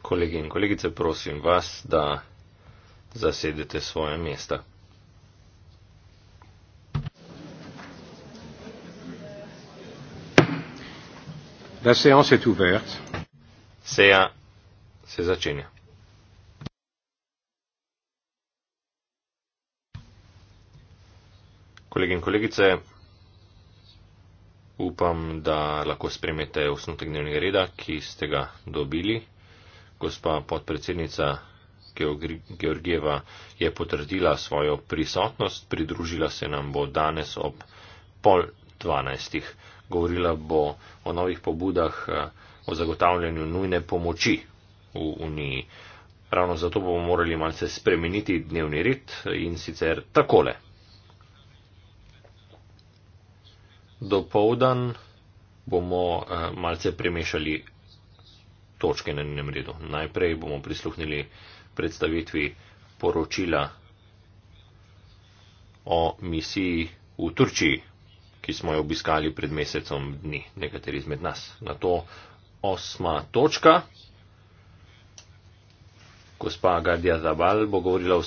Kolegi in kolegice, prosim vas, da zasedete svoje mesta. La séance est ouverte. Seja se začenja. Kolegi in kolegice, upam, da lahko spremete osnutek dnevnega reda, ki ste ga dobili. Gospa podpredsednica Georgieva je potrdila svojo prisotnost, pridružila se nam bo danes ob pol dvanajstih. Govorila bo o novih pobudah o zagotavljanju nujne pomoči v Uniji. Ravno zato bomo morali malce spremeniti dnevni red in sicer takole. do povdan bomo eh, malce premešali točke na njenem redu. Najprej bomo prisluhnili predstavitvi poročila o misiji v Turčiji, ki smo jo obiskali pred mesecem dni, nekateri izmed nas. Na to osma točka. Gospa Gardia Zabal bo govorila o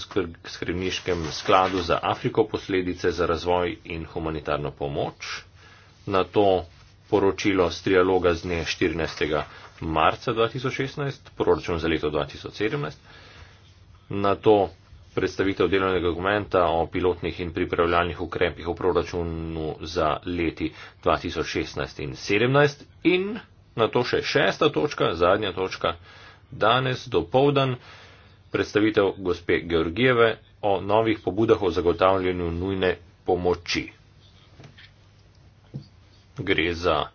skrbniškem skladu za Afriko, posledice za razvoj in humanitarno pomoč na to poročilo z trialoga z dne 14. marca 2016, proračun za leto 2017, na to predstavitev delovnega dokumenta o pilotnih in pripravljalnih ukrepih v proračunu za leti 2016 in 2017 in na to še šesta točka, zadnja točka, danes do povdan predstavitev gospe Georgijeve o novih pobudah o zagotavljanju nujne pomoči gre za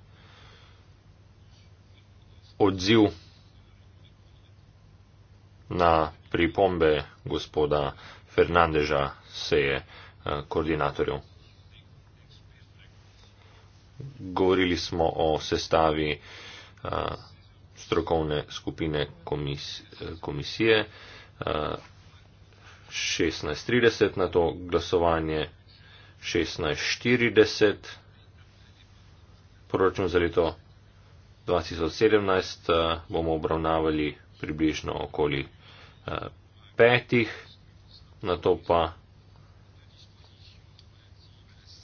odziv na pripombe gospoda Fernandeža seje eh, koordinatorjev. Govorili smo o sestavi eh, strokovne skupine komisije. 16.30 na to glasovanje, proračun za leto 2017 eh, bomo obravnavali približno okoli eh, petih, na to pa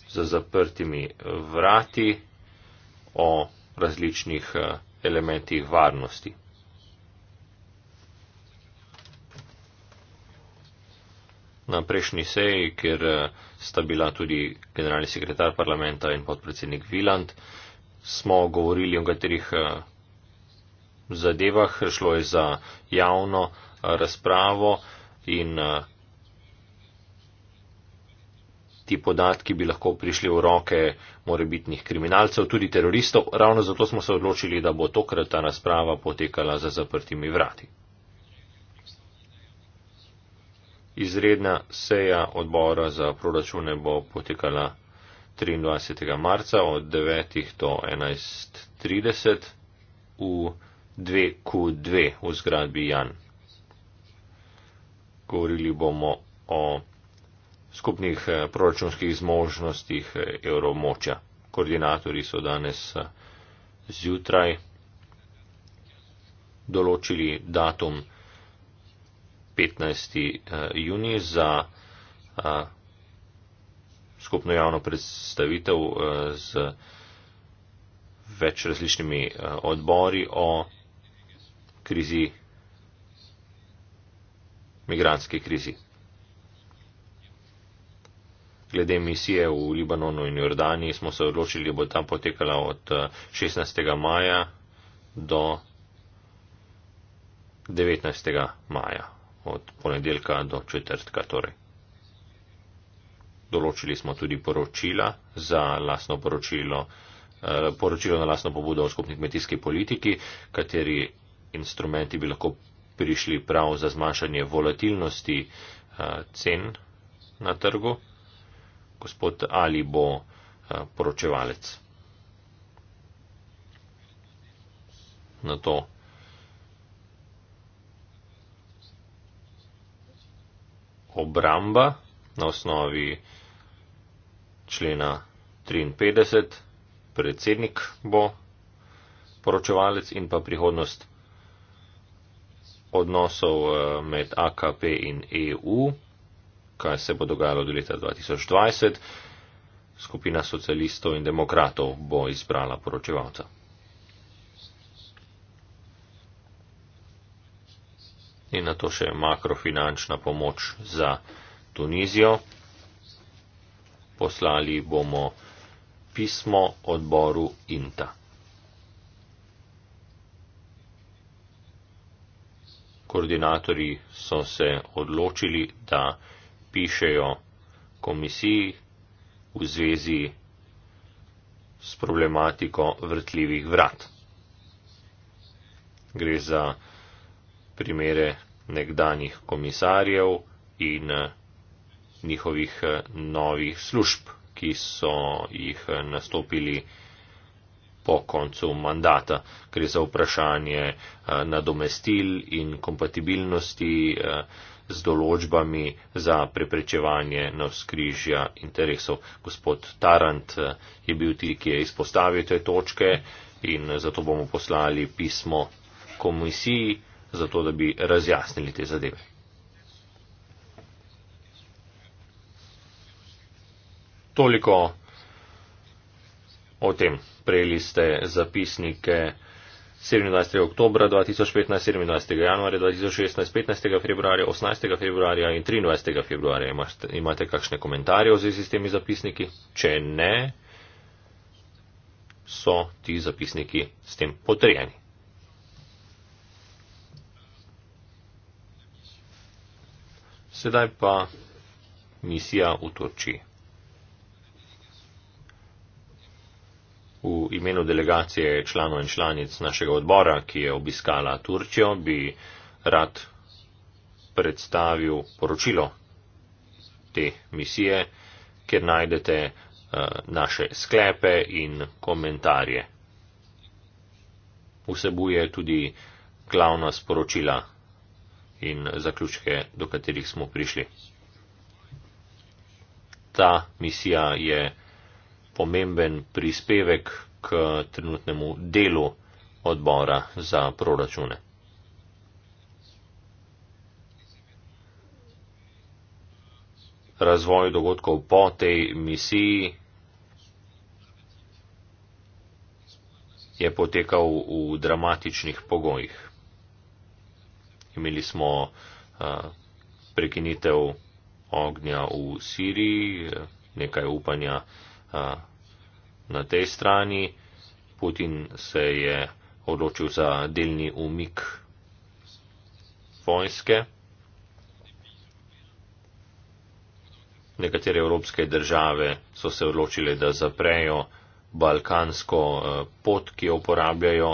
za zaprtimi vrati o različnih eh, elementih varnosti. Na prejšnji seji, kjer sta bila tudi generalni sekretar parlamenta in podpredsednik Viland, smo govorili o katerih eh, zadevah, šlo je za javno eh, razpravo in eh, ti podatki bi lahko prišli v roke morebitnih kriminalcev, tudi teroristov. Ravno zato smo se odločili, da bo tokrat ta razprava potekala za zaprtimi vrati. Izredna seja odbora za proračune bo potekala 23. marca od 9. do 11.30 v 2Q2 v zgradbi Jan. Govorili bomo o skupnih eh, proračunskih zmožnostih eh, evromoča. Koordinatori so danes eh, zjutraj določili datum 15. junija za skupno javno predstavitev eh, z več različnimi eh, odbori o krizi, migranski krizi. Glede misije v Libanonu in Jordaniji smo se odločili, da bo tam potekala od 16. Eh, maja do 19. maja, od ponedeljka do četrtka torej določili smo tudi poročila za lasno poročilo, eh, poročilo na lasno pobudo o skupni kmetijski politiki, kateri instrumenti bi lahko prišli prav za zmanjšanje volatilnosti eh, cen na trgu. Gospod Ali bo eh, poročevalec. Na to. Obramba na osnovi člena 53, predsednik bo poročevalec in pa prihodnost odnosov eh, med AKP in EU, kaj se bo dogajalo do leta 2020, skupina socialistov in demokratov bo izbrala poročevalca. In na to še makrofinančna pomoč za. Tunizijo. Poslali bomo pismo odboru INTA. Koordinatori so se odločili, da pišejo komisiji v zvezi s problematiko vrtljivih vrat. Gre za primere nekdanjih komisarjev in njihovih eh, novih služb, ki so jih eh, nastopili po koncu mandata. Gre za vprašanje eh, nadomestil in kompatibilnosti z določbami za preprečevanje navskrižja interesov. Gospod Tarant je bil ti, ki je izpostavil te točke in zato bomo poslali pismo komisiji, zato da bi razjasnili te zadeve. Toliko o tem. Prejeli ste zapisnike 27. oktober 2015, 27. januarja 2016, 15. februarja, 18. februarja in 23. februarja. Imate, imate kakšne komentarje v zvezi s temi zapisniki? Če ne, so ti zapisniki s tem potrjeni. Sedaj pa misija v Turčiji. V imenu delegacije članov in članic našega odbora, ki je obiskala Turčijo, bi rad predstavil poročilo te misije, kjer najdete eh, naše sklepe in komentarje. Vsebuje tudi glavna sporočila in zaključke, do katerih smo prišli. Ta misija je pomemben prispevek k trenutnemu delu odbora za proračune. Razvoj dogodkov po tej misiji je potekal v dramatičnih pogojih. Imeli smo uh, prekinitev ognja v Siriji, nekaj upanja uh, na tej strani. Putin se je odločil za delni umik vojske. Nekatere evropske države so se odločile, da zaprejo balkansko e, pot, ki jo uporabljajo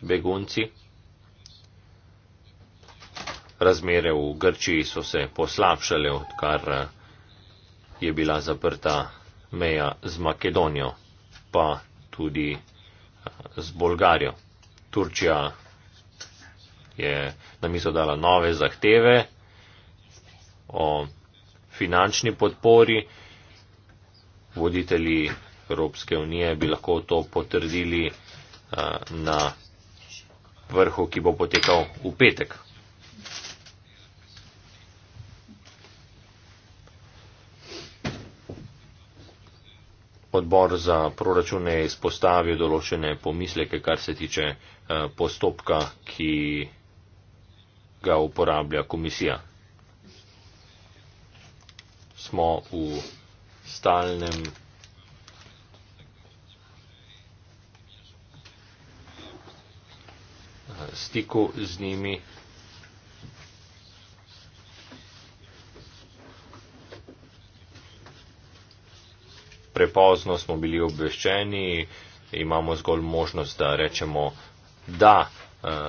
begunci. Razmere v Grčiji so se poslabšale, odkar e, je bila zaprta meja z Makedonijo, pa tudi eh, z Bolgarijo. Turčija je na mizo dala nove zahteve o finančni podpori. Voditelji Evropske unije bi lahko to potrdili eh, na vrhu, ki bo potekal v petek. Odbor za proračune je izpostavil določene pomisleke, kar se tiče eh, postopka, ki ga uporablja komisija. Smo v stalnem. Stiku z njimi. prepozno smo bili obveščeni, imamo zgolj možnost, da rečemo da eh,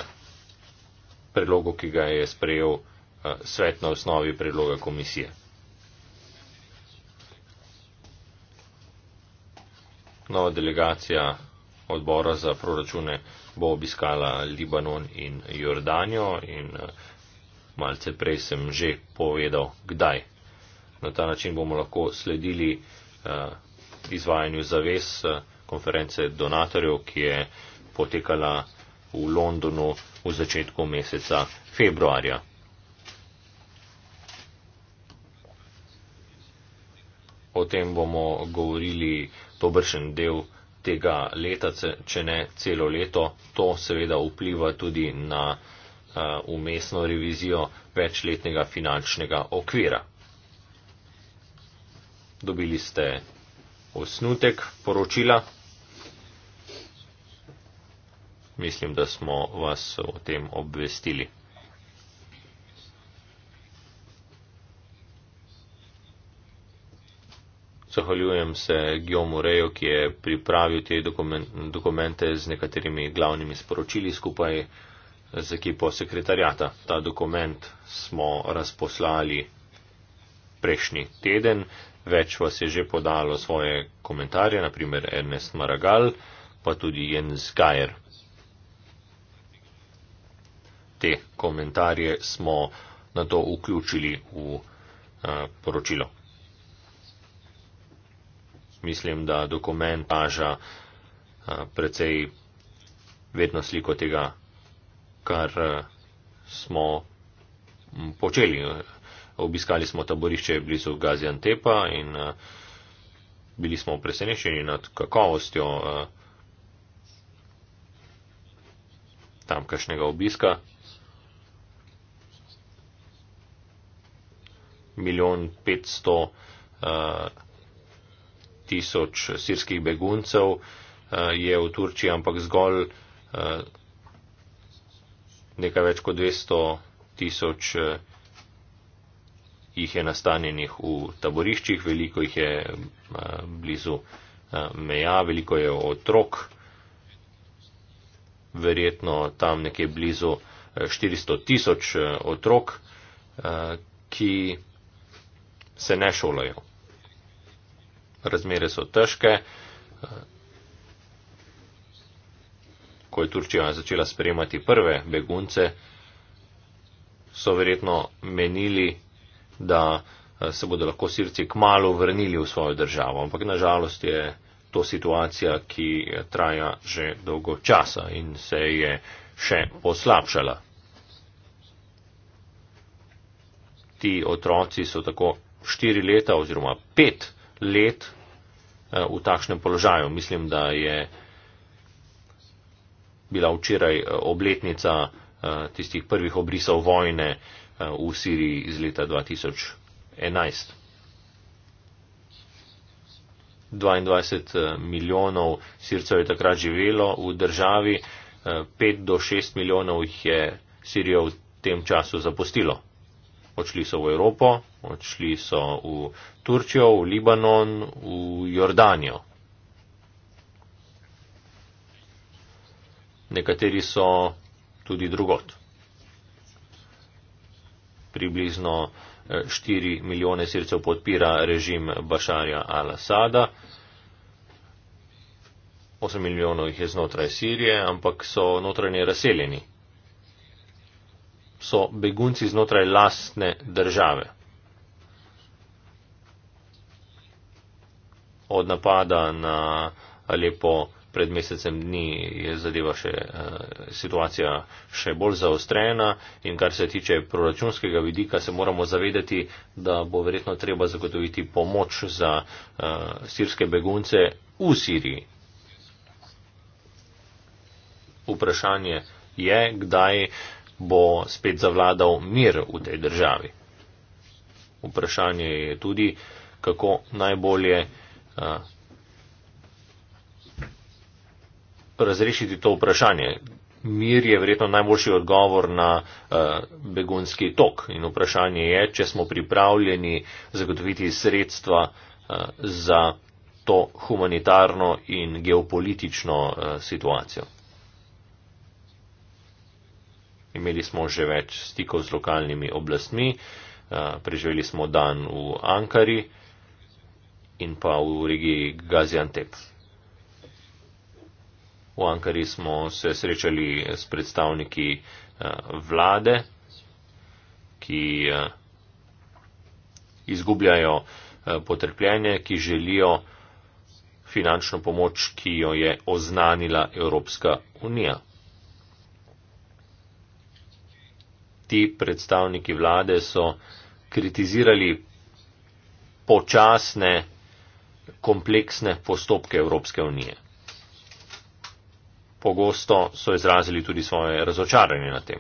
predlogu, ki ga je sprejel eh, svet na osnovi predloga komisije. Nova delegacija odbora za proračune bo obiskala Libanon in Jordanijo in eh, malce prej sem že povedal, kdaj. Na ta način bomo lahko sledili uh, izvajanju zavez eh, konference donatorjev, ki je potekala v Londonu v začetku meseca februarja. O tem bomo govorili dobršen del tega leta, če ne celo leto. To seveda vpliva tudi na eh, umestno revizijo večletnega finančnega okvira. Dobili ste osnutek poročila. Mislim, da smo vas o tem obvestili. Zahvaljujem se Gjomu Rejo, ki je pripravil te dokumente z nekaterimi glavnimi sporočili skupaj z ekipo sekretarjata. Ta dokument smo razposlali prejšnji teden, Več vas je že podalo svoje komentarje, naprimer Ernest Maragal, pa tudi Jens Geier. Te komentarje smo na to vključili v a, eh, poročilo. Mislim, da dokument paža eh, precej vedno sliko tega, kar a, eh, smo počeli obiskali smo taborišče blizu Gaziantepa in eh, bili smo presenečeni nad kakovostjo eh, tamkajšnjega obiska. Milijon petsto eh, tisoč sirskih beguncev je v Turčiji, ampak zgolj nekaj več kot 200 tisoč jih je nastanjenih v taboriščih, veliko jih je eh, blizu eh, meja, veliko je otrok, verjetno tam nekje blizu 400 eh, tisoč otrok, ki se ne šolajo. Razmere so težke. Ko je Turčija začela sprejemati prve begunce, so verjetno menili, da eh, se bodo lahko sirci kmalo vrnili v svojo državo. Ampak nažalost je to situacija, ki eh, traja že dolgo časa in se je še poslabšala. Ti otroci so tako štiri leta oziroma pet let eh, v takšnem položaju. Mislim, da je bila včeraj obletnica tistih prvih obrisov vojne, Eh, v Siriji iz leta 2011. 22 eh, milijonov Sircev je takrat živelo v državi, 5 eh, do 6 milijonov jih je Sirijo v tem času zapustilo. Odšli so v Evropo, odšli so v Turčijo, v Libanon, v Jordanijo. Nekateri so tudi drugot približno 4 eh, milijone sircev podpira režim Bašarja al-Asada. 8 milijonov jih je znotraj Sirije, ampak so notranje razseljeni. So begunci znotraj lastne države. Od napada na Alepo pred mesecem dni je zadeva še, eh, situacija še bolj zaostrena in kar se tiče proračunskega vidika, se moramo zavedati, da bo verjetno treba zagotoviti pomoč za eh, sirske begunce v Siriji. Vprašanje je, kdaj bo spet zavladal mir v tej državi. Vprašanje je tudi, kako najbolje eh, razrešiti to vprašanje. Mir je verjetno najboljši odgovor na uh, begunski tok in vprašanje je, če smo pripravljeni zagotoviti sredstva uh, za to humanitarno in geopolitično uh, situacijo. Imeli smo že več stikov z lokalnimi oblastmi, uh, preživeli smo dan v Ankari in pa v regiji Gaziantep. V Ankari smo se srečali s predstavniki eh, vlade, ki eh, izgubljajo eh, potrpljenje, ki želijo finančno pomoč, ki jo je oznanila Evropska unija. Ti predstavniki vlade so kritizirali počasne, kompleksne postopke Evropske unije pogosto so izrazili tudi svoje razočaranje na tem.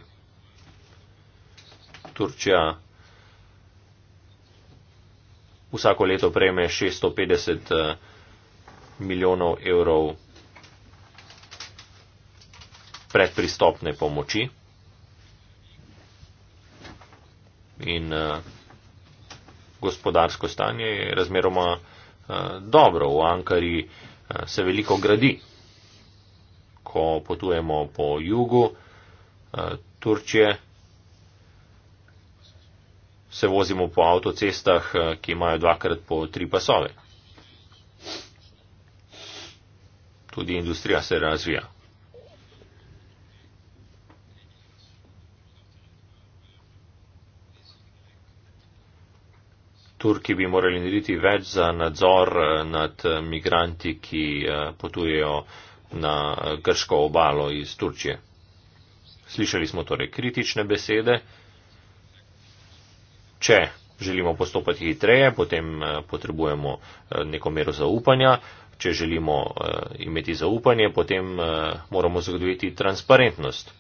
Turčija vsako leto prejme 650 eh, milijonov evrov predpristopne pomoči in eh, gospodarsko stanje je razmeroma eh, dobro. V Ankari se veliko gradi ko potujemo po jugu eh, Turčije, se vozimo po avtocestah, eh, ki imajo dvakrat po tri pasove. Tudi industrija se razvija. Turki bi morali narediti več za nadzor eh, nad migranti, ki potujejo na grško obalo iz Turčije. Slišali smo torej kritične besede. Če želimo postopati hitreje, potem eh, potrebujemo eh, neko mero zaupanja. Če želimo eh, imeti zaupanje, potem moramo zagotoviti transparentnost.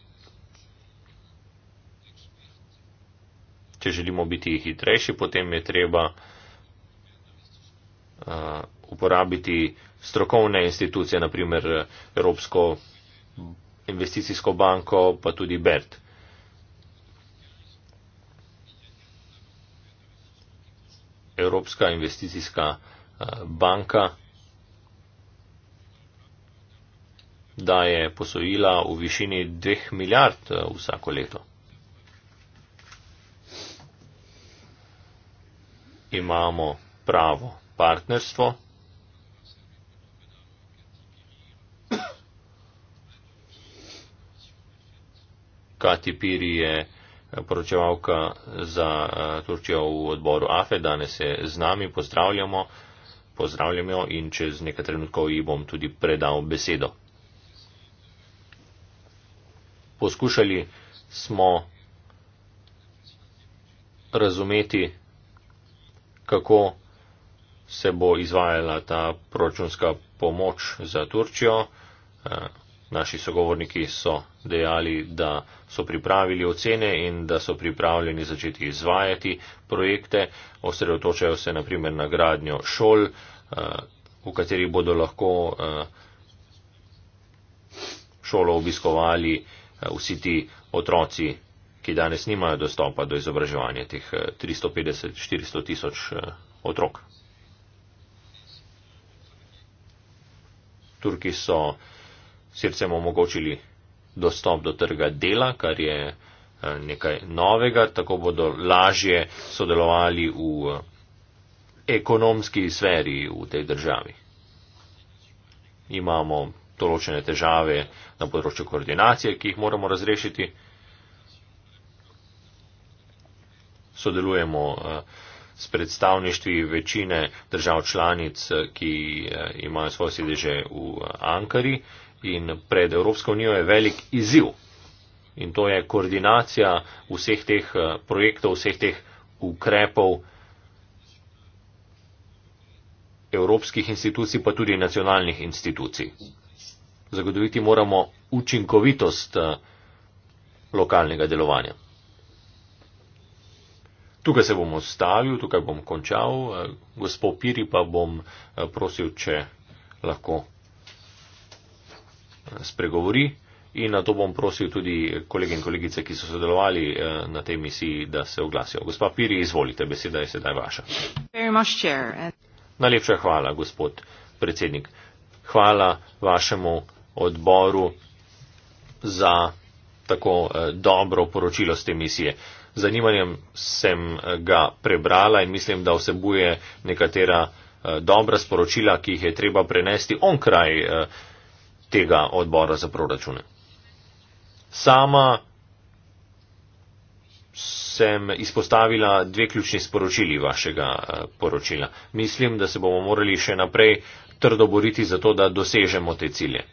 Če želimo biti hitrejši, potem je treba uporabiti strokovne institucije, naprimer eh, Evropsko investicijsko banko, pa tudi BERT. Evropska investicijska eh, banka daje posojila v višini 2 milijard eh, vsako leto. Imamo pravo partnerstvo. Kati Piri je eh, poročevalka za eh, Turčijo v odboru AFE, danes je z nami, pozdravljamo, pozdravljamo in čez nekaj trenutkov ji bom tudi predal besedo. Poskušali smo razumeti, kako se bo izvajala ta proračunska pomoč za Turčijo. Eh, Naši sogovorniki so dejali, da so pripravili ocene in da so pripravljeni začeti izvajati projekte. Osredotočajo se naprimer na gradnjo šol, eh, v kateri bodo lahko eh, šolo obiskovali eh, vsi ti otroci, ki danes nimajo dostopa do izobraževanja teh 350-400 tisoč otrok. Turki so srcem omogočili dostop do trga dela, kar je eh, nekaj novega, tako bodo lažje sodelovali v eh, ekonomski sferi v tej državi. Imamo določene težave na področju koordinacije, ki jih moramo razrešiti. Sodelujemo eh, s predstavništvi večine držav članic, ki imajo svoje sedeže v Ankari in pred Evropsko unijo je velik izziv. In to je koordinacija vseh teh eh, projektov, vseh teh ukrepov evropskih institucij, pa tudi nacionalnih institucij. Zagotoviti moramo učinkovitost eh, lokalnega delovanja. Tukaj se bom ostavil, tukaj bom končal. Eh, gospod Piri pa bom prosil, če lahko spregovori. In na to bom prosil tudi kolege in kolegice, ki so sodelovali eh, na tej misiji, da se oglasijo. Gospa Piri, izvolite, beseda je sedaj vaša. Najlepša hvala, gospod predsednik. Hvala vašemu odboru za tako eh, dobro poročilo z te misije. Zanimanjem sem eh, ga prebrala in mislim, da vsebuje nekatera dobra sporočila, ki jih je treba prenesti onkraj tega odbora za proračune. Sama sem izpostavila dve ključni sporočili vašega eh, poročila. Mislim, da se bomo morali še naprej trdo boriti za to, da dosežemo te cilje.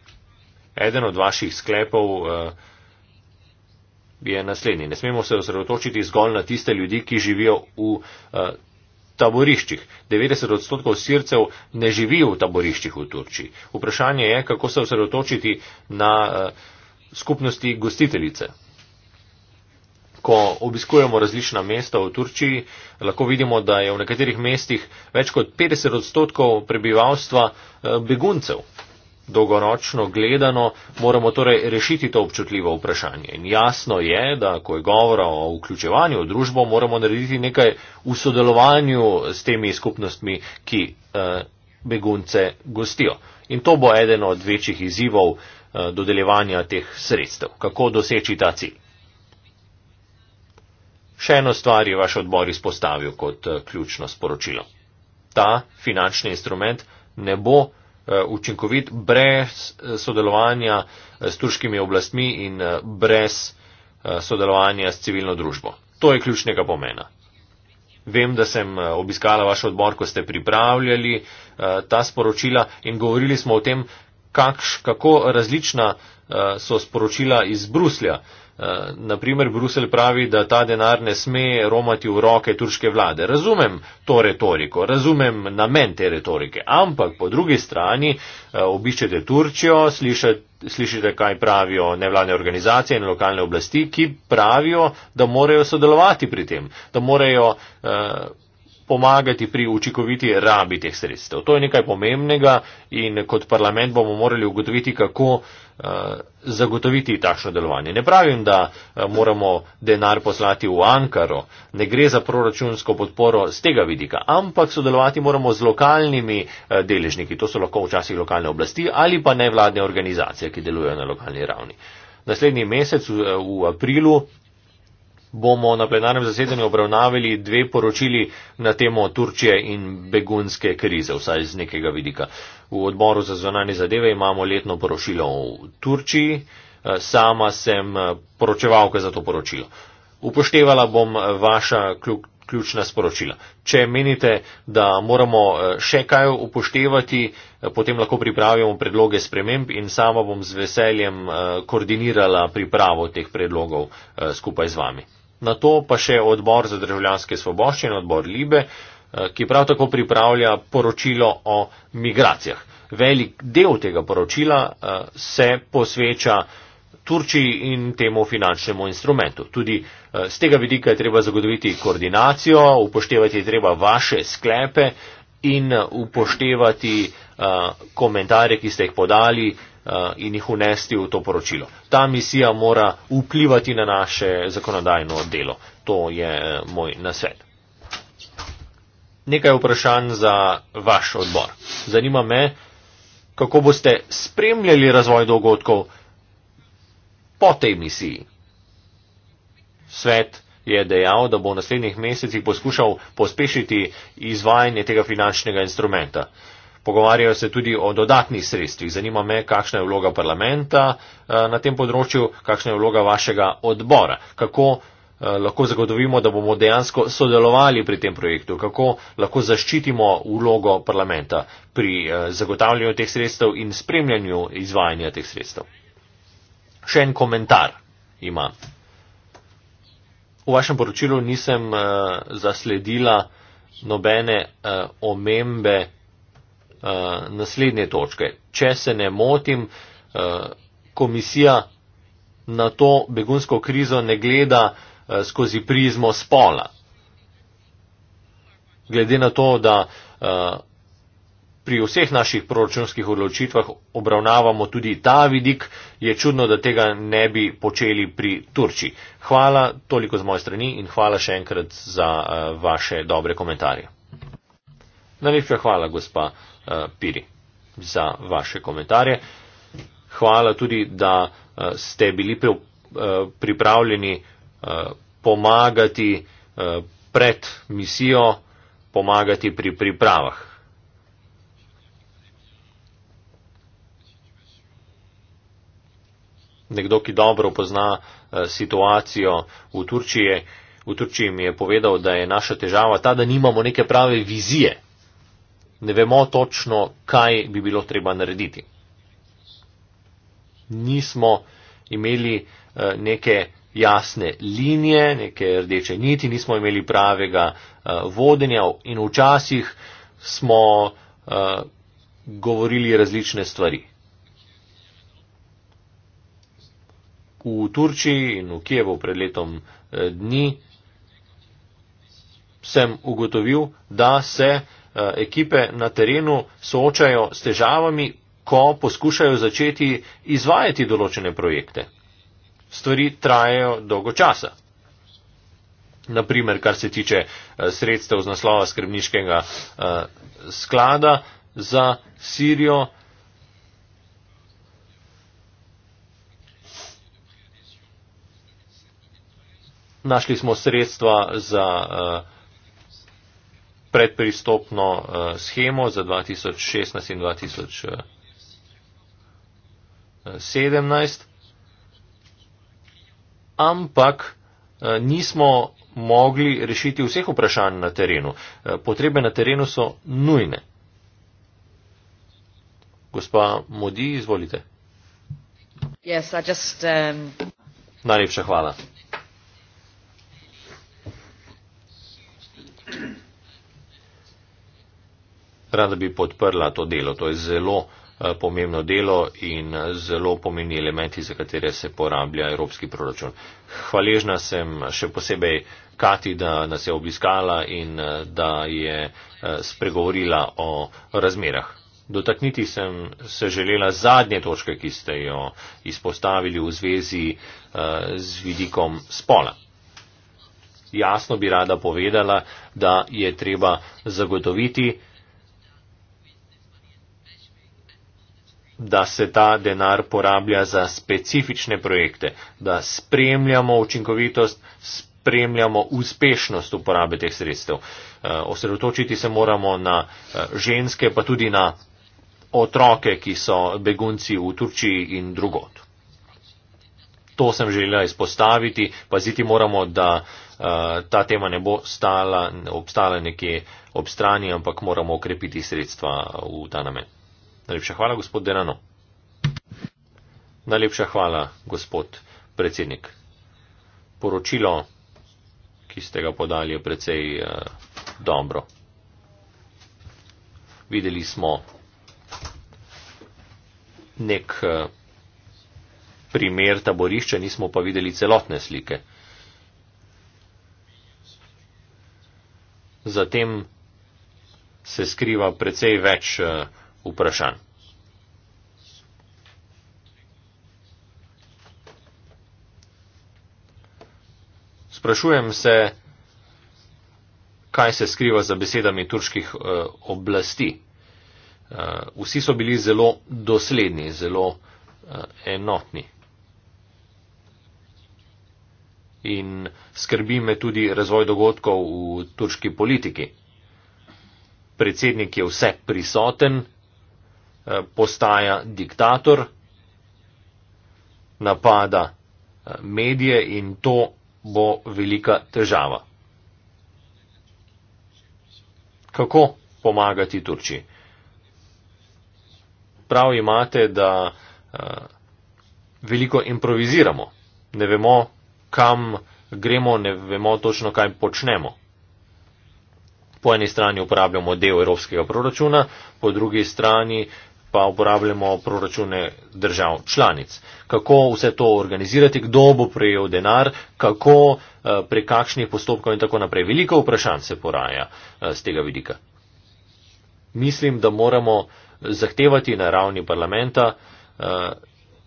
Eden od vaših sklepov eh, je naslednji. Ne smemo se osredotočiti zgolj na tiste ljudi, ki živijo v eh, taboriščih. 90 odstotkov sircev ne živi v taboriščih v Turčiji. Vprašanje je, kako se osredotočiti na eh, skupnosti gostiteljice. Ko obiskujemo različna mesta v Turčiji, lahko vidimo, da je v nekaterih mestih več kot 50 odstotkov prebivalstva eh, beguncev. Dolgoročno gledano moramo torej rešiti to občutljivo vprašanje. In jasno je, da ko je govora o vključevanju v družbo, moramo narediti nekaj v sodelovanju s temi skupnostmi, ki eh, begunce gostijo. In to bo eden od večjih izzivov eh, dodeljevanja teh sredstev. Kako doseči ta cilj? Še eno stvar je vaš odbor izpostavil kot eh, ključno sporočilo. Ta finančni instrument ne bo. Eh, učinkovit, brez eh, sodelovanja eh, s turškimi oblastmi in brez sodelovanja s civilno družbo. To je ključnega pomena. Vem, da sem obiskala vaš odbor, ko ste pripravljali ta sporočila in govorili smo o tem, kakš, kako različna so sporočila iz Bruslja. Eh, naprimer Bruselj pravi, da ta denar ne sme romati v roke turške vlade. Razumem to retoriko, razumem namen te retorike, ampak po drugi strani eh, obiščete Turčijo, slišite, slišite, kaj pravijo nevladne organizacije in lokalne oblasti, ki pravijo, da morajo sodelovati pri tem, da morajo. Uh, pomagati pri učinkoviti rabi teh sredstev. To je nekaj pomembnega in kot parlament bomo morali ugotoviti, kako eh, zagotoviti takšno delovanje. Ne pravim, da eh, moramo denar poslati v Ankaro, ne gre za proračunsko podporo z tega vidika, ampak sodelovati moramo z lokalnimi eh, deležniki, to so lahko včasih lokalne oblasti ali pa nevladne organizacije, ki delujejo na lokalni ravni. Naslednji mesec v aprilu bomo na plenarnem zasedanju obravnavili dve poročili na temo Turčije in begunske krize, vsaj z nekega vidika. V odboru za zvonanje zadeve imamo letno poročilo v Turčiji, eh, sama sem eh, poročevalka za to poročilo. Upoštevala bom eh, vaša ključna sporočila. Če menite, da moramo še kaj upoštevati, potem lahko pripravimo predloge sprememb in sama bom z veseljem koordinirala pripravo teh predlogov skupaj z vami na to pa še odbor za državljanske svoboščine, odbor Libe, eh, ki prav tako pripravlja poročilo o migracijah. Velik del tega poročila eh, se posveča Turčiji in temu finančnemu instrumentu. Tudi z eh, tega vidika je treba zagotoviti koordinacijo, upoštevati je treba vaše sklepe in upoštevati komentarje, ki ste jih podali Eh, in jih unesti v to poročilo. Ta misija mora vplivati na naše zakonodajno delo. To je eh, moj nasvet. Nekaj vprašanj za vaš odbor. Zanima me, kako boste spremljali razvoj dogodkov po tej misiji. Svet je dejal, da bo v naslednjih mesecih poskušal pospešiti izvajanje tega finančnega instrumenta. Uh, Pogovarjajo se tudi o dodatnih sredstvih. Zanima me, kakšna je vloga parlamenta eh, na tem področju, kakšna je vloga vašega odbora, kako eh, lahko zagotovimo, da bomo dejansko sodelovali pri tem projektu, kako lahko zaščitimo vlogo parlamenta pri eh, zagotavljanju teh sredstev in spremljanju izvajanja teh sredstev. Še en komentar ima. V vašem poročilu nisem zasledila nobene omembe uh, naslednje točke. Če se ne motim, uh, komisija na to begunsko krizo ne gleda uh, skozi prizmo spola. Glede na to, da uh, pri vseh naših proračunskih odločitvah obravnavamo tudi ta vidik, je čudno, da tega ne bi počeli pri Turči. Hvala toliko z moje strani in hvala še enkrat za uh, vaše dobre komentarje. Najlepša hvala, gospa uh, Eh, piri za vaše komentarje. Hvala tudi, da eh, ste bili eh, pripravljeni pomagati pred misijo, pomagati pri pripravah. Nekdo, ki dobro pozna situacijo v Turčiji, v Turčiji mi je povedal, da je naša težava ta, da nimamo neke prave vizije ne vemo točno, kaj bi bilo treba narediti. Nismo imeli eh, neke jasne linije, neke rdeče niti, nismo imeli pravega eh, vodenja in včasih smo eh, govorili različne stvari. V Turčiji in v Kijevu pred letom dni sem ugotovil, da se Eh, ekipe na terenu soočajo s težavami, ko poskušajo začeti izvajati določene projekte. Stvari trajajo dolgo časa. Naprimer, kar se tiče eh, sredstev z naslova skrbniškega eh, sklada za Sirijo. Našli smo sredstva za uh, predpristopno eh, schemo za 2016 in 2017, ampak eh, nismo mogli rešiti vseh vprašanj na terenu. Eh, potrebe na terenu so nujne. Gospa Modi, izvolite. Yes, just, um... Najlepša hvala. rada bi podprla to delo. To je zelo eh, pomembno delo in eh, zelo pomeni elementi, za katere se porablja evropski proračun. Hvaležna sem še posebej Kati, da nas je obiskala in eh, da je spregovorila o razmerah. Dotakniti sem se želela zadnje točke, ki ste jo izpostavili v zvezi z vidikom spola. Jasno bi rada povedala, da je treba zagotoviti, da se ta denar porablja za specifične projekte, da spremljamo učinkovitost, spremljamo uspešnost uporabe teh sredstev. Eh, osredotočiti se moramo na eh, ženske, pa tudi na otroke, ki so begunci v Turčiji in drugot. To sem želela izpostaviti, paziti moramo, da eh, ta tema ne bo stala, obstala nekje ob strani, ampak moramo okrepiti sredstva v ta namen. Najlepša hvala, gospod Denano. Najlepša hvala, gospod predsednik. Poročilo, ki ste ga podali, je precej uh, dobro. Videli smo nek uh, primer taborišča, nismo pa videli celotne slike. Zatem se skriva precej več. Uh, vprašanj. Sprašujem se, kaj se skriva za besedami turških eh, oblasti. Eh, vsi so bili zelo dosledni, zelo eh, enotni. In skrbi me tudi razvoj dogodkov v turški politiki. Predsednik je vse prisoten, Eh, postaja diktator, napada eh, medije in to bo velika težava. Kako pomagati Turčiji? Prav imate, da eh, veliko improviziramo. Ne vemo, kam gremo, ne vemo točno, kaj počnemo. Po eni strani uporabljamo del evropskega proračuna, po drugi strani pa uporabljamo proračune držav članic. Kako vse to organizirati, kdo bo prejel denar, kako eh, prek kakšnih postopkov in tako naprej. Veliko vprašanj se poraja eh, z tega vidika. Mislim, da moramo zahtevati na ravni parlamenta, eh,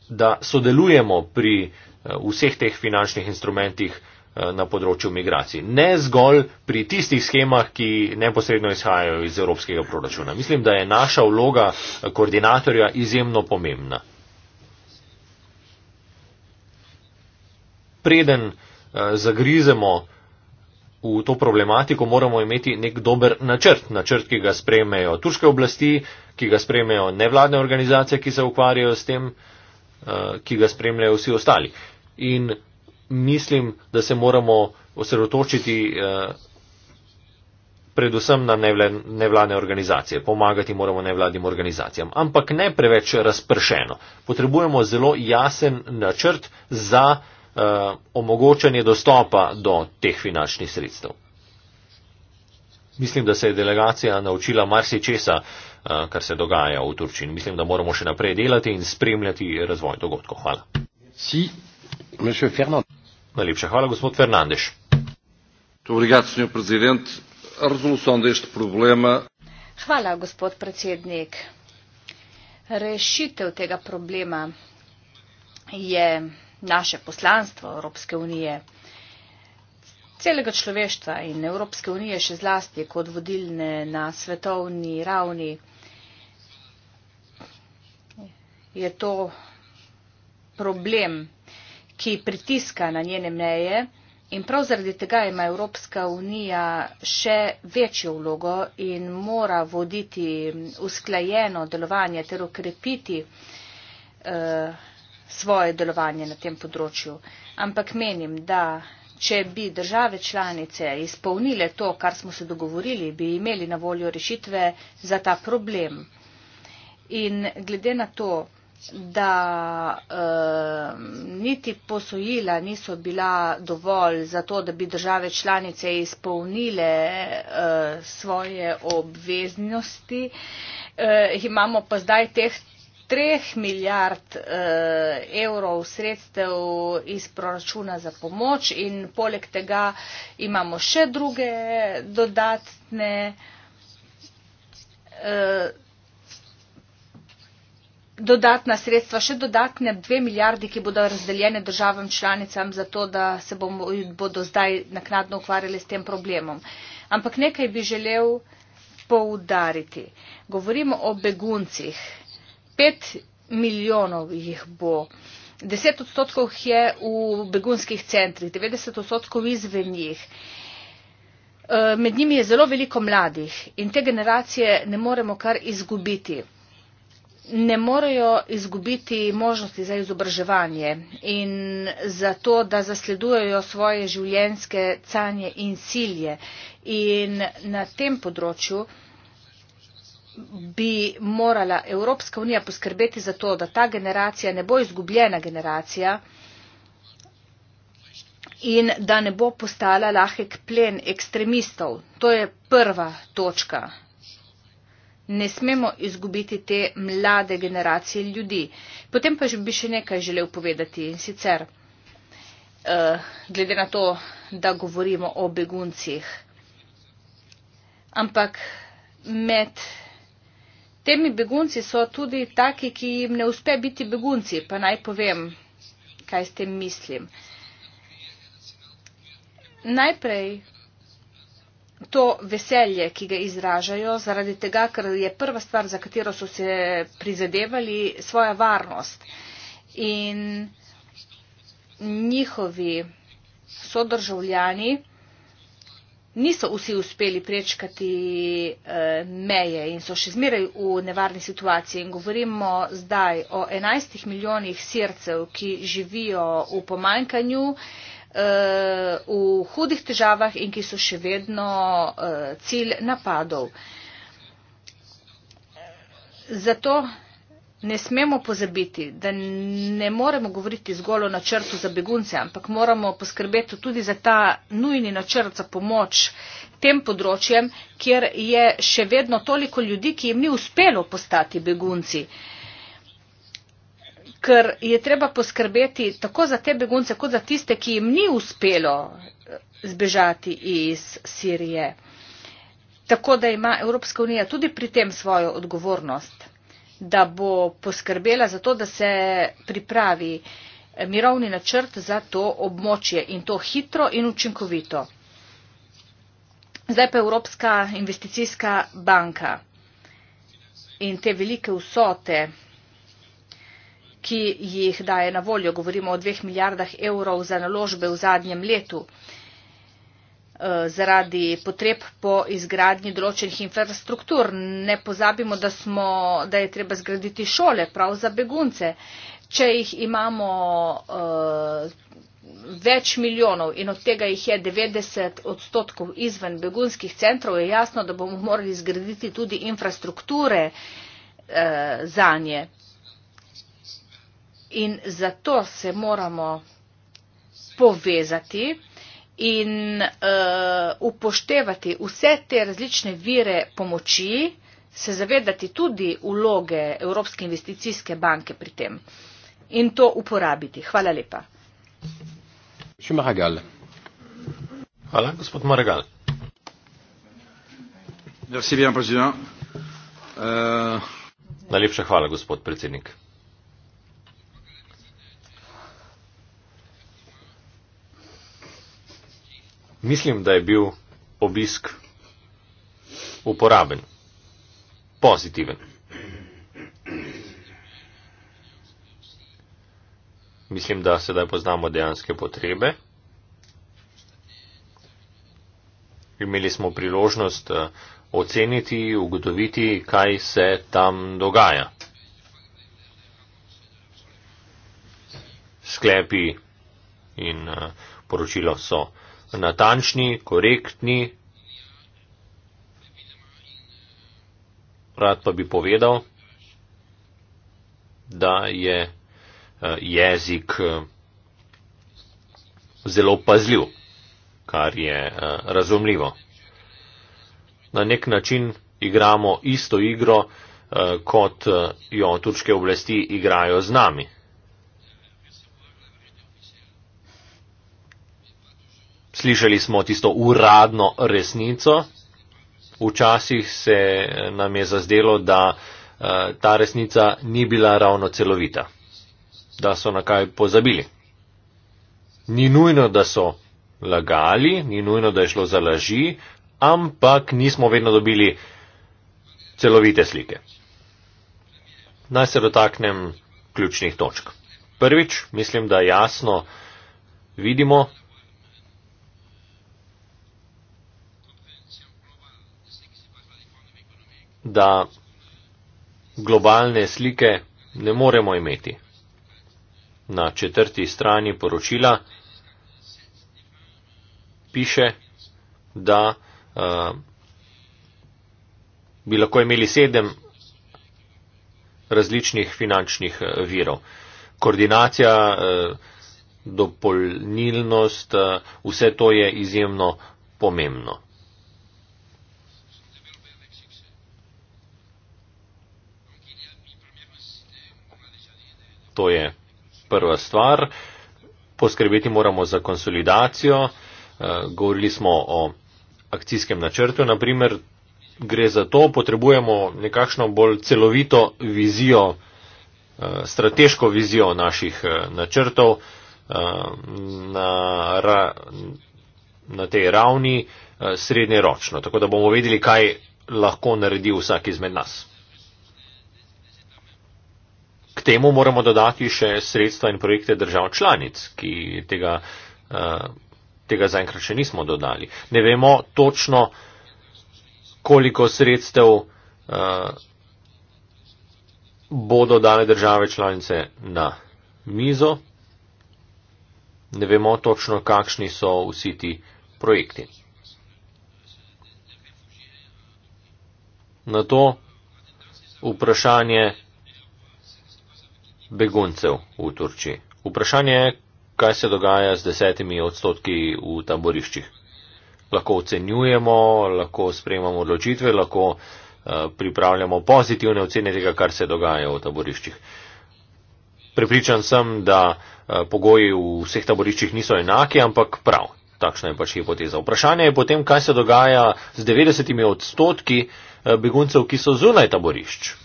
da sodelujemo pri vseh teh finančnih instrumentih, Eh, na področju migracij. Ne zgolj pri tistih schemah, ki neposredno izhajajo iz evropskega proračuna. Mislim, da je naša vloga eh, koordinatorja izjemno pomembna. Preden eh, zagrizemo v to problematiko, moramo imeti nek dober načrt. Načrt, ki ga sprejmejo turške oblasti, ki ga sprejmejo nevladne organizacije, ki se ukvarjajo s tem, ki ga spremljajo vsi ostali. In mislim, da se moramo osredotočiti eh, predvsem na nevladne organizacije. Pomagati moramo nevladnim organizacijam, ampak ne preveč razpršeno. Potrebujemo zelo jasen načrt za eh, omogočanje dostopa do teh finančnih sredstev. Mislim, da se je delegacija naučila marsičesa, eh, kar se dogaja v Turčiji. Mislim, da moramo še naprej delati in spremljati razvoj dogodkov. Hvala. Si, Najlepša hvala, gospod Fernandeš. Hvala, gospod predsednik. Rešitev tega problema je naše poslanstvo Evropske unije, celega človeštva in Evropske unije še zlasti kot vodilne na svetovni ravni. Je to problem ki pritiska na njene meje in prav zaradi tega ima Evropska unija še večjo vlogo in mora voditi usklajeno delovanje ter okrepiti eh, svoje delovanje na tem področju. Ampak menim, da če bi države članice izpolnile to, kar smo se dogovorili, bi imeli na voljo rešitve za ta problem. In glede na to, da eh, niti posojila niso bila dovolj za to, da bi države članice izpolnile eh, svoje obveznosti. Eh, imamo pa zdaj teh 3 milijard eh, evrov sredstev iz proračuna za pomoč in poleg tega imamo še druge dodatne. Eh, dodatna sredstva, še dodatne dve milijardi, ki bodo razdeljene državam članicam za to, da se bomo, bodo zdaj naknadno ukvarjali s tem problemom. Ampak nekaj bi želel poudariti. Govorimo o beguncih. Pet milijonov jih bo. Deset odstotkov je v begunskih centrih, 90 odstotkov izven njih. Eh, med njimi je zelo veliko mladih in te generacije ne moremo kar izgubiti ne morejo izgubiti možnosti za izobraževanje in za to, da zasledujejo svoje življenjske canje in cilje. In na tem področju bi morala Evropska unija poskrbeti za to, da ta generacija ne bo izgubljena generacija in da ne bo postala lahek plen ekstremistov. To je prva točka. Ne smemo izgubiti te mlade generacije ljudi. Potem pa bi še nekaj želel povedati in sicer, uh, glede na to, da govorimo o beguncih. Ampak med temi begunci so tudi taki, ki jim ne uspe biti begunci, pa naj povem, kaj s tem mislim. Najprej to veselje, ki ga izražajo, zaradi tega, ker je prva stvar, za katero so se prizadevali, svoja varnost. In njihovi sodržavljani niso vsi uspeli prečkati eh, meje in so še zmeraj v nevarni situaciji. In govorimo zdaj o 11 milijonih sircev, ki živijo v pomankanju. Eh, v hudih težavah in ki so še vedno eh, cilj napadov. Zato ne smemo pozabiti, da ne moremo govoriti zgolj o načrtu za begunce, ampak moramo poskrbeti tudi za ta nujni načrt za pomoč tem področjem, kjer je še vedno toliko ljudi, ki jim ni uspelo postati begunci. Uh, ker je treba poskrbeti tako za te begunce, kot za tiste, ki jim ni uspelo zbežati iz Sirije. Tako da ima Evropska unija tudi pri tem svojo odgovornost, da bo poskrbela za to, da se pripravi mirovni načrt za to območje in to hitro in učinkovito. Zdaj pa Evropska investicijska banka in te velike vsote ki jih daje na voljo. Govorimo o dveh milijardah evrov za naložbe v zadnjem letu eh, zaradi potreb po izgradnji določenih infrastruktur. Ne pozabimo, da, smo, da je treba zgraditi šole prav za begunce. Če jih imamo uh, več milijonov in od tega jih je 90 odstotkov izven begunskih centrov, je jasno, da bomo morali zgraditi tudi infrastrukture uh, eh, za nje in zato se moramo povezati in uh, upoštevati vse te različne vire pomoči, se zavedati tudi uloge Evropske investicijske banke pri tem in to uporabiti. Hvala lepa. Hvala, gospod Maragal. Euh, Najlepša hvala, gospod predsednik. mislim, da je bil obisk uporaben, pozitiven. Mislim, da sedaj poznamo dejanske potrebe. Imeli smo priložnost eh, oceniti, ugotoviti, kaj se tam dogaja. Sklepi in eh, poročilo so natančni, korektni. Rad pa bi povedal, da je eh, jezik eh, zelo pazljiv, kar je eh, razumljivo. Na nek način igramo isto igro, kot jo turške oblasti igrajo z nami. slišali smo tisto uradno resnico. Včasih se eh, nam je zazdelo, da eh, ta resnica ni bila ravno celovita, da so na kaj pozabili. Ni nujno, da so lagali, ni nujno, da je šlo za laži, ampak nismo vedno dobili celovite slike. Naj se dotaknem ključnih točk. Prvič, mislim, da jasno vidimo, da globalne slike ne moremo imeti. Na četrti strani poročila piše, da uh, bi lahko imeli sedem različnih finančnih eh, virov. Koordinacija, eh, dopolnilnost, vse to je izjemno pomembno. To je prva stvar. Poskrbeti moramo za konsolidacijo. Eh, govorili smo o akcijskem načrtu, naprimer, gre za to, potrebujemo nekakšno bolj celovito vizijo, eh, strateško vizijo naših eh, načrtov na, ra, na tej ravni srednjeročno, tako da bomo vedeli, kaj lahko naredi vsak izmed nas temu moramo dodati še sredstva in projekte držav članic, ki tega, eh, tega zaenkrat še nismo dodali. Ne vemo točno, koliko sredstev eh, bodo dale države članice na mizo. Ne vemo točno, kakšni so vsi ti projekti. Na to vprašanje beguncev v Turčiji. Vprašanje je, kaj se dogaja z desetimi odstotki v taboriščih. Lahko ocenjujemo, lahko sprejemamo odločitve, lahko eh, pripravljamo pozitivne ocene tega, kar se dogaja v taboriščih. Prepričan sem, da eh, pogoji v vseh taboriščih niso enaki, ampak prav. Takšna je pač hipoteza. Vprašanje je potem, kaj se dogaja z 90 odstotki eh, beguncev, ki so zunaj taborišč.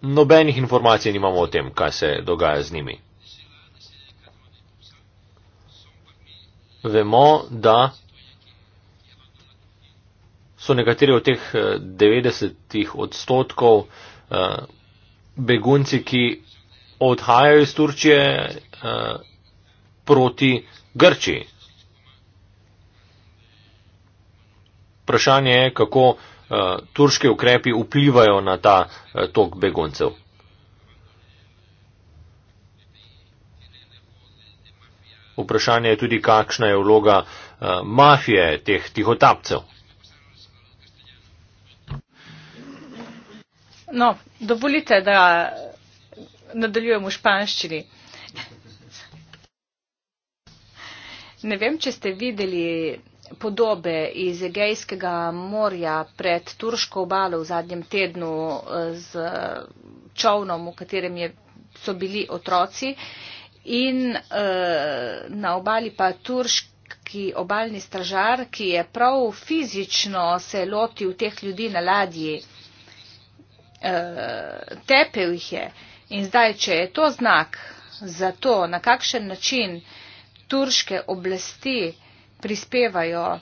nobenih informacij nimamo o tem, kaj se dogaja z njimi. Vemo, da so nekateri od teh 90 eh, odstotkov eh, begunci, ki odhajajo iz Turčije eh, proti Grčiji. Vprašanje je, kako Eh, turški ukrepi vplivajo na ta eh, tok beguncev. Vprašanje je tudi, kakšna je vloga eh, mafije teh tihotapcev. No, dovolite, da nadaljujemo v španščini. Ne vem, če ste videli podobe iz Egejskega morja pred turško obalo v zadnjem tednu eh, z čovnom, v katerem je, so bili otroci in uh, na obali pa turški obalni stražar, ki je prav fizično se lotil teh ljudi na ladji, uh, tepel jih je. In zdaj, če je to znak za to, na kakšen način turške oblasti uh, prispevajo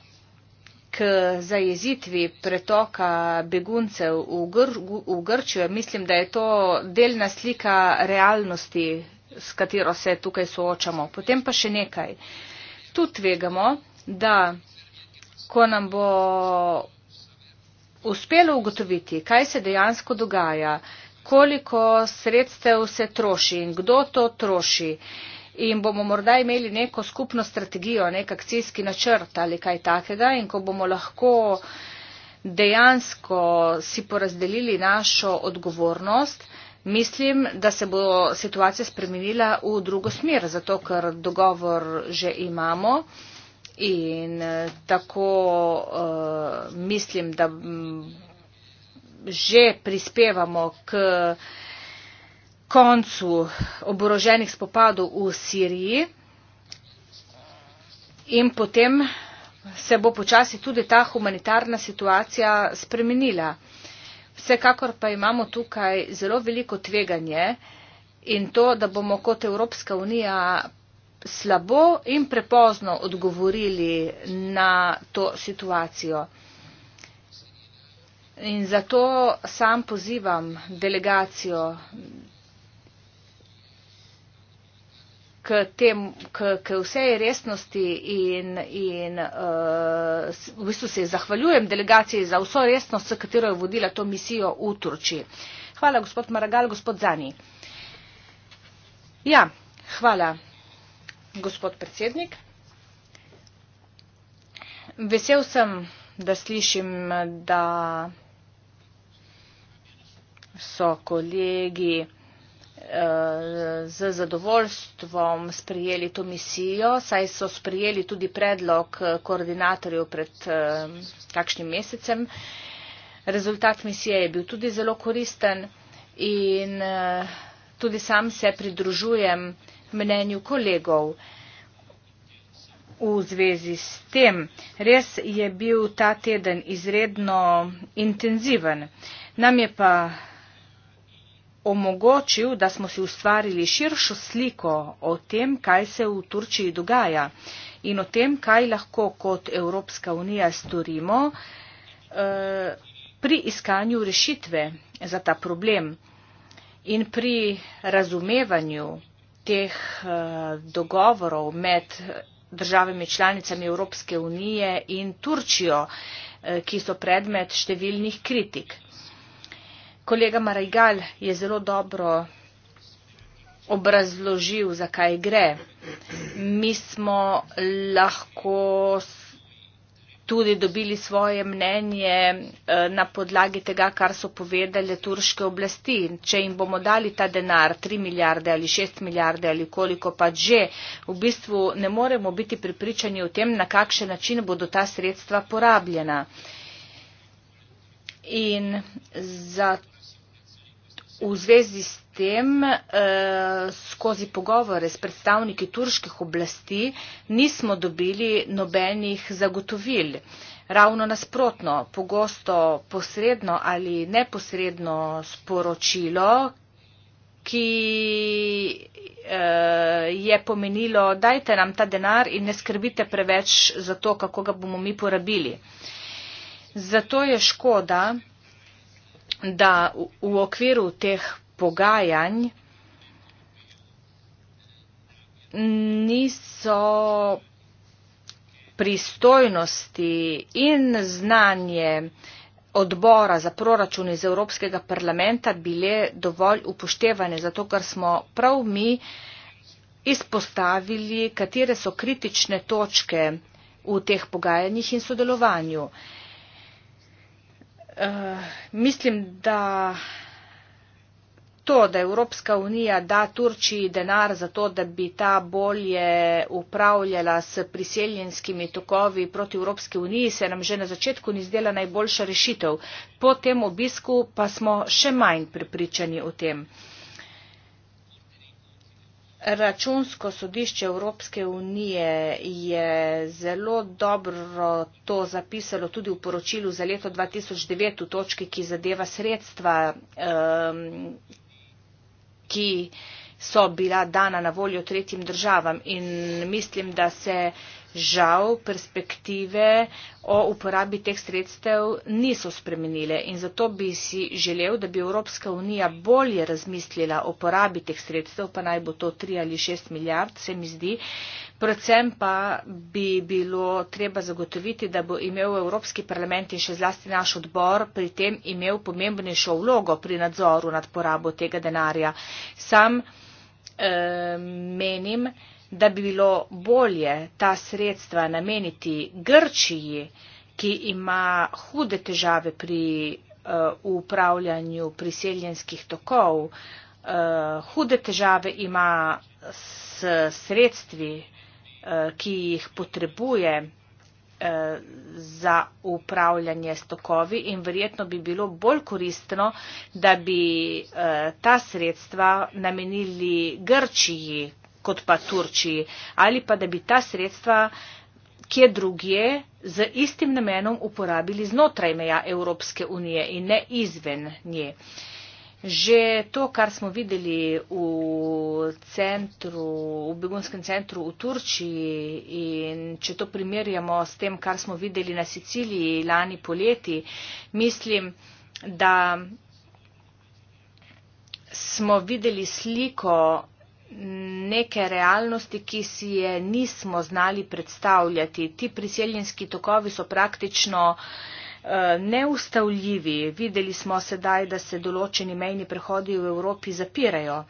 k zajezitvi pretoka beguncev v, Gr v Grčijo. Mislim, da je to delna slika realnosti, s katero se tukaj soočamo. Potem pa še nekaj. Tu tvegamo, da ko nam bo uspelo ugotoviti, kaj se dejansko dogaja, koliko sredstev se troši in kdo to troši, eh, in bomo morda imeli neko skupno strategijo, nek akcijski načrt ali kaj takega in ko bomo lahko dejansko si porazdelili našo odgovornost, mislim, da se bo situacija spremenila v drugo smer, zato ker dogovor že imamo. In eh, tako uh, mislim, da m, mm, že prispevamo k uh, koncu oboroženih spopadov v Siriji in potem se bo počasi tudi ta humanitarna situacija spremenila. Vsekakor pa imamo tukaj zelo veliko tveganje in to, da bomo kot Evropska unija slabo in prepozno odgovorili na to situacijo. In zato sam pozivam delegacijo, k, tem, k, k vsej resnosti in, in uh, v bistvu se zahvaljujem delegaciji za vso resnost, s katero je vodila to misijo v Turčiji. Hvala, gospod Maragal, gospod Zani. Ja, hvala, gospod predsednik. Vesel sem, da slišim, da so kolegi z zadovoljstvom sprijeli to misijo, saj so sprijeli tudi predlog eh, koordinatorjev pred eh, kakšnim mesecem. Rezultat misije je bil tudi zelo koristen in eh, tudi sam se pridružujem mnenju kolegov v zvezi s tem. Res je bil ta teden izredno intenziven. Nam je pa omogočil, da smo si ustvarili širšo sliko o tem, kaj se v Turčiji dogaja in o tem, kaj lahko kot Evropska unija storimo eh, pri iskanju rešitve za ta problem in pri razumevanju teh eh, dogovorov med državami članicami Evropske unije in Turčijo, eh, ki so predmet številnih kritik. Kolega Marajgal je zelo dobro obrazložil, zakaj gre. Mi smo lahko tudi dobili svoje mnenje eh, na podlagi tega, kar so povedali turške oblasti. Če jim bomo dali ta denar, 3 milijarde ali 6 milijarde ali koliko pa že, v bistvu ne moremo biti pripričani o tem, na kakšen način bodo ta sredstva porabljena. In zato. V zvezi s tem, eh, skozi pogovore s predstavniki turških oblasti, nismo dobili nobenih zagotovil. Ravno nasprotno, pogosto posredno ali neposredno sporočilo, ki eh, je pomenilo, dajte nam ta denar in ne skrbite preveč za to, kako ga bomo mi porabili. Zato je škoda, da v okviru teh pogajanj niso pristojnosti in znanje odbora za proračun iz Evropskega parlamenta bile dovolj upoštevane, zato ker smo prav mi izpostavili, katere so kritične točke v teh pogajanjih in sodelovanju. Eh, mislim, da to, da Evropska unija da Turčiji denar za to, da bi ta bolje upravljala s priseljenskimi tokovi proti Evropske uniji, se nam že na začetku ni zdela najboljša rešitev. Po tem obisku pa smo še manj prepričani o tem. Računsko sodišče Evropske unije je zelo dobro to zapisalo tudi v poročilu za leto 2009 v točki, ki zadeva sredstva, um, ki so bila dana na voljo tretjim državam. In mislim, da se žal perspektive o uporabi teh sredstev niso spremenile in zato bi si želel, da bi Evropska unija bolje razmislila o uporabi teh sredstev, pa naj bo to 3 ali 6 milijard, se mi zdi. Predvsem pa bi bilo treba zagotoviti, da bo imel Evropski parlament in še zlasti naš odbor pri tem imel pomembnejšo vlogo pri nadzoru nad porabo tega denarja. Sam eh, menim, da bi bilo bolje ta sredstva nameniti Grčiji, ki ima hude težave pri uh, upravljanju priseljenskih tokov, uh, hude težave ima s sredstvi, uh, ki jih potrebuje za upravljanje stokovi in verjetno bi bilo bolj koristno, da bi ta sredstva namenili Grčiji, kot pa Turčiji. Ali pa da bi ta sredstva kje drugje z istim namenom uporabili znotraj meja Evropske unije in ne izven nje. Že to, kar smo videli v, centru, v begunskem centru v Turčiji in če to primerjamo s tem, kar smo videli na Siciliji lani poleti, mislim, da smo videli sliko neke realnosti, ki si je nismo znali predstavljati. Ti priseljenski tokovi so praktično eh, neustavljivi. Videli smo sedaj, da se določeni mejni prehodi v Evropi zapirajo.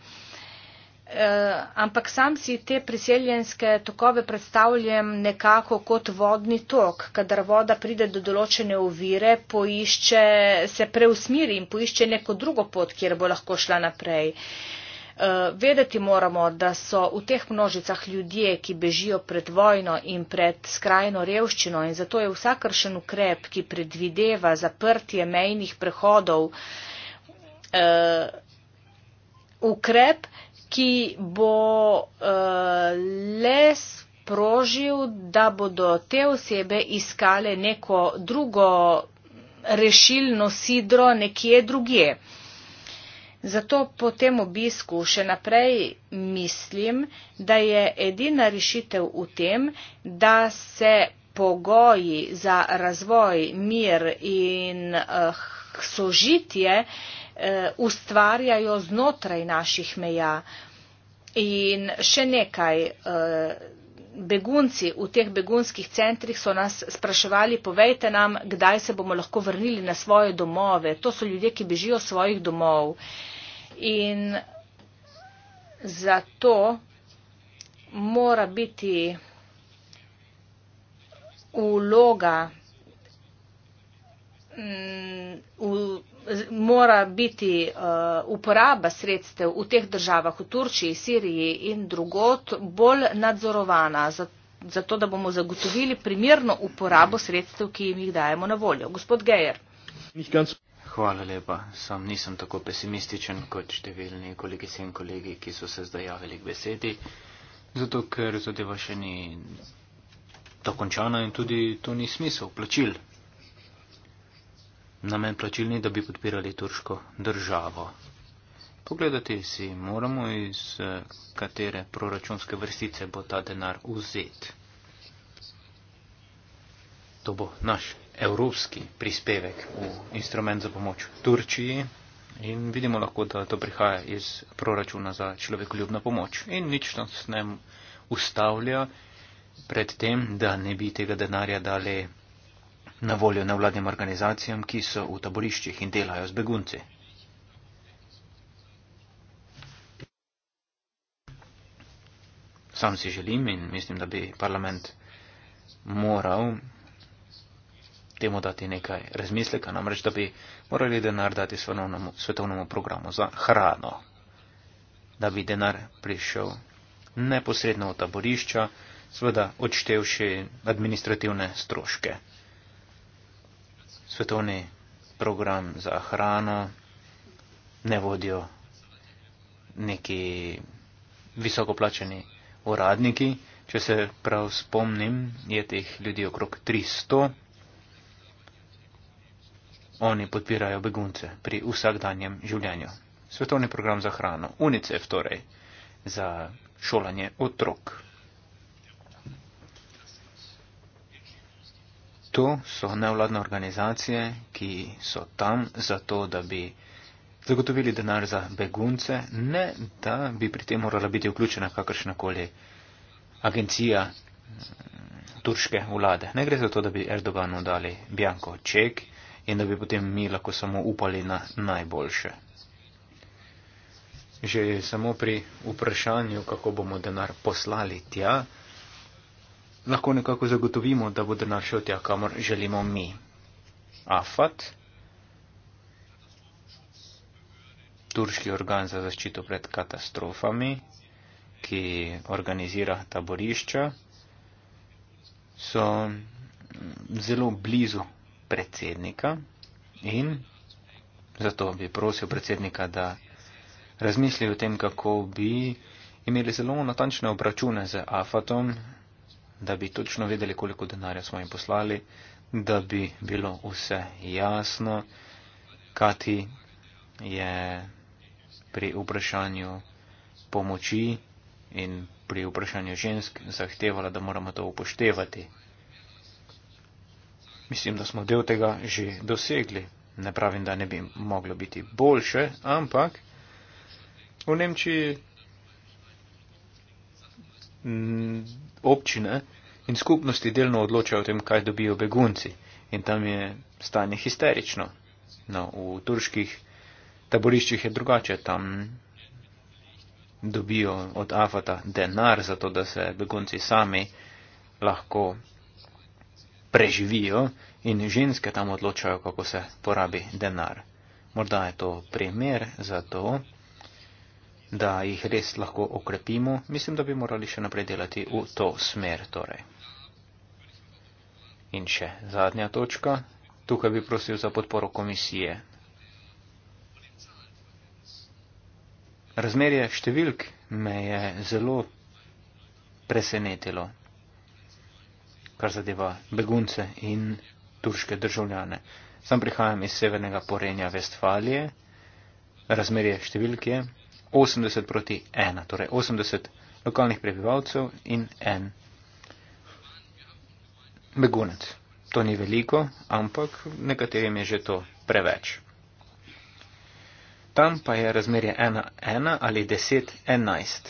Eh, ampak sam si te priseljenske tokove predstavljam nekako kot vodni tok. Kadar voda pride do določene ovire, poišče, se preusmiri in poišče neko drugo pot, kjer bo lahko šla naprej. Eh, vedeti moramo, da so v teh množicah ljudje, ki bežijo pred vojno in pred skrajno revščino in zato je vsakršen ukrep, ki predvideva zaprtje mejnih prehodov, eh, ukrep, ki bo eh, le sprožil, da bodo te osebe iskale neko drugo rešilno sidro nekje drugje. Zato po tem obisku še naprej mislim, da je edina rešitev v tem, da se pogoji za razvoj, mir in eh, sožitje eh, ustvarjajo znotraj naših meja. In še nekaj, eh, begunci v teh begunskih centrih so nas spraševali, povejte nam, kdaj se bomo lahko vrnili na svoje domove. To so ljudje, ki bežijo svojih domov. Eh, in zato mora biti uloga, um, mm, mora biti uh, uporaba sredstev v teh državah, v Turčiji, Siriji in drugot, bolj nadzorovana, zato da bomo zagotovili primerno uporabo sredstev, ki jim jih dajemo na voljo. Gospod Gejer. Hvala lepa. Sam nisem tako pesimističen kot številni kolegice in kolegi, ki so se zdaj javili k besedi, zato ker zadeva še ni dokončana in tudi to ni smisel plačil. Namen plačil ni, da bi podpirali turško državo. Pogledati si moramo, iz eh, katere proračunske vrstice bo ta denar vzet. To bo naš evropski prispevek v instrument za pomoč Turčiji in vidimo lahko, da to prihaja iz proračuna za človekoljubno pomoč. In nič nas ne ustavlja pred tem, da ne bi tega denarja dali na voljo nevladnim organizacijam, ki so v taboriščih in delajo z begunci. Sam si želim in mislim, da bi parlament moral temu dati nekaj razmisleka, namreč da bi morali denar dati svetovnemu programu za hrano, da bi denar prišel neposredno v taborišča, seveda odštevši administrativne stroške. Svetovni program za hrano ne vodijo neki visokoplačeni uradniki, če se prav spomnim, je teh ljudi okrog 300 oni podpirajo begunce pri vsakdanjem življenju. Svetovni program za hrano, UNICEF torej, za šolanje otrok. To so nevladne organizacije, ki so tam zato, da bi zagotovili denar za begunce, ne da bi pri tem morala biti vključena kakršnakoli agencija mm, turške vlade. Ne gre za to, da bi Erdoganu dali bjanko ček in da bi potem mi lahko samo upali na najboljše. Že samo pri vprašanju, kako bomo denar poslali tja, lahko nekako zagotovimo, da bo denar šel tja, kamor želimo mi. AFAT, turški organ za zaščito pred katastrofami, ki organizira taborišča, so zelo blizu predsednika in zato bi prosil predsednika, da razmisli o tem, kako bi imeli zelo natančne obračune z AFATom, da bi točno vedeli, koliko denarja smo jim poslali, da bi bilo vse jasno, kati je pri vprašanju pomoči in pri vprašanju žensk zahtevala, da moramo to upoštevati. Mislim, da smo del tega že dosegli. Ne pravim, da ne bi moglo biti boljše, ampak v Nemčiji občine in skupnosti delno odločajo o tem, kaj dobijo begunci. In tam je stanje histerično. No, v turških taboriščih je drugače. Tam dobijo od Afata denar za to, da se begunci sami lahko preživijo in ženske tam odločajo, kako se porabi denar. Morda je to primer za to, da jih res lahko okrepimo. Mislim, da bi morali še naprej delati v to smer. Torej. In še zadnja točka. Tukaj bi prosil za podporo komisije. Razmerje številk me je zelo presenetilo kar zadeva begunce in turške državljane. Sam prihajam iz severnega porenja Vestfalije, razmerje številke 80 proti 1, torej 80 lokalnih prebivalcev in en begunec. To ni veliko, ampak nekaterim je že to preveč. Tam pa je razmerje 1-1 ali 10-11.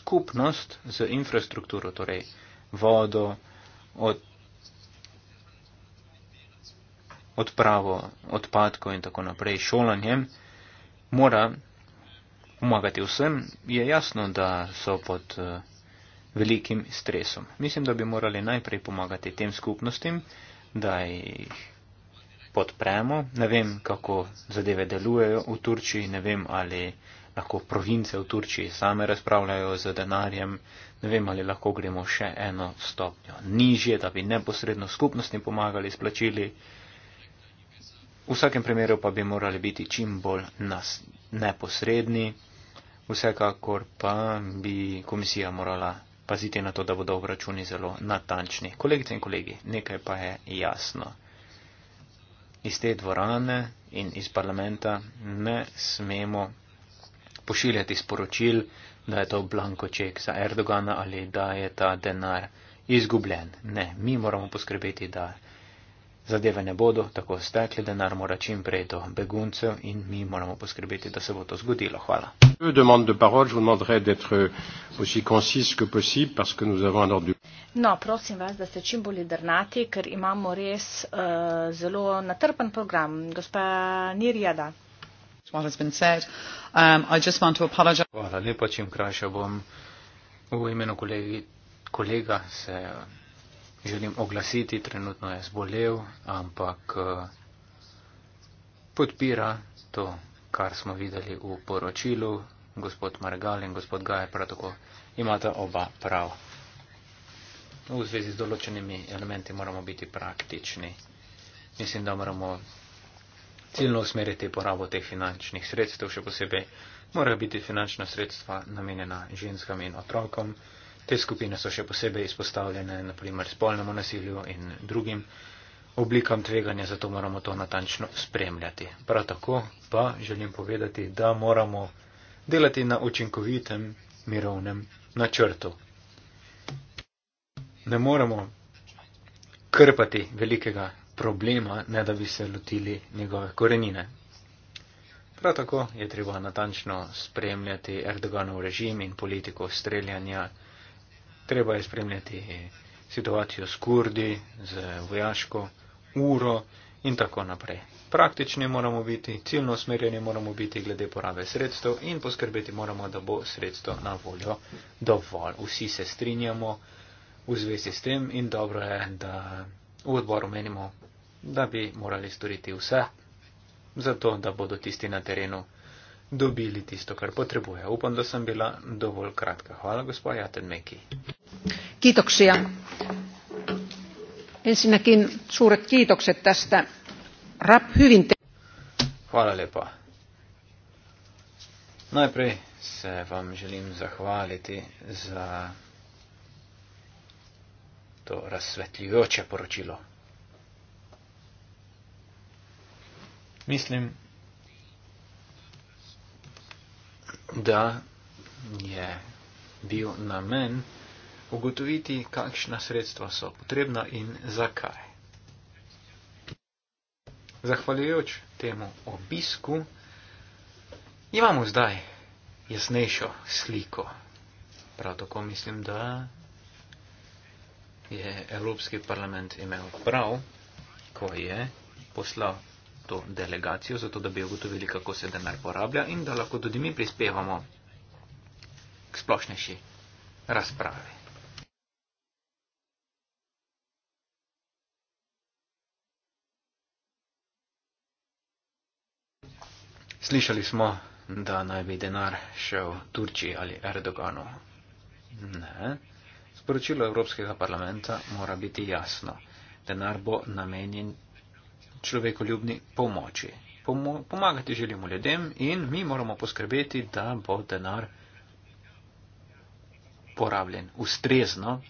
Skupnost z infrastrukturo, torej vodo, od, odpravo odpadkov in tako naprej, šolanje, mora pomagati vsem, je jasno, da so pod eh, velikim stresom. Mislim, da bi morali najprej pomagati tem skupnostim, da jih podpremo. Ne vem, kako zadeve delujejo v Turčiji, ne vem, ali lahko province v Turčiji same razpravljajo z denarjem, ne vem, ali lahko gremo še eno stopnjo nižje, da bi neposredno skupnosti pomagali s plačili. V vsakem primeru pa bi morali biti čim bolj nas neposredni. Vsekakor pa bi komisija morala paziti na to, da bodo obračuni zelo natančni. Kolegice in kolegi, nekaj pa je jasno. Iz te dvorane in iz parlamenta ne smemo pošiljati sporočil, da je to blanko ček za Erdogana ali da je ta denar izgubljen. Ne, mi moramo poskrbeti, da zadeve ne bodo tako stekle, denar mora čim prej do beguncev in mi moramo poskrbeti, da se bo to zgodilo. Hvala. No, prosim vas, da ste čim bolj jedrnati, ker imamo res uh, zelo natrpen program. Gospa Nirjada what has been said. Um, I just want to apologize. Hvala lepa, čim krajša bom v imenu kolegi, kolega se eh, želim oglasiti, trenutno je zbolel, ampak eh, podpira to, kar smo videli v poročilu. Gospod Margal in gospod Gaj, prav tako imata oba prav. V zvezi z določenimi elementi moramo biti praktični. Mislim, da moramo ciljno usmeriti porabo teh finančnih sredstev, še posebej morajo biti finančna sredstva namenjena ženskam in otrokom. Te skupine so še posebej izpostavljene naprimer spolnemu nasilju in drugim oblikam tveganja, zato moramo to natančno spremljati. Prav tako pa želim povedati, da moramo delati na učinkovitem mirovnem načrtu. Ne moremo krpati velikega problema, ne da bi se lotili njegove korenine. Prav tako je treba natančno spremljati Erdoganov režim in politiko streljanja. Treba je spremljati situacijo s kurdi, z vojaško uro in tako naprej. Praktični moramo biti, ciljno usmerjeni moramo biti glede porabe sredstev in poskrbeti moramo, da bo sredstvo na voljo dovolj. Vsi se strinjamo v zvezi s tem in dobro je, da v odboru menimo da bi morali storiti vse, zato da bodo tisti na terenu dobili tisto, kar potrebuje. Upam, da sem bila dovolj kratka. Hvala, gospod Jaten Meki. Kiitoksia. Ensinnäkin suuret kiitokset tästä rap hyvin te- Hvala lepa. Najprej se vam želim zahvaliti za to razsvetljujoče poročilo. Mislim, da je bil namen ugotoviti, kakšna sredstva so potrebna in zakaj. Zahvaljujoč temu obisku imamo zdaj jasnejšo sliko. Prav tako mislim, da je Evropski parlament imel prav, ko je poslal to delegacijo, zato da bi ugotovili, kako se denar porablja in da lahko tudi mi prispevamo k splošnejši razpravi. Slišali smo, da naj bi denar šel Turčiji ali Erdoganu. Ne. Sporočilo Evropskega parlamenta mora biti jasno. Denar bo namenjen človekoljubni pomoči. Pomagati želimo ljudem in mi moramo poskrbeti, da bo denar porabljen ustrezno.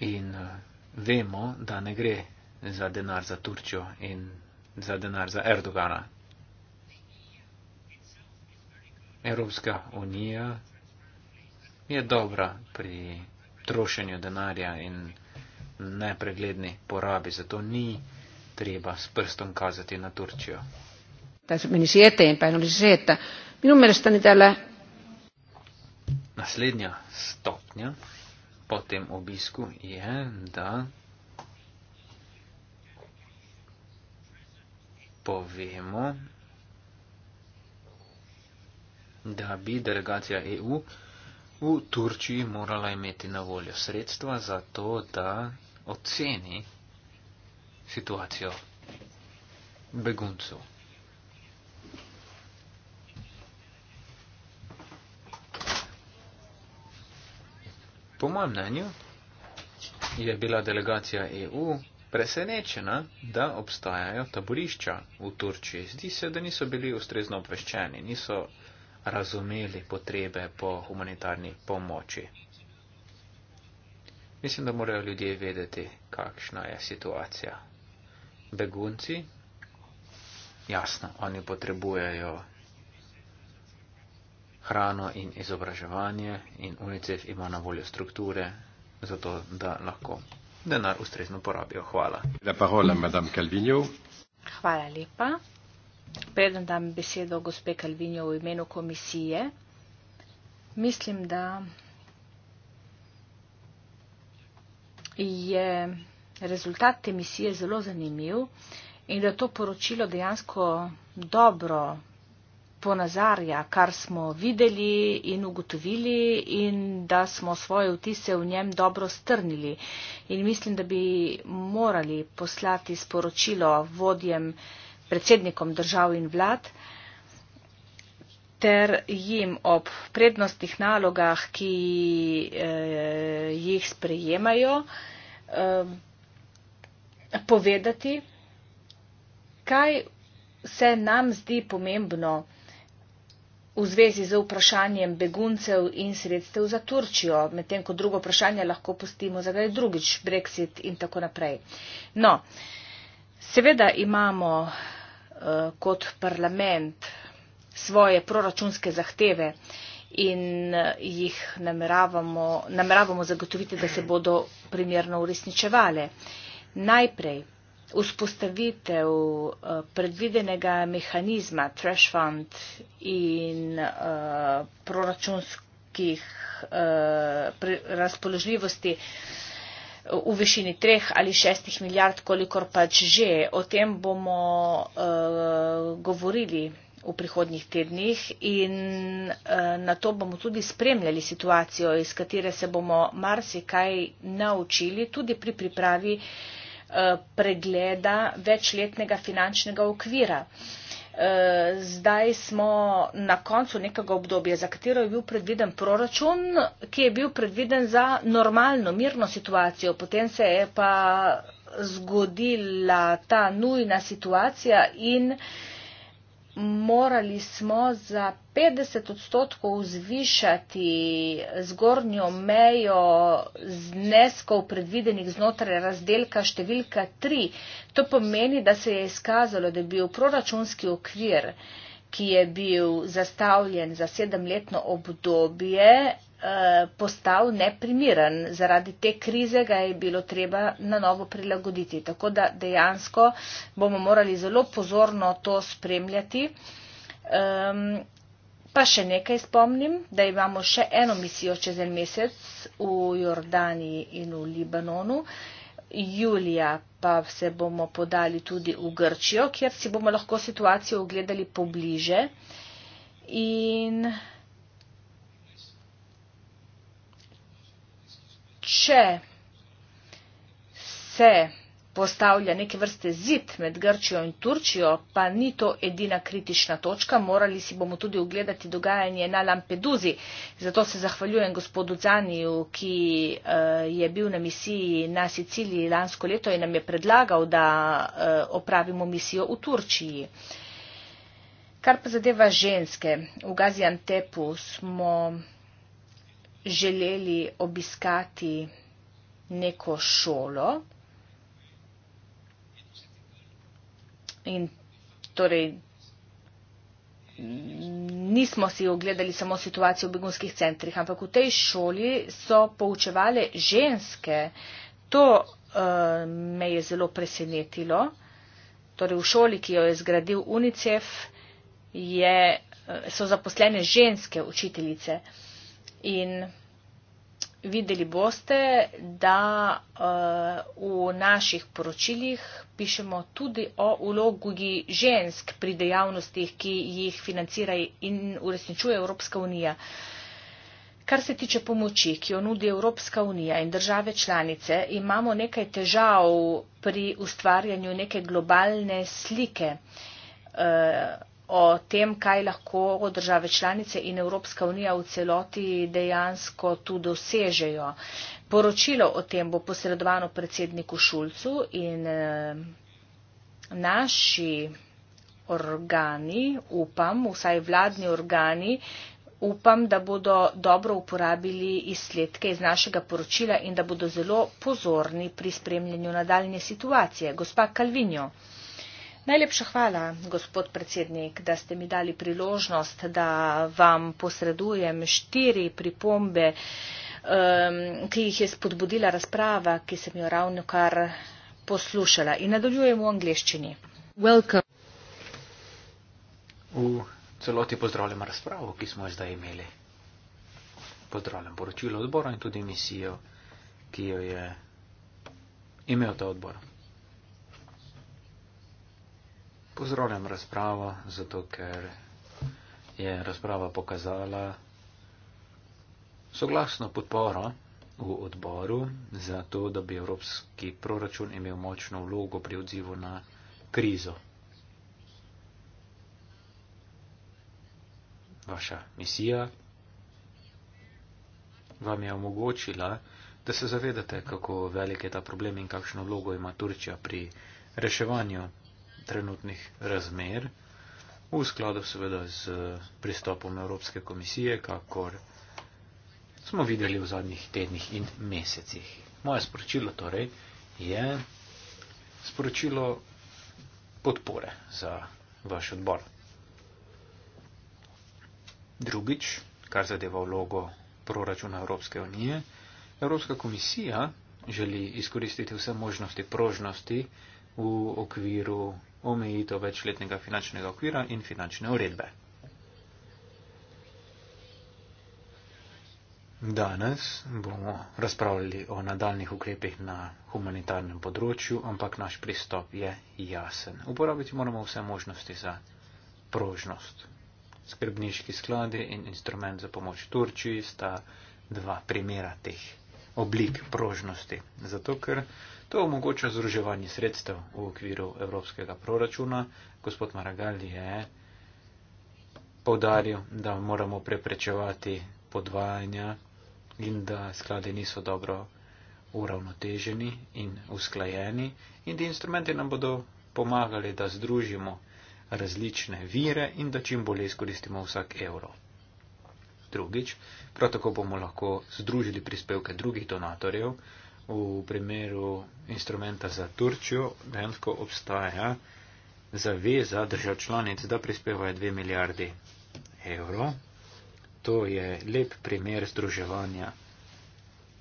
In eh, vemo, da ne gre za denar za Turčjo in za denar za Erdogana. Evropska unija je dobra pri trošenju denarja in nepregledni porabi, zato ni treba s prstom kazati na Turčijo. Naslednja stopnja po tem obisku je, da povemo, da bi delegacija EU v Turčiji morala imeti na voljo sredstva za to, da oceni situacijo beguncev. Po mojem mnenju je bila delegacija EU presenečena, da obstajajo taborišča v Turčiji. Zdi se, da niso bili ustrezno obveščeni, niso razumeli potrebe po humanitarni pomoči. Mislim, da morajo ljudje vedeti, kakšna je situacija. Begunci, jasno, oni potrebujejo hrano in izobraževanje in UNICEF ima na voljo strukture, zato da lahko denar ustrezno porabijo. Hvala. Hvala lepa. Preden dam besedo gospe Kalvinjo v imenu komisije, mislim, da je rezultat te misije zelo zanimiv in da to poročilo dejansko dobro ponazarja, kar smo videli in ugotovili in da smo svoje vtise v njem dobro strnili. In mislim, da bi morali poslati sporočilo vodjem, predsednikom držav in vlad, ter jim ob prednostnih nalogah, ki eh, jih sprejemajo, eh, povedati, kaj se nam zdi pomembno v zvezi z vprašanjem beguncev in sredstev za Turčijo, medtem ko drugo vprašanje lahko pustimo za kaj drugič, Brexit in tako naprej. No, seveda imamo eh, kot parlament eh, svoje proračunske zahteve in eh, jih nameravamo, nameravamo zagotoviti, da se bodo primerno uresničevale. Najprej vzpostavitev eh, predvidenega mehanizma Trash Fund in eh, proračunskih razpoložljivosti v višini treh ali šestih milijard, kolikor pač že. O tem bomo uh, govorili v prihodnjih tednih in eh, na to bomo tudi spremljali situacijo, iz katere se bomo marsikaj naučili, tudi pri pripravi eh, pregleda večletnega finančnega okvira. Eh, zdaj smo na koncu nekega obdobja, za katero je bil predviden proračun, ki je bil predviden za normalno, mirno situacijo, potem se je pa zgodila ta nujna situacija in morali smo za 50 odstotkov zvišati zgornjo mejo zneskov predvidenih znotraj razdelka številka 3. To pomeni, da se je izkazalo, da je bil proračunski okvir, ki je bil zastavljen za sedemletno obdobje, Eh, postal neprimiran. Zaradi te krize ga je bilo treba na novo prilagoditi. Tako da dejansko bomo morali zelo pozorno to spremljati. Um, pa še nekaj spomnim, da imamo še eno misijo čez en mesec v Jordaniji in v Libanonu. Julija pa se bomo podali tudi v Grčijo, kjer si bomo lahko situacijo ogledali pobliže. In če se postavlja neke vrste zid med Grčijo in Turčijo, pa ni to edina kritična točka. Morali si bomo tudi ogledati dogajanje na Lampeduzi. Zato se zahvaljujem gospodu Zaniju, ki eh, je bil na misiji na Siciliji lansko leto in nam je predlagal, da eh, opravimo misijo v Turčiji. Kar pa zadeva ženske, v Gaziantepu smo želeli obiskati neko šolo in torej nismo si ogledali samo situacijo v begunskih centrih, ampak v tej šoli so poučevale ženske. To uh, me je zelo presenetilo. Torej v šoli, ki jo je zgradil UNICEF, je, eh, so zaposlene ženske učiteljice. Uh, in videli boste, da eh, v naših poročilih pišemo tudi o ulogi žensk pri dejavnostih, ki jih financira in uresničuje Evropska unija. Kar se tiče pomoči, ki jo nudi Evropska unija in države članice, imamo nekaj težav pri ustvarjanju neke globalne slike. Eh, o tem, kaj lahko države članice in Evropska unija v celoti dejansko tu dosežejo. Poročilo o tem bo posredovano predsedniku Šulcu in eh, naši organi, upam, vsaj vladni organi, upam, da bodo dobro uporabili izsledke iz našega poročila in da bodo zelo pozorni pri spremljanju nadaljne situacije. Gospa Kalvinjo. Najlepša hvala, gospod predsednik, da ste mi dali priložnost, da vam posredujem štiri pripombe, um, ki jih je spodbudila razprava, ki sem jo ravno kar poslušala. In nadaljujem v angliščini. Welcome. V celoti pozdravljam razpravo, ki smo jo zdaj imeli. Pozdravljam poročilo odbora in tudi misijo, ki jo je imel ta odbor pozdravljam razpravo, zato ker je razprava pokazala soglasno podporo v odboru za to, da bi evropski proračun imel močno vlogo pri odzivu na krizo. Vaša misija vam je omogočila, da se zavedate, kako velik je ta problem in kakšno vlogo ima Turčija pri reševanju trenutnih razmer, v skladu seveda z eh, pristopom Evropske komisije, kakor smo videli v zadnjih tednih in mesecih. Moje sporočilo torej je sporočilo podpore za vaš odbor. Drugič, kar zadeva vlogo proračuna Evropske unije, Evropska komisija želi izkoristiti vse možnosti prožnosti v okviru omejitev večletnega finančnega okvira in finančne uredbe. Danes bomo razpravljali o nadaljnih ukrepih na humanitarnem področju, ampak naš pristop je jasen. Uporabiti moramo vse možnosti za prožnost. Skrbniški skladi in instrument za pomoč Turčiji sta dva primera teh oblik prožnosti. Zato, ker To omogoča združevanje sredstev v okviru evropskega proračuna. Gospod Maragal je povdaril, da moramo preprečevati podvajanja in da sklade niso dobro uravnoteženi in usklajeni in da instrumenti nam bodo pomagali, da združimo različne vire in da čim bolje izkoristimo vsak evro. Drugič, prav tako bomo lahko združili prispevke drugih donatorjev, v primeru instrumenta za Turčijo dejansko obstaja zaveza držav članic, da prispevajo 2 milijardi evrov. To je lep primer združevanja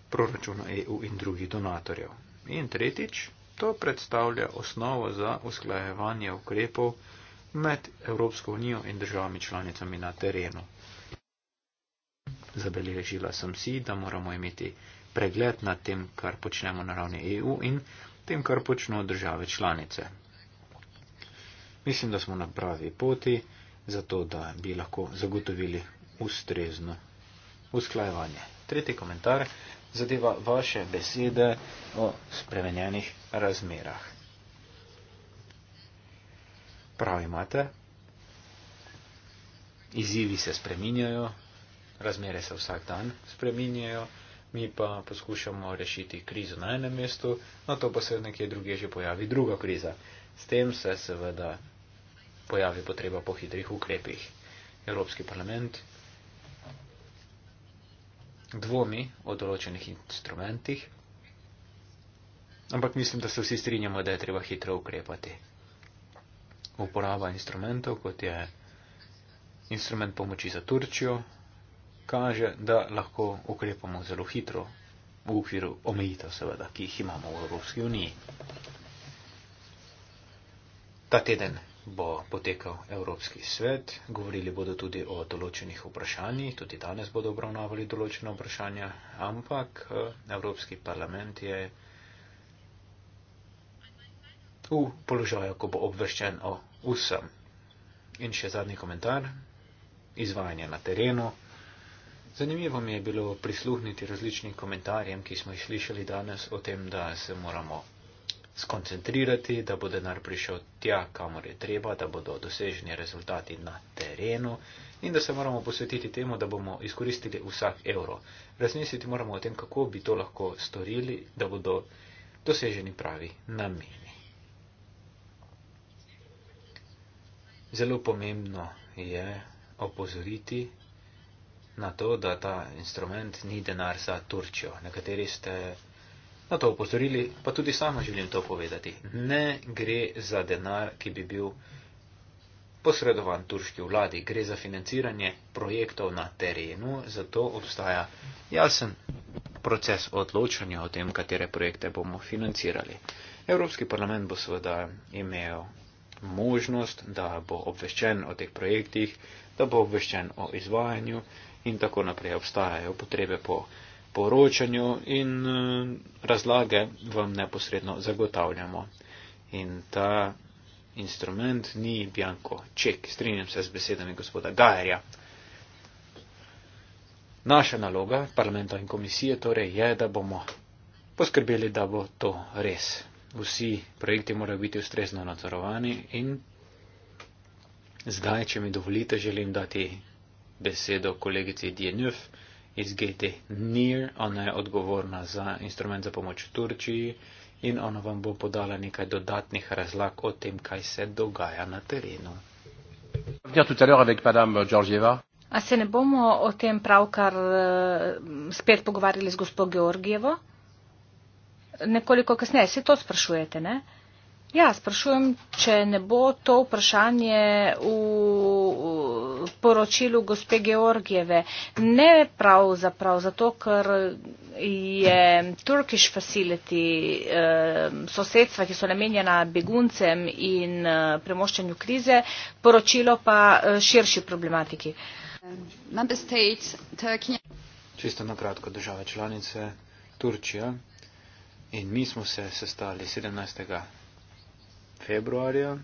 proračuna EU in drugih donatorjev. In tretjič, to predstavlja osnovo za usklajevanje ukrepov med Evropsko unijo in državami članicami na terenu. Zabeležila sem si, da moramo imeti pregled nad tem, kar počnemo na ravni EU in tem, kar počnejo države članice. Mislim, da smo na pravi poti, zato da bi lahko zagotovili ustrezno usklajevanje. Tretji komentar zadeva vaše besede o spremenjenih razmerah. Prav imate, izzivi se spreminjajo, razmere se vsak dan spreminjajo mi pa poskušamo rešiti krizo na enem mestu, na to pa se nekje druge že pojavi druga kriza. S tem se seveda pojavi potreba po hitrih ukrepih. Evropski parlament dvomi o določenih instrumentih, ampak mislim, da se vsi strinjamo, da je treba hitro ukrepati. Uporaba instrumentov, kot je instrument pomoči za Turčijo, kaže, da lahko ukrepamo zelo hitro, v okviru omejitev, seveda, ki jih imamo v Evropski uniji. Ta teden bo potekal Evropski svet, govorili bodo tudi o določenih vprašanjih, tudi danes bodo obravnavali določene vprašanja, ampak eh, Evropski parlament je v položaju, ko bo obveščen o vsem. In še zadnji komentar. Izvajanje na terenu. Zanimivo mi je bilo prisluhniti različnim komentarjem, ki smo jih slišali danes o tem, da se moramo skoncentrirati, da bo denar prišel tja, kamor je treba, da bodo doseženi rezultati na terenu in da se moramo posvetiti temu, da bomo izkoristili vsak evro. Razmisliti moramo o tem, kako bi to lahko storili, da bodo doseženi pravi nameni. Zelo pomembno je opozoriti, na to, da ta instrument ni denar za Turčjo. Nekateri ste na to upozorili, pa tudi sama želim to povedati. Ne gre za denar, ki bi bil posredovan turški vladi, gre za financiranje projektov na terenu, zato obstaja jasen proces odločanja o tem, katere projekte bomo financirali. Evropski parlament bo seveda imel možnost, da bo obveščen o teh projektih, da bo obveščen o izvajanju in tako naprej. Obstajajo potrebe po poročanju in eh, razlage vam neposredno zagotavljamo. In ta instrument ni bianko ček, strinjam se z besedami gospoda Gajerja. Naša naloga parlamenta in komisije torej je, da bomo poskrbeli, da bo to res. Vsi projekti morajo biti ustrezno nadzorovani in zdaj, če mi dovolite, želim dati besedo kolegici Dienuf iz GT NIR. Ona je odgovorna za instrument za pomoč v Turčiji in ona vam bo podala nekaj dodatnih razlag o tem, kaj se dogaja na terenu. A se ne bomo o tem pravkar eh, spet pogovarjali z gospod Georgijevo? Nekoliko kasneje se to sprašujete, ne? Ja, sprašujem, če ne bo to vprašanje v poročilu gospe Georgijeve. Ne pravzaprav, zato ker je Turkish Facility, sosedstva, ki so namenjena beguncem in eh, premoščanju krize, poročilo pa eh, širši problematiki. Čisto na kratko države članice, Turčija in mi smo se sestali 17. februarja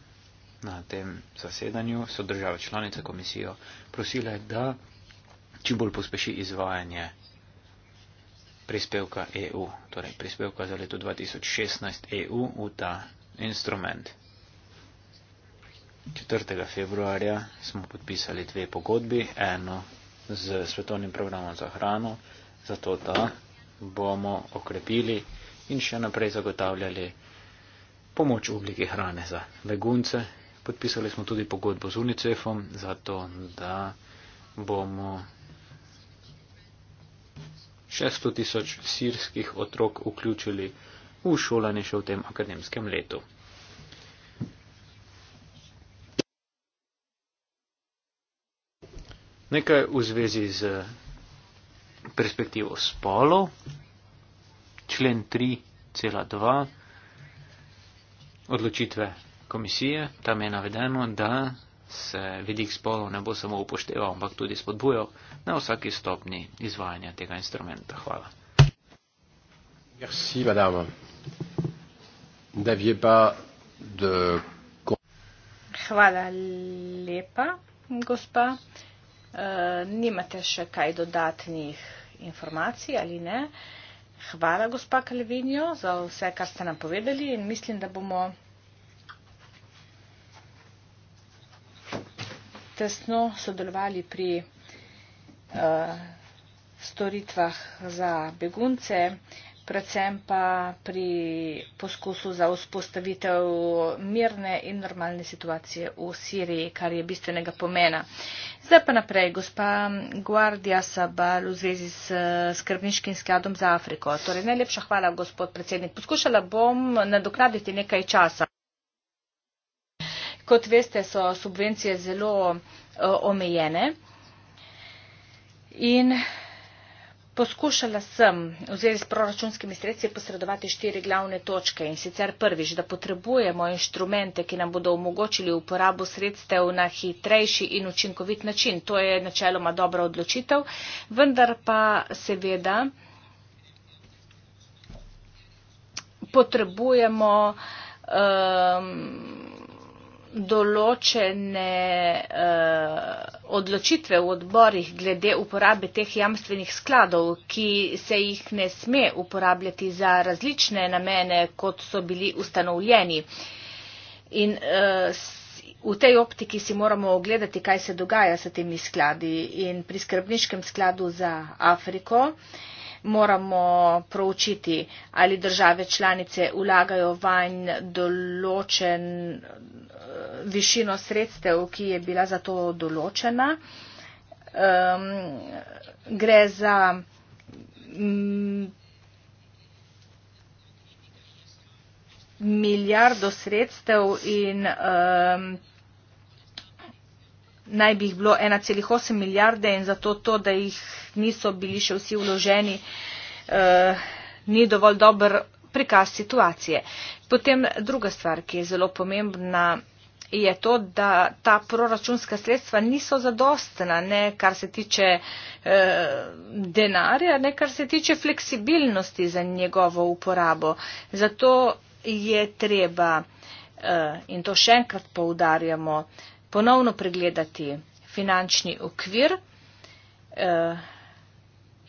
na tem zasedanju so države članice komisijo prosile, da čim bolj pospeši izvajanje prispevka EU, torej prispevka za leto 2016 EU v ta instrument. 4. februarja smo podpisali dve pogodbi, eno z svetovnim programom za hrano, zato da bomo okrepili in še naprej zagotavljali pomoč v obliki hrane za begunce Podpisali smo tudi pogodbo z UNICEF-om, zato da bomo 600 tisoč sirskih otrok vključili v šolanje še v tem akademskem letu. Nekaj v zvezi z perspektivo spolov. Člen 3.2. Odločitve komisije, tam je navedeno, da se vidik spolov ne bo samo upošteval, ampak tudi spodbujal na vsaki stopni izvajanja tega instrumenta. Hvala. Merci, Hvala lepa, gospa. E, nimate še kaj dodatnih informacij ali ne? Hvala, gospa Kalvinjo, za vse, kar ste nam povedali in mislim, da bomo. tesno sodelovali pri uh, storitvah za begunce, predvsem pa pri poskusu za vzpostavitev mirne in normalne situacije v Siriji, kar je bistvenega pomena. Zdaj pa naprej, gospa Guardia Sabal v zvezi s eh, skrbniškim skladom za Afriko. Torej, najlepša hvala, gospod predsednik. Poskušala bom nadoknaditi nekaj časa kot veste, so subvencije zelo eh, omejene. In poskušala sem v zvezi s proračunskimi sredstvi posredovati štiri glavne točke. In sicer prvič, da potrebujemo inštrumente, ki nam bodo omogočili uporabo sredstev na hitrejši in učinkovit način. To je načeloma dobra odločitev, vendar pa seveda potrebujemo. Um, določene uh, odločitve v odborih glede uporabe teh jamstvenih skladov, ki se jih ne sme uporabljati za različne namene, kot so bili ustanovljeni. In uh, v tej optiki si moramo ogledati, kaj se dogaja s temi skladi. In pri skrbniškem skladu za Afriko uh, moramo proučiti, ali države članice ulagajo vanj določen eh, višino sredstev, ki je bila za to določena. Um, gre za mm, milijardo sredstev in um, naj bi jih bilo 1,8 milijarde in zato to, da jih niso bili še vsi vloženi, eh, ni dovolj dober prikaz situacije. Potem druga stvar, ki je zelo pomembna, je to, da ta proračunska sredstva niso zadostna, ne kar se tiče eh, denarja, ne kar se tiče fleksibilnosti za njegovo uporabo. Zato je treba, eh, in to še enkrat poudarjamo, eh, ponovno pregledati finančni okvir eh,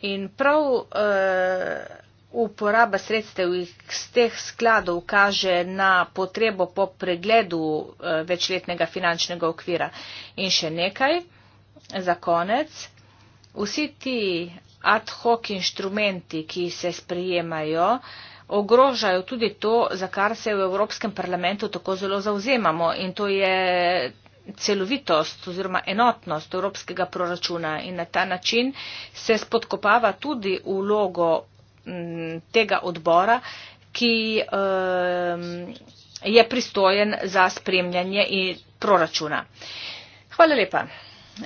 in prav eh, uporaba sredstev iz teh skladov kaže na potrebo po pregledu eh, večletnega finančnega okvira. In še nekaj za konec. Vsi ti ad hoc inštrumenti, ki se sprijemajo, ogrožajo tudi to, za kar se v Evropskem parlamentu tako zelo zauzemamo. In to je celovitost oziroma enotnost evropskega proračuna in na ta način se spodkopava tudi vlogo mm, tega odbora, ki ehm, je pristojen za spremljanje proračuna. Hvala lepa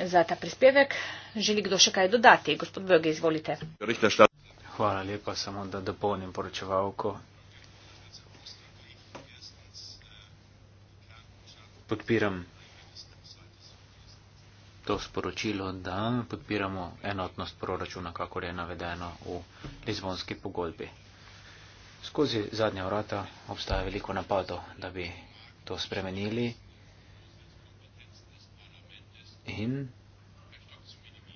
za ta prispevek. Želi kdo še kaj dodati? Gospod Böge, izvolite. Hvala lepa, samo da dopolnim poročevalko. Podpiram to sporočilo, da podpiramo enotnost proračuna, kakor je navedeno v Lizbonski pogodbi. Skozi zadnja vrata obstaja veliko napadov, da bi to spremenili in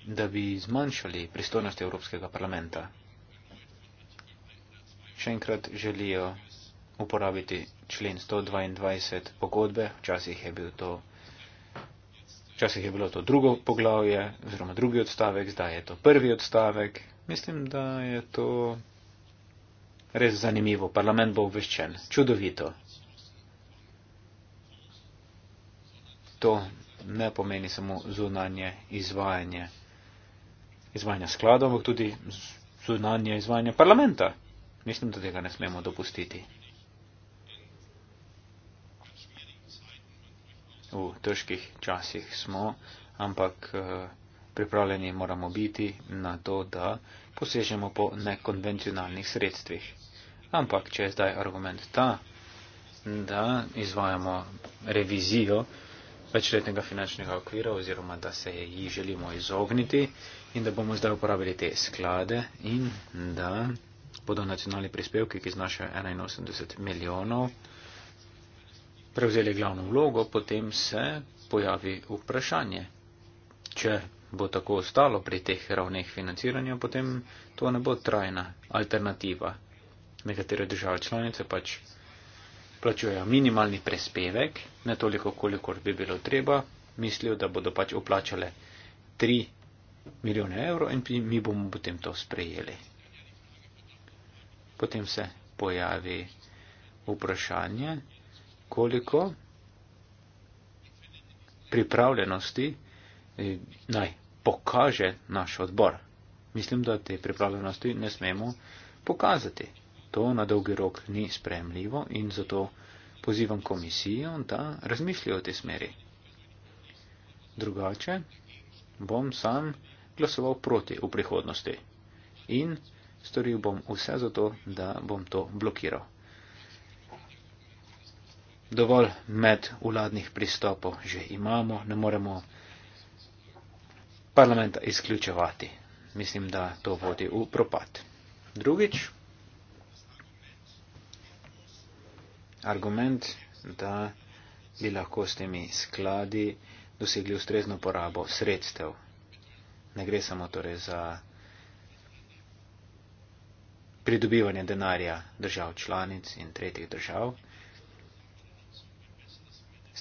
da bi zmanjšali pristojnost Evropskega parlamenta. Še enkrat želijo uporabiti člen 122 pogodbe, včasih je bil to. Včasih je bilo to drugo poglavje, oziroma drugi odstavek, zdaj je to prvi odstavek. Mislim, da je to res zanimivo. Parlament bo obveščen. Čudovito. To ne pomeni samo zunanje izvajanje, izvajanje skladov, ampak tudi zunanje izvajanje parlamenta. Mislim, da tega ne smemo dopustiti. v težkih časih smo, ampak eh, pripravljeni moramo biti na to, da posežemo po nekonvencionalnih sredstvih. Ampak, če je zdaj argument ta, da izvajamo revizijo večletnega finančnega okvira oziroma da se ji želimo izogniti in da bomo zdaj uporabili te sklade in da bodo nacionalni prispevki, ki znašajo 81 milijonov, prevzeli glavno vlogo, potem se pojavi vprašanje. Če bo tako ostalo pri teh ravneh financiranja, potem to ne bo trajna alternativa. Nekatere države članice pač plačujejo minimalni prespevek, ne toliko, kolikor bi bilo treba, mislijo, da bodo pač uplačale 3 milijone evrov in mi bomo potem to sprejeli. Potem se pojavi vprašanje, koliko pripravljenosti eh, naj pokaže naš odbor. Mislim, da te pripravljenosti ne smemo pokazati. To na dolgi rok ni spremljivo in zato pozivam komisijo, da razmišlja o tej smeri. Drugače bom sam glasoval proti v prihodnosti in storil bom vse zato, da bom to blokiral dovolj medvladnih pristopov že imamo, ne moremo parlamenta izključevati. Mislim, da to vodi v propad. Drugič, argument, da bi lahko s temi skladi dosegli ustrezno porabo sredstev. Ne gre samo torej za pridobivanje denarja držav članic in tretjih držav,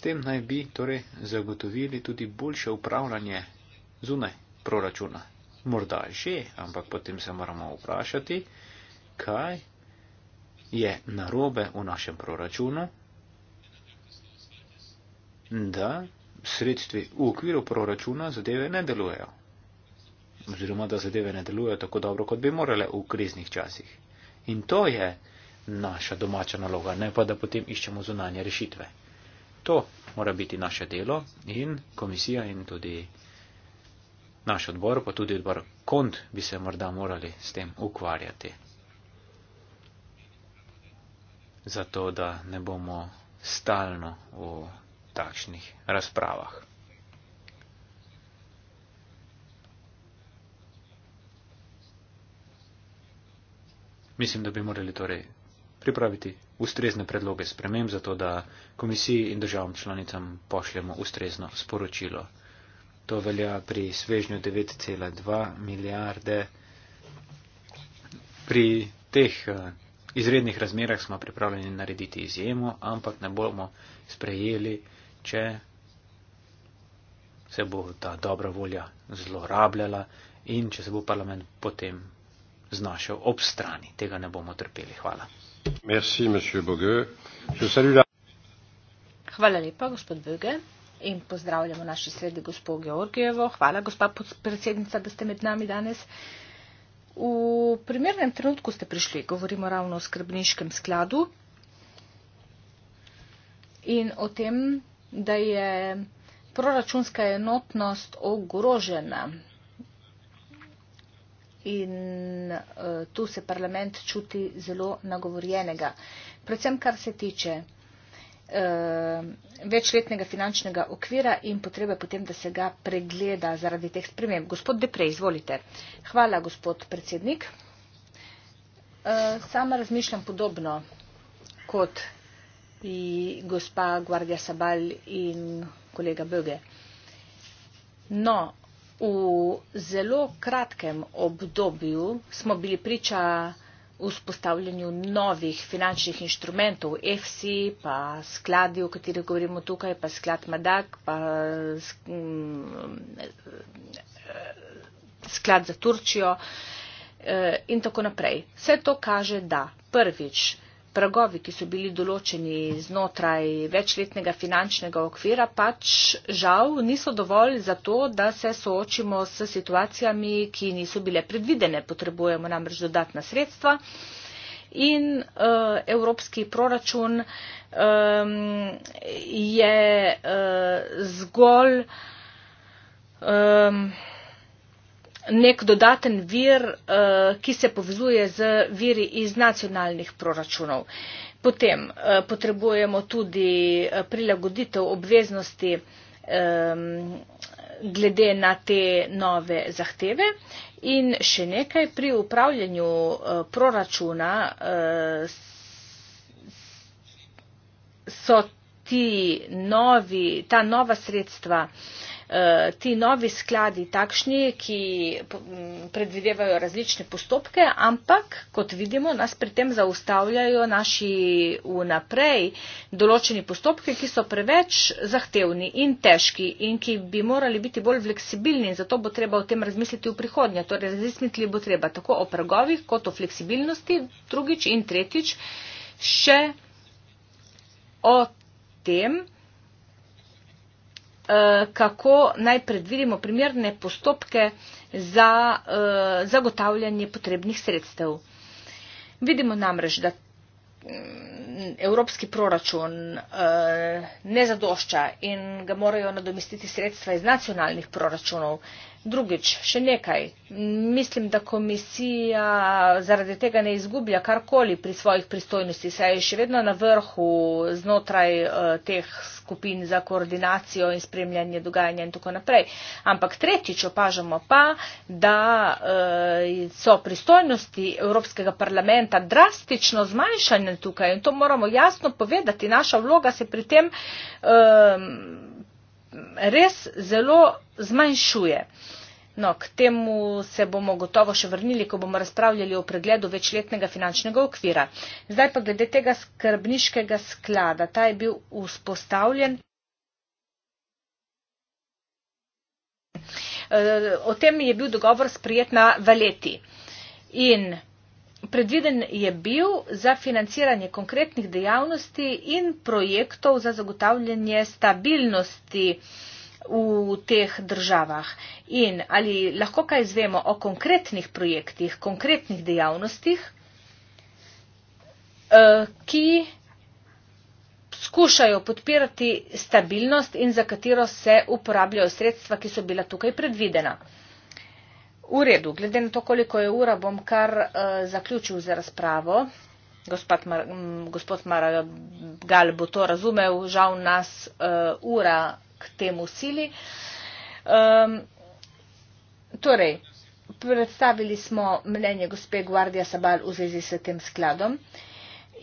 tem naj bi torej zagotovili tudi boljše upravljanje zunaj proračuna. Morda že, ampak potem se moramo vprašati, kaj je narobe v našem proračunu, da sredstvi v okviru proračuna zadeve ne delujejo. Oziroma, da zadeve ne delujejo tako dobro, kot bi morale v kriznih časih. In to je naša domača naloga, ne pa da potem iščemo zunanje rešitve. To mora biti naše delo in komisija in tudi naš odbor, pa tudi odbor kont bi se morda morali s tem ukvarjati. Zato, da ne bomo stalno v takšnih razpravah. Mislim, da bi morali torej pripraviti ustrezne predloge sprememb, zato da komisiji in državam članicam pošljemo ustrezno sporočilo. To velja pri svežnju 9,2 milijarde. Pri teh eh, izrednih razmerah smo pripravljeni narediti izjemo, ampak ne bomo sprejeli, če se bo ta dobra volja zlorabljala in če se bo parlament potem znašel ob strani. Tega ne bomo trpeli. Hvala. Hvala lepa, gospod Böge. In pozdravljamo naše sredi gospod Georgijevo. Hvala, gospa predsednica, da ste med nami danes. V primernem trenutku ste prišli, govorimo ravno o skrbniškem skladu in o tem, da je proračunska enotnost ogrožena in uh, tu se parlament čuti zelo nagovorjenega. Predvsem kar se tiče eh, večletnega finančnega okvira in potrebe potem, da se ga pregleda zaradi teh sprememb. Gospod Deprej, izvolite. Hvala, gospod predsednik. Eh, sama razmišljam podobno kot gospa Guardia Sabal in kolega Böge. No, V zelo kratkem obdobju smo bili priča vzpostavljanju novih finančnih inštrumentov, FC, pa skladi, o katerih govorimo tukaj, pa sklad Madak, pa mm, sklad za Turčijo eh, in tako naprej. Vse to kaže, da prvič pragovi, ki so bili določeni znotraj večletnega finančnega okvira, pač žal niso dovolj za to, da se soočimo s situacijami, ki niso bile predvidene. Potrebujemo namreč dodatna sredstva in uh, evropski proračun um, je uh, zgolj um, nek dodaten vir, eh, ki se povezuje z viri iz nacionalnih proračunov. Potem eh, potrebujemo tudi eh, prilagoditev obveznosti ehm, glede na te nove zahteve. In še nekaj, pri upravljanju proračuna so ti novi, ta nova sredstva Eh, ti novi skladi takšni, ki predvidevajo različne postopke, ampak, kot vidimo, nas pri tem zaustavljajo naši vnaprej določeni postopke, ki so preveč zahtevni in težki in ki bi morali biti bolj fleksibilni. Zato bo treba o tem razmisliti v prihodnje. Torej, razmisliti bo treba tako o pragovih, kot o fleksibilnosti, drugič in tretjič še o tem, Eh, kako naj predvidimo primerne postopke za eh, zagotavljanje potrebnih sredstev. Vidimo namreč, da mm, evropski proračun eh, ne zadošča in ga morajo nadomestiti sredstva iz nacionalnih proračunov, Drugič, še nekaj. Mislim, da komisija zaradi tega ne izgublja karkoli pri svojih pristojnosti, saj je še vedno na vrhu znotraj eh, teh skupin za koordinacijo in spremljanje dogajanja in tako naprej. Ampak tretjič opažamo pa, da eh, so pristojnosti Evropskega parlamenta drastično zmanjšane tukaj in to moramo jasno povedati. Naša vloga se pri tem. Um, res zelo zmanjšuje. No, k temu se bomo gotovo še vrnili, ko bomo razpravljali o pregledu večletnega finančnega okvira. Zdaj pa glede tega skrbniškega sklada. Ta je bil vzpostavljen. Eh, o tem je bil dogovor sprijet na valeti. In predviden je bil za financiranje konkretnih dejavnosti in projektov za zagotavljanje stabilnosti v teh državah. In ali lahko kaj izvemo o konkretnih projektih, konkretnih dejavnostih, eh, ki skušajo podpirati stabilnost in za katero se uporabljajo sredstva, ki so bila tukaj predvidena. V redu, glede na to, koliko je ura, bom kar uh, zaključil za razpravo. Gospod, Mar, gospod Maragal bo to razumel, žal nas uh, ura k temu sili. Um, torej, predstavili smo mnenje gospe Guardia Sabal v zvezi s tem skladom. Uh,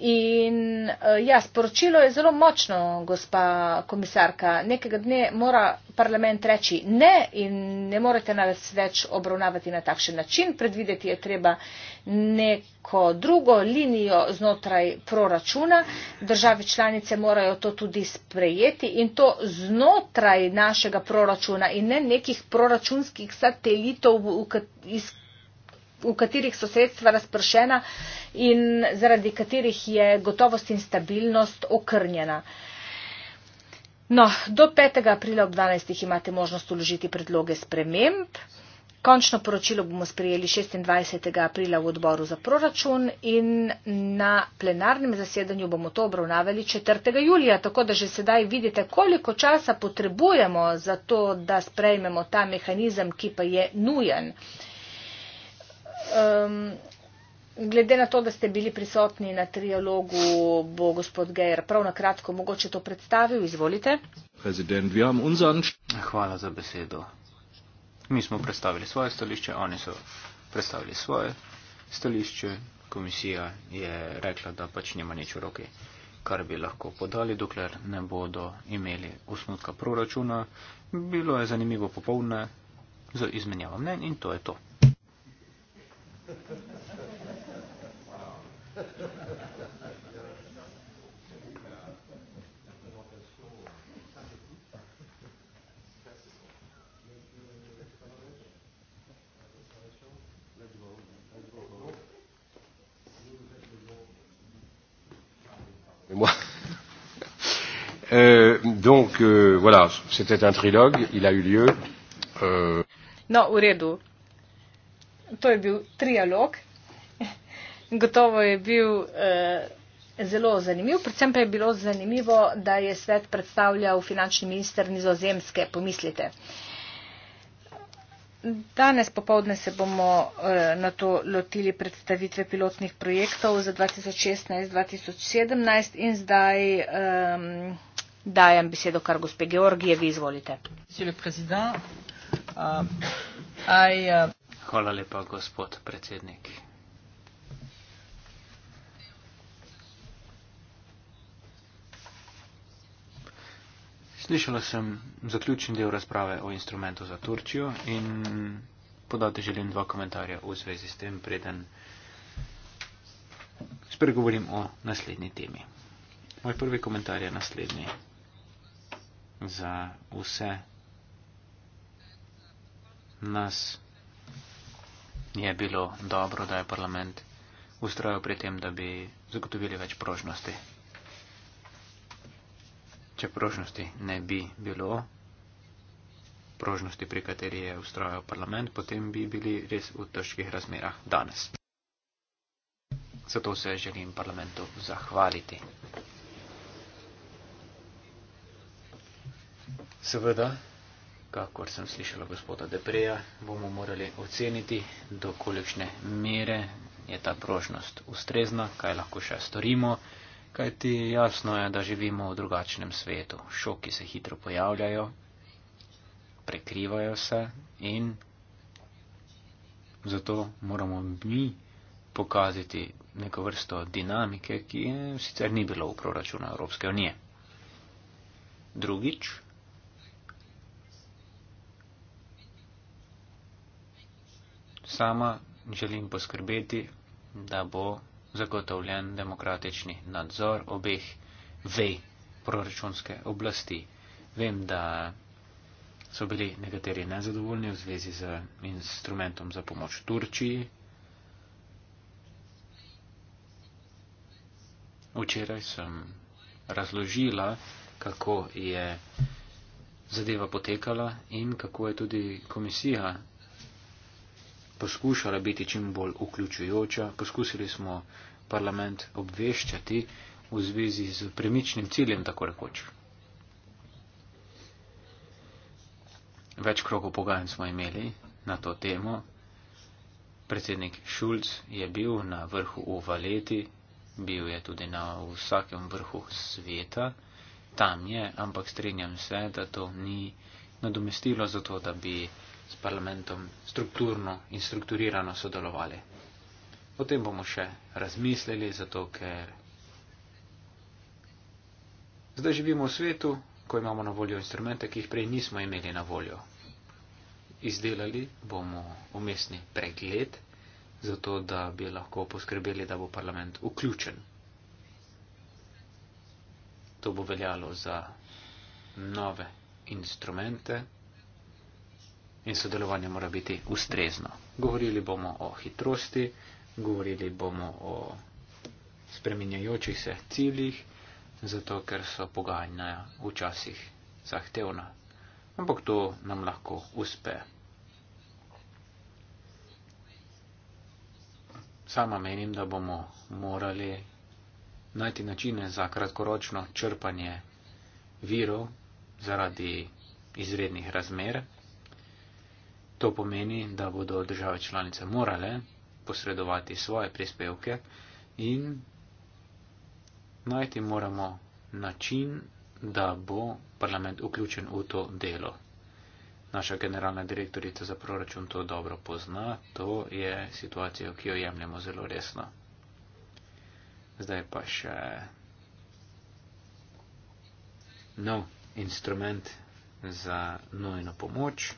In eh, ja, sporočilo je zelo močno, gospa komisarka. Nekega dne mora parlament reči ne in ne morete nas več obravnavati na takšen način. Predvideti je treba neko drugo linijo znotraj proračuna. Države članice morajo to tudi sprejeti in to znotraj našega proračuna in ne nekih proračunskih satelitov, v katerih v katerih so sredstva razpršena in zaradi katerih je gotovost in stabilnost okrnjena. No, do 5. aprila ob 12. imate možnost uložiti predloge sprememb. Končno poročilo bomo sprejeli 26. aprila v odboru za proračun in na plenarnem zasedanju bomo to obravnavali 4. julija, tako da že sedaj vidite, koliko časa potrebujemo za to, da sprejmemo ta mehanizem, ki pa je nujen. Um, glede na to, da ste bili prisotni na trialogu, bo gospod Gejer prav na kratko mogoče to predstavil. Izvolite. Hvala za besedo. Mi smo predstavili svoje stališče, oni so predstavili svoje stališče. Komisija je rekla, da pač nima nič v roki, kar bi lahko podali, dokler ne bodo imeli usnutka proračuna. Bilo je zanimivo popolne za izmenjavo mnen in to je to. Moi. Euh, donc euh, voilà, c'était un trilogue, il a eu lieu. Euh... Non, au redo to je bil trialog. Gotovo je bil eh, zelo zanimiv. Predvsem pa je bilo zanimivo, da je svet predstavljal finančni minister nizozemske. Pomislite. Danes popovdne se bomo eh, na to lotili predstavitve pilotnih projektov za 2016-2017 in zdaj eh, dajem besedo kar gospe Georgije. Vi izvolite. Monsieur le Président, uh, I, uh... Hvala lepa, gospod predsednik. Slišala sem zaključni del razprave o instrumentu za Turčijo in podati želim dva komentarja v zvezi s tem, preden spregovorim o naslednji temi. Moj prvi komentar je naslednji. Za vse nas je bilo dobro, da je parlament ustrojil pri tem, da bi zagotovili več prožnosti. Če prožnosti ne bi bilo, prožnosti, pri kateri je ustrojil parlament, potem bi bili res v težkih razmerah danes. Zato se želim parlamentu zahvaliti. Seveda. So kakor sem slišala gospoda Depreja, bomo morali oceniti, do kolikšne mere je ta prožnost ustrezna, kaj lahko še storimo, kajti jasno je, da živimo v drugačnem svetu. Šoki se hitro pojavljajo, prekrivajo se in zato moramo mi pokazati neko vrsto dinamike, ki sicer ni bilo v proračunu Evropske unije. Drugič, sama želim poskrbeti, da bo zagotovljen demokratični nadzor obeh vej proračunske oblasti. Vem, da so bili nekateri nezadovoljni v zvezi z instrumentom za pomoč Turčiji. Včeraj sem razložila, kako je zadeva potekala in kako je tudi komisija poskušala biti čim bolj vključujoča, poskusili smo parlament obveščati v zvezi z premičnim ciljem, tako rekoč. Več krogov pogajanj smo imeli na to temo. Predsednik Šulc je bil na vrhu v Valeti, bil je tudi na vsakem vrhu sveta, tam je, ampak strinjam se, da to ni nadomestilo za to, da bi s parlamentom strukturno in strukturirano sodelovali. O tem bomo še razmislili, zato ker zdaj živimo v svetu, ko imamo na voljo instrumente, ki jih prej nismo imeli na voljo. Izdelali bomo umestni pregled, zato da bi lahko poskrbeli, da bo parlament vključen. To bo veljalo za nove instrumente in sodelovanje mora biti ustrezno. Govorili bomo o hitrosti, govorili bomo o spreminjajočih se ciljih, zato ker so pogajanja včasih zahtevna. Ampak to nam lahko uspe. Sama menim, da bomo morali najti načine za kratkoročno črpanje virov zaradi izrednih razmer To pomeni, da bodo države članice morale posredovati svoje prispevke in najti moramo način, da bo parlament vključen v to delo. Naša generalna direktorica za proračun to dobro pozna, to je situacijo, ki jo jemljemo zelo resno. Zdaj pa še nov instrument za nujno pomoč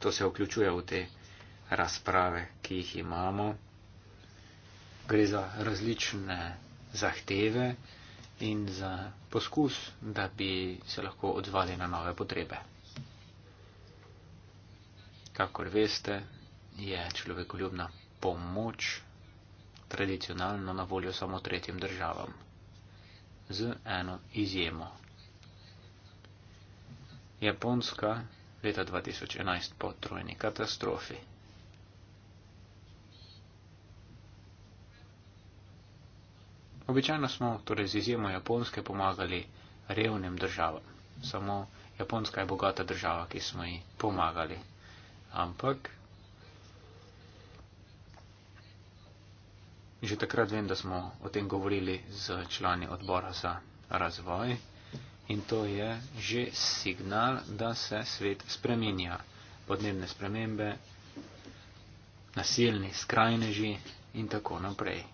to se vključuje v te razprave, ki jih imamo. Gre za različne zahteve in za poskus, da bi se lahko odzvali na nove potrebe. Kakor veste, je človekoljubna pomoč tradicionalno na voljo samo tretjim državam, z eno izjemo. Japonska leta 2011 po trojni katastrofi. Običajno smo, torej z izjemo Japonske, pomagali revnim državam. Samo Japonska je bogata država, ki smo ji pomagali. Ampak že takrat vem, da smo o tem govorili z člani odbora za razvoj. In to je že signal, da se svet spremenja. Podnebne spremembe, nasilni skrajneži in tako naprej.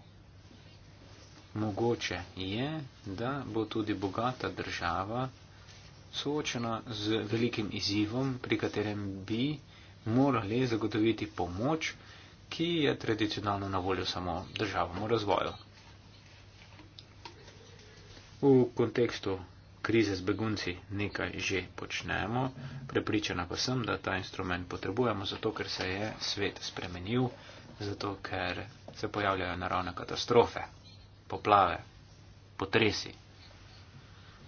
Mogoče je, da bo tudi bogata država soočena z velikim izzivom, pri katerem bi morali zagotoviti pomoč, ki je tradicionalno na voljo samo državam v razvoju. V kontekstu krize z begunci nekaj že počnemo. Prepričana pa sem, da ta instrument potrebujemo, zato ker se je svet spremenil, zato ker se pojavljajo naravne katastrofe, poplave, potresi.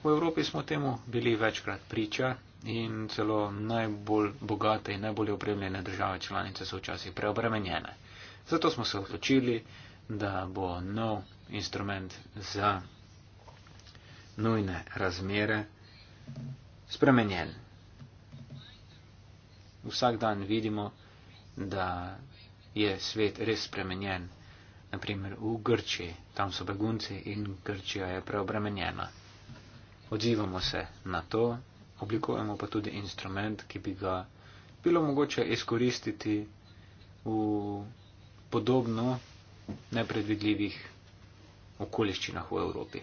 V Evropi smo temu bili večkrat priča in celo najbolj bogate in najbolje opremljene države članice so včasih preobremenjene. Zato smo se odločili, da bo nov instrument za nujne razmere spremenjen. Vsak dan vidimo, da je svet res spremenjen. Naprimer v Grčiji, tam so begunci in Grčija je preobremenjena. Odzivamo se na to, oblikujemo pa tudi instrument, ki bi ga bilo mogoče izkoristiti v podobno nepredvidljivih okoliščinah v Evropi.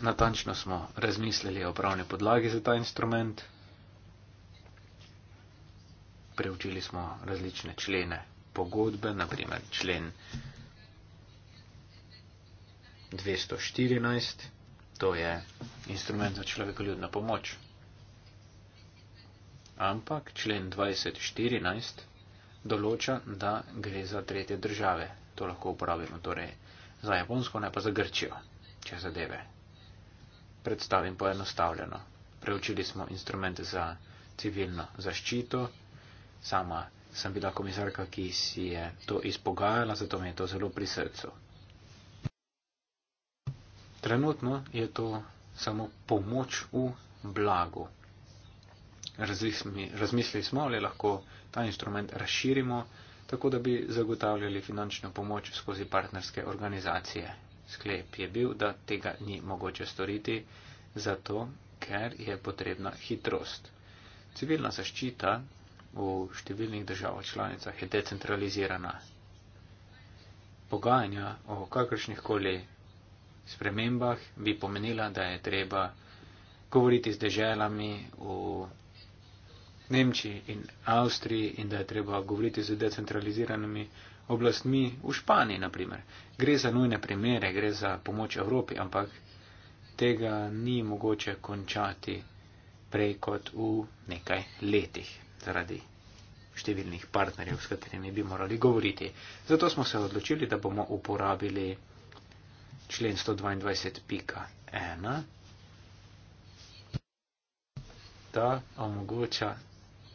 natančno smo razmislili o pravni podlagi za ta instrument. Preučili smo različne člene pogodbe, naprimer člen 214, to je instrument za človekoljudno pomoč. Ampak člen 2014 določa, da gre za tretje države. To lahko uporabimo torej za Japonsko, ne pa za Grčijo, če zadeve predstavim poenostavljeno. Preučili smo instrumente za civilno zaščito, sama sem bila komisarka, ki si je to izpogajala, zato mi je to zelo pri srcu. Trenutno je to samo pomoč v blagu. Razmislili smo, ali lahko ta instrument razširimo, tako da bi zagotavljali finančno pomoč skozi partnerske organizacije. Sklep je bil, da tega ni mogoče storiti, zato ker je potrebna hitrost. Civilna zaščita v številnih državah članicah je decentralizirana. Pogajanja o kakršnih koli spremembah bi pomenila, da je treba govoriti z deželami v Nemčiji in Avstriji in da je treba govoriti z decentraliziranimi državami oblastmi v Španiji, na primer. Gre za nujne primere, gre za pomoč Evropi, ampak tega ni mogoče končati prej kot v nekaj letih zaradi številnih partnerjev, s katerimi bi morali govoriti. Zato smo se odločili, da bomo uporabili člen 122.1, da omogoča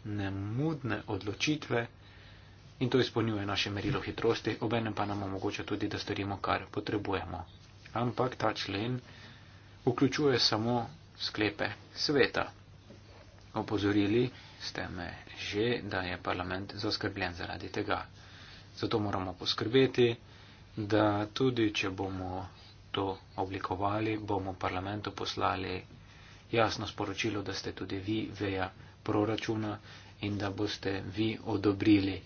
nemudne odločitve, in to izpolnjuje naše merilo hitrosti, obenem pa nam omogoča tudi, da storimo, kar potrebujemo. Ampak ta člen vključuje samo sklepe sveta. Opozorili ste me že, da je parlament zaskrbljen zaradi tega. Zato moramo poskrbeti, da tudi, če bomo to oblikovali, bomo parlamentu poslali jasno sporočilo, da ste tudi vi veja proračuna in da boste vi odobrili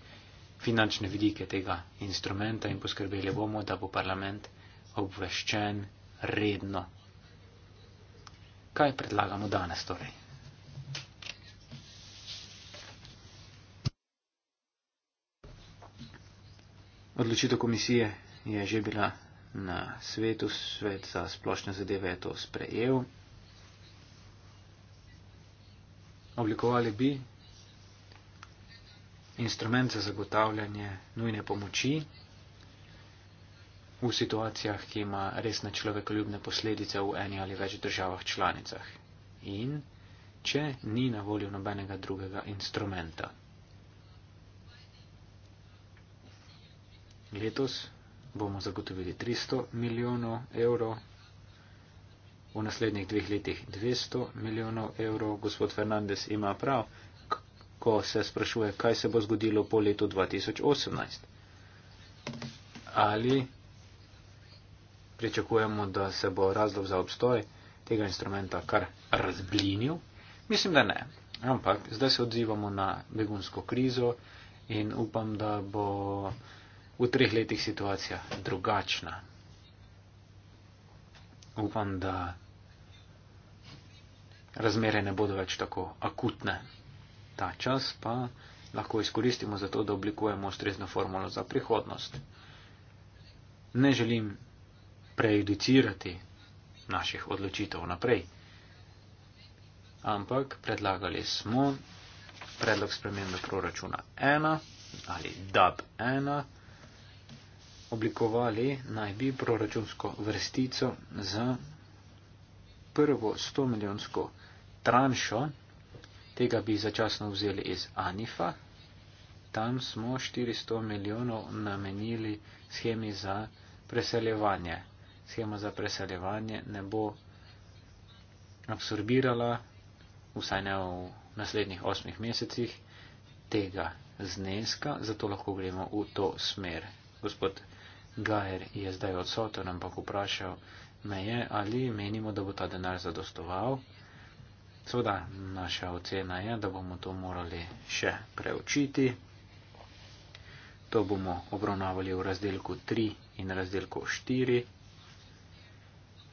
finančne vidike tega instrumenta in poskrbeli bomo, da bo parlament obveščen redno. Kaj predlagamo danes torej? Odločitev komisije je že bila na svetu, svet za splošne zadeve je to sprejel. Oblikovali bi instrument za zagotavljanje nujne pomoči v situacijah, ki ima resne človekoljubne posledice v eni ali več državah članicah. In če ni na voljo nobenega drugega instrumenta. Letos bomo zagotovili 300 milijonov evrov, v naslednjih dveh letih 200 milijonov evrov. Gospod Fernandez ima prav, ko se sprašuje, kaj se bo zgodilo po letu 2018. Ali pričakujemo, da se bo razlog za obstoj tega instrumenta kar razblinil? Mislim, da ne. Ampak zdaj se odzivamo na begunsko krizo in upam, da bo v treh letih situacija drugačna. Upam, da razmere ne bodo več tako akutne ta čas pa lahko izkoristimo za to, da oblikujemo ustrezno formulo za prihodnost. Ne želim prejudicirati naših odločitev naprej, ampak predlagali smo predlog spremembe proračuna 1 ali DAB 1. Oblikovali naj bi proračunsko vrstico za prvo 100 milijonsko tranšo tega bi začasno vzeli iz Anifa. Tam smo 400 milijonov namenili schemi za preseljevanje. Schema za preseljevanje ne bo absorbirala, vsaj ne v naslednjih osmih mesecih, tega zneska, zato lahko gremo v to smer. Gospod Gajer je zdaj odsoten, ampak vprašal me je, ali menimo, da bo ta denar zadostoval. Seveda, naša ocena je, da bomo to morali še preučiti. To bomo obravnavali v razdelku 3 in razdelku 4.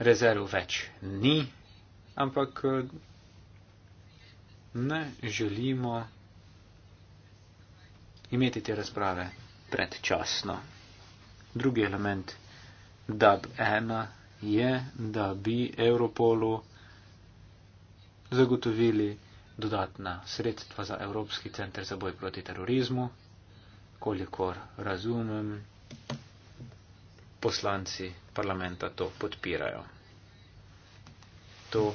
Rezerv več ni, ampak ne želimo imeti te razprave predčasno. Drugi element DAB 1 je, da bi Europolu zagotovili dodatna sredstva za Evropski center za boj proti terorizmu, kolikor razumem, poslanci parlamenta to podpirajo. To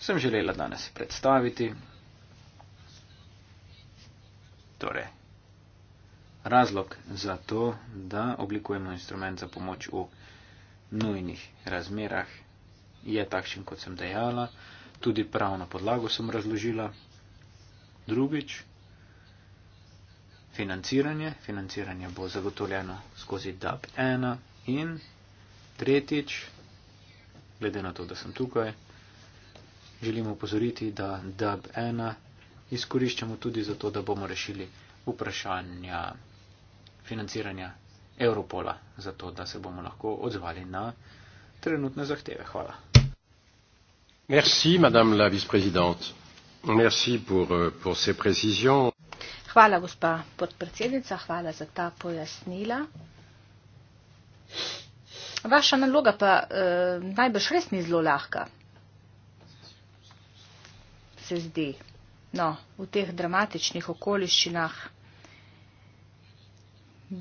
sem želela danes predstaviti. Torej, razlog za to, da oblikujemo instrument za pomoč v nujnih razmerah, je takšen, kot sem dejala tudi pravno podlago sem razložila. Drugič, financiranje. Financiranje bo zagotovljeno skozi DAP 1. In tretjič, glede na to, da sem tukaj, želimo upozoriti, da DAP 1 izkoriščamo tudi zato, da bomo rešili vprašanja financiranja Europola, zato da se bomo lahko odzvali na trenutne zahteve. Hvala madame la vice présidente merci pour, euh, pour ces précisions. Hvala, gospa podpredsednica, hvala za ta pojasnila. Vaša naloga pa eh, najbrž res ni zelo lahka, se zdi, no, v teh dramatičnih okoliščinah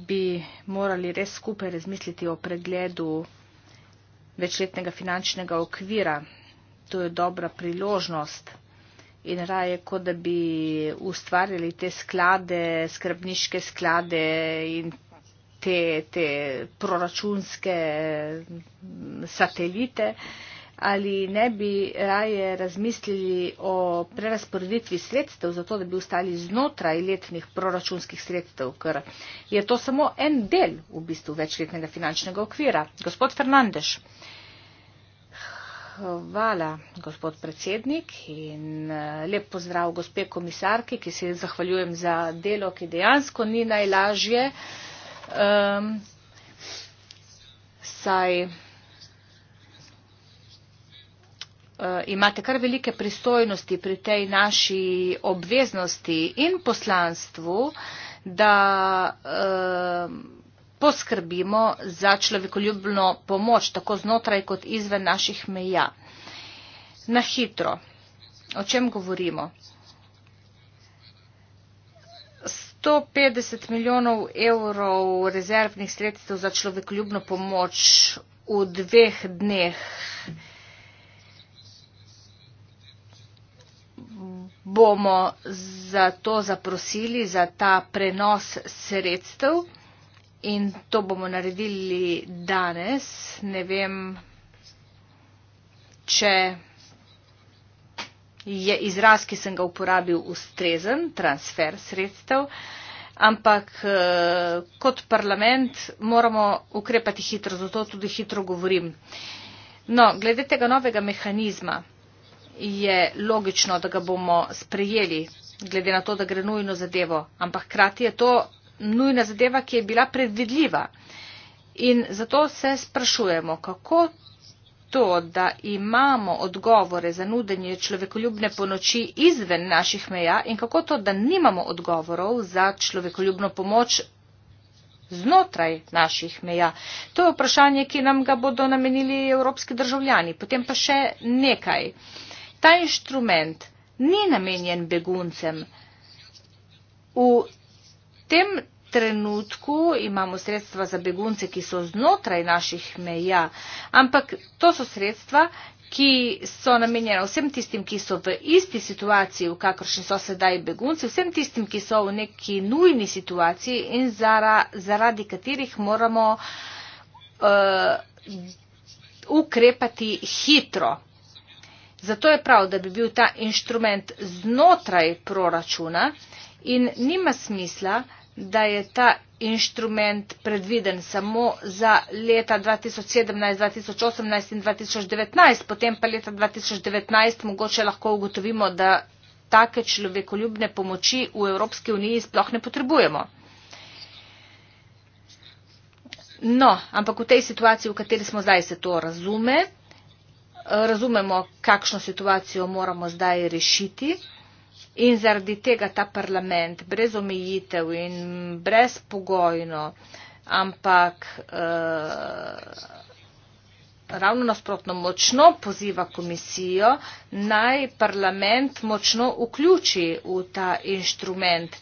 bi morali res skupaj razmisliti o pregledu večletnega finančnega okvira, to je dobra priložnost. In raje, kot da bi ustvarjali te sklade, skrbniške sklade in te, te proračunske satelite, ali ne bi raje razmislili o prerasporeditvi sredstev, zato da bi ustali znotraj letnih proračunskih sredstev, ker je to samo en del v bistvu večletnega finančnega okvira. Gospod Fernandez. Hvala, gospod predsednik in eh, lep pozdrav gospe komisarki, ki se zahvaljujem za delo, ki dejansko ni najlažje, um, saj uh, imate kar velike pristojnosti pri tej naši obveznosti in poslanstvu, da. Um, poskrbimo za človekoljubno pomoč, tako znotraj kot izven naših meja. Na hitro, o čem govorimo? 150 milijonov evrov rezervnih sredstev za človekoljubno pomoč v dveh dneh bomo za to zaprosili, za ta prenos sredstev. In to bomo naredili danes. Ne vem, če je izraz, ki sem ga uporabil, ustrezen, transfer sredstev, ampak eh, kot parlament moramo ukrepati hitro, zato tudi hitro govorim. No, glede tega novega mehanizma je logično, da ga bomo sprejeli, glede na to, da gre nujno zadevo, ampak krati je to nujna zadeva, ki je bila predvidljiva. In zato se sprašujemo, kako to, da imamo odgovore za nudenje človekoljubne pomoči izven naših meja in kako to, da nimamo odgovorov za človekoljubno pomoč znotraj naših meja. To je vprašanje, ki nam ga bodo namenili evropski državljani. Potem pa še nekaj. Ta inštrument ni namenjen beguncem. V tem trenutku imamo sredstva za begunce, ki so znotraj naših meja, ampak to so sredstva, ki so namenjena vsem tistim, ki so v isti situaciji, v kakršni so sedaj begunci, vsem tistim, ki so v neki nujni situaciji in zara, zaradi katerih moramo uh, ukrepati hitro. Zato je prav, da bi bil ta inštrument znotraj proračuna in nima smisla, da je ta inštrument predviden samo za leta 2017, 2018 in 2019, potem pa leta 2019 mogoče lahko ugotovimo, da take človekoljubne pomoči v Evropski uniji sploh ne potrebujemo. No, ampak v tej situaciji, v kateri smo zdaj, se to razume. Razumemo, kakšno situacijo moramo zdaj rešiti. In zaradi tega ta parlament brez omejitev in brez pogojno, ampak eh, ravno nasprotno močno poziva komisijo, naj parlament močno vključi v ta inštrument.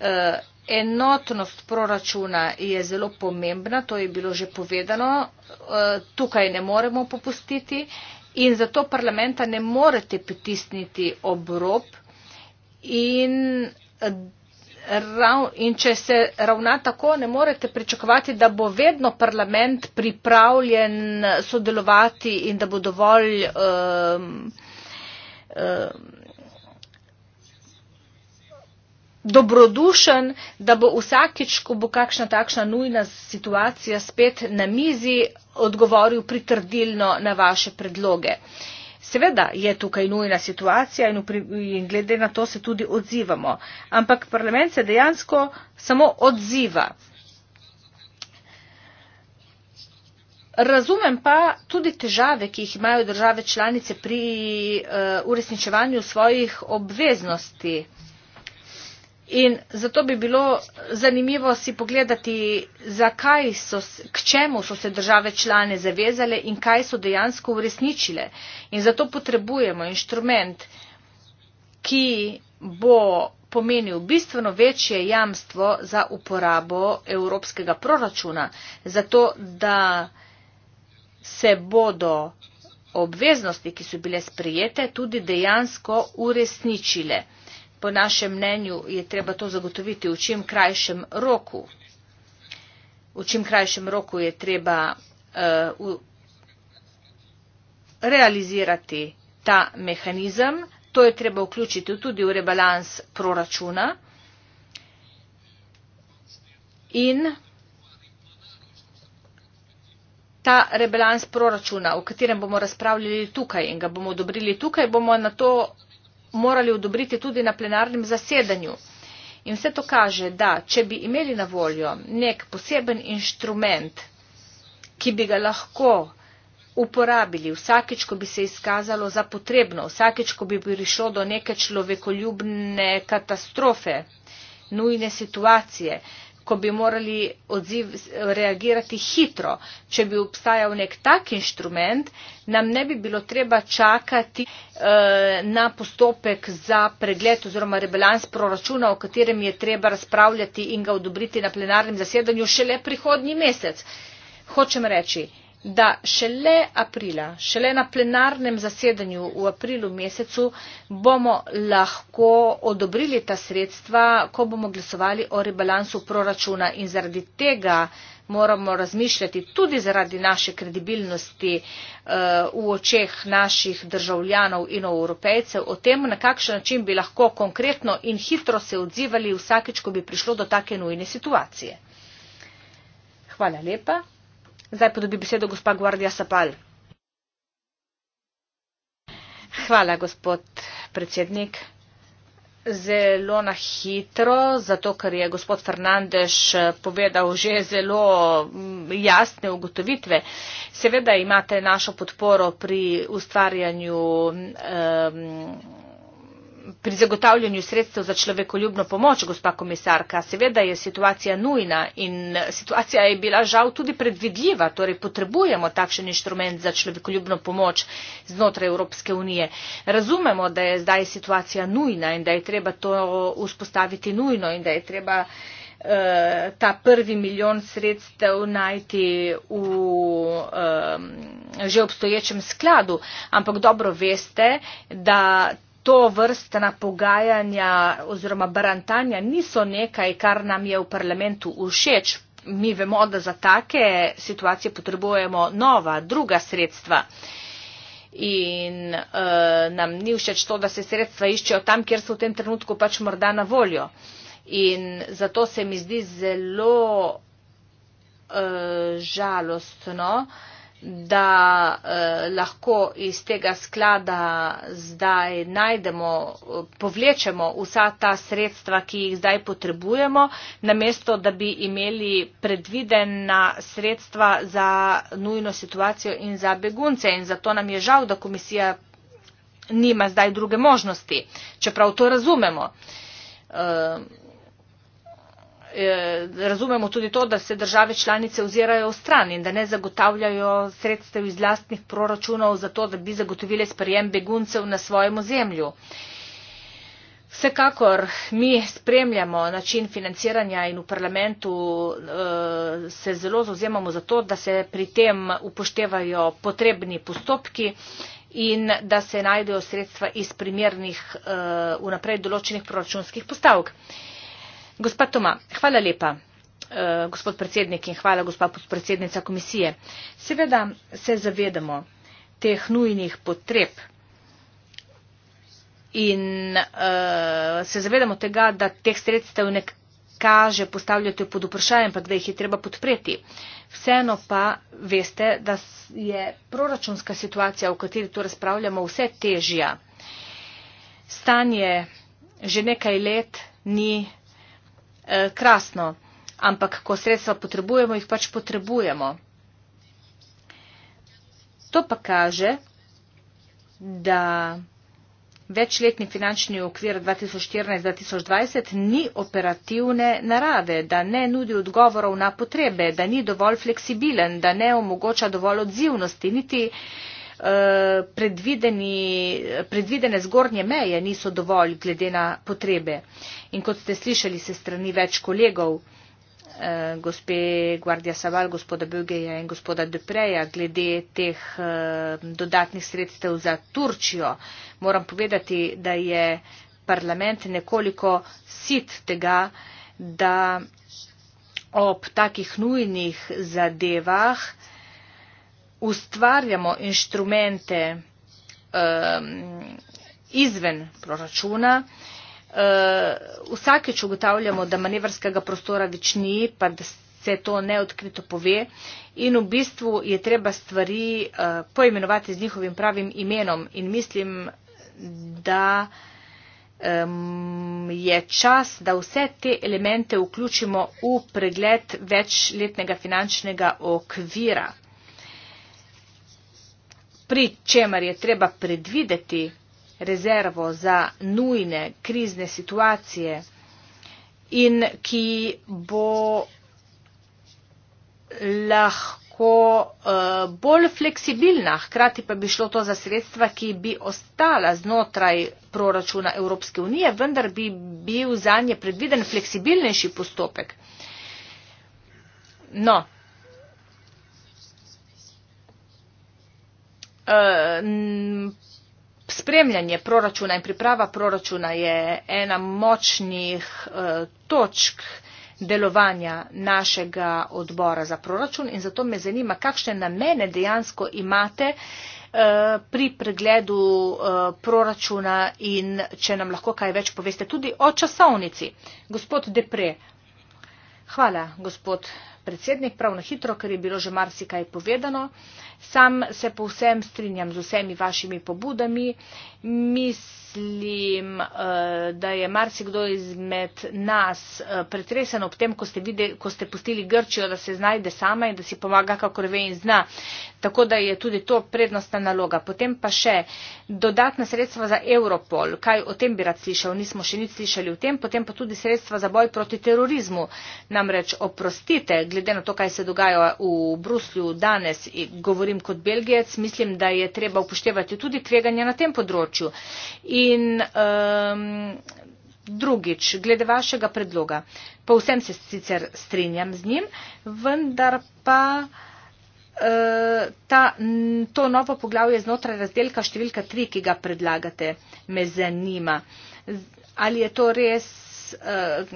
Eh, enotnost proračuna je zelo pomembna, to je bilo že povedano, eh, tukaj ne moremo popustiti in zato parlamenta ne morete pritisniti ob rob in, eh, in če se ravna tako, ne morete pričakovati, da bo vedno parlament pripravljen sodelovati in da bo dovolj um, um, dobrodušen, da bo vsakič, ko bo kakšna takšna nujna situacija spet na mizi, odgovoril pritrdilno na vaše predloge. Seveda je tukaj nujna situacija in, upri, in glede na to se tudi odzivamo, ampak parlament se dejansko samo odziva. Razumem pa tudi težave, ki jih imajo države članice pri uh, uresničevanju svojih obveznosti. Uh, In zato bi bilo zanimivo si pogledati, zakaj so, k čemu so se države člane zavezale in kaj so dejansko uresničile. In zato potrebujemo inštrument, ki bo pomenil bistveno večje jamstvo za uporabo evropskega proračuna, zato da se bodo obveznosti, ki so bile sprijete, tudi dejansko uresničile. Po našem mnenju je treba to zagotoviti v čim krajšem roku. V čim krajšem roku je treba uh, realizirati ta mehanizem. To je treba vključiti tudi v rebalans proračuna. In ta rebalans proračuna, o katerem bomo razpravljali tukaj in ga bomo odobrili tukaj, bomo na to morali odobriti tudi na plenarnem zasedanju. In vse to kaže, da če bi imeli na voljo nek poseben inštrument, ki bi ga lahko uporabili vsakeč, ko bi se izkazalo za potrebno, vsakeč, ko bi prišlo do neke človekoljubne katastrofe, nujne situacije, ko bi morali odziv reagirati hitro. Če bi obstajal nek tak inštrument, nam ne bi bilo treba čakati eh, na postopek za pregled oziroma rebalans proračuna, o katerem je treba razpravljati in ga odobriti na plenarnem zasedanju šele prihodnji mesec. Hočem reči, da šele aprila, šele na plenarnem zasedanju v aprilu mesecu bomo lahko odobrili ta sredstva, ko bomo glasovali o rebalansu proračuna in zaradi tega moramo razmišljati tudi zaradi naše kredibilnosti eh, v očeh naših državljanov in evropejcev o tem, na kakšen način bi lahko konkretno in hitro se odzivali vsakeč, ko bi prišlo do take nujne situacije. Hvala lepa. Zdaj pa dobi besedo gospa Guardia Sapal. Hvala, gospod predsednik. Zelo na hitro, zato ker je gospod Fernandeš eh, povedal že zelo mm, jasne ugotovitve. Seveda imate našo podporo pri ustvarjanju. Um, pri zagotavljanju sredstev za človekoljubno pomoč, gospa komisarka. Seveda je situacija nujna in situacija je bila žal tudi predvidljiva, torej potrebujemo takšen inštrument za človekoljubno pomoč znotraj Evropske unije. Razumemo, da je zdaj situacija nujna in da je treba to vzpostaviti nujno in da je treba eh, ta prvi milijon sredstev najti v um, že obstoječem skladu, ampak dobro veste, da to vrstna pogajanja oziroma barantanja niso nekaj, kar nam je v parlamentu všeč. Mi vemo, da za take situacije potrebujemo nova, druga sredstva. In uh, nam ni všeč to, da se sredstva iščejo tam, kjer so v tem trenutku pač morda na voljo. In zato se mi zdi zelo uh, žalostno, uh, da eh, lahko iz tega sklada zdaj najdemo, povlečemo vsa ta sredstva, ki jih zdaj potrebujemo, namesto da bi imeli predvidena sredstva za nujno situacijo in za begunce. In zato nam je žal, da komisija nima zdaj druge možnosti, čeprav to razumemo. Eh, Eh, razumemo tudi to, da se države članice ozirajo v stran in da ne zagotavljajo sredstev iz lastnih proračunov za to, da bi zagotovile sprejem beguncev na svojem ozemlju. Vsekakor mi spremljamo način financiranja in v parlamentu e, se zelo zauzemamo za to, da se pri tem upoštevajo potrebni postopki in da se najdejo sredstva iz primernih e, vnaprej določenih proračunskih postavk. E, Gospa Toma, hvala lepa, uh, gospod predsednik in hvala, gospa podpredsednica komisije. Seveda se zavedamo teh nujnih potreb in uh, se zavedamo tega, da teh sredstev ne kaže postavljati pod vprašanje, ampak da jih je treba podpreti. Vseeno pa veste, da je proračunska situacija, v kateri to razpravljamo, vse težja. Stanje že nekaj let ni Eh, krasno ampak ko sredstva potrebujemo jih pač potrebujemo to pa kaže da večletni finančni okvir 2014-2020 ni operativne narave, da ne nudi odgovorov na potrebe, da ni dovolj fleksibilen, da ne omogoča dovolj odzivnosti, niti uh, Eh, predvidene zgornje meje niso dovolj glede na potrebe. In kot ste slišali se strani več kolegov, eh, gospe Guardia Saval, gospoda Belgeja in gospoda Depreja, glede teh eh, dodatnih sredstev za Turčijo, moram povedati, da je parlament nekoliko sit tega, da ob takih nujnih zadevah ustvarjamo inštrumente um, izven proračuna, uh, vsakeč ugotavljamo, da manevrskega prostora več ni, pa da se to neodkrito pove in v bistvu je treba stvari uh, poimenovati z njihovim pravim imenom in mislim, da um, je čas, da vse te elemente vključimo v pregled večletnega finančnega okvira pri čemer je treba predvideti rezervo za nujne krizne situacije in ki bo lahko uh, bolj fleksibilna, hkrati pa bi šlo to za sredstva, ki bi ostala znotraj proračuna Evropske unije, vendar bi bil za nje predviden fleksibilnejši postopek. No, Eh, spremljanje proračuna in priprava proračuna je ena močnih eh, točk delovanja našega odbora za proračun in zato me zanima, kakšne namene dejansko imate eh, pri pregledu proračuna in če nam lahko kaj več poveste tudi o časovnici. Gospod Depre, hvala gospod predsednik, pravno hitro, ker je bilo že marsikaj povedano. Sam se povsem strinjam z vsemi vašimi pobudami. Mislim, eh, da je marsikdo izmed nas eh, pretresen ob tem, ko ste, vide, ko ste pustili Grčijo, da se znajde sama in da si pomaga, kakor ve in zna. Tako da je tudi to prednostna naloga. Potem pa še dodatna sredstva za Europol. Kaj o tem bi rad slišal? Nismo še nič slišali o tem. Potem pa tudi sredstva za boj proti terorizmu. Namreč, oprostite, glede na to, kaj se dogaja v Bruslju danes, govorim govorim kot belgijec, mislim, da je treba upoštevati tudi tveganja na tem področju. In um, drugič, glede vašega predloga, pa vsem se sicer strinjam z njim, vendar pa. Eh, ta, to novo poglavje znotraj razdelka številka 3, ki ga predlagate, me zanima. Ali je to res Eh,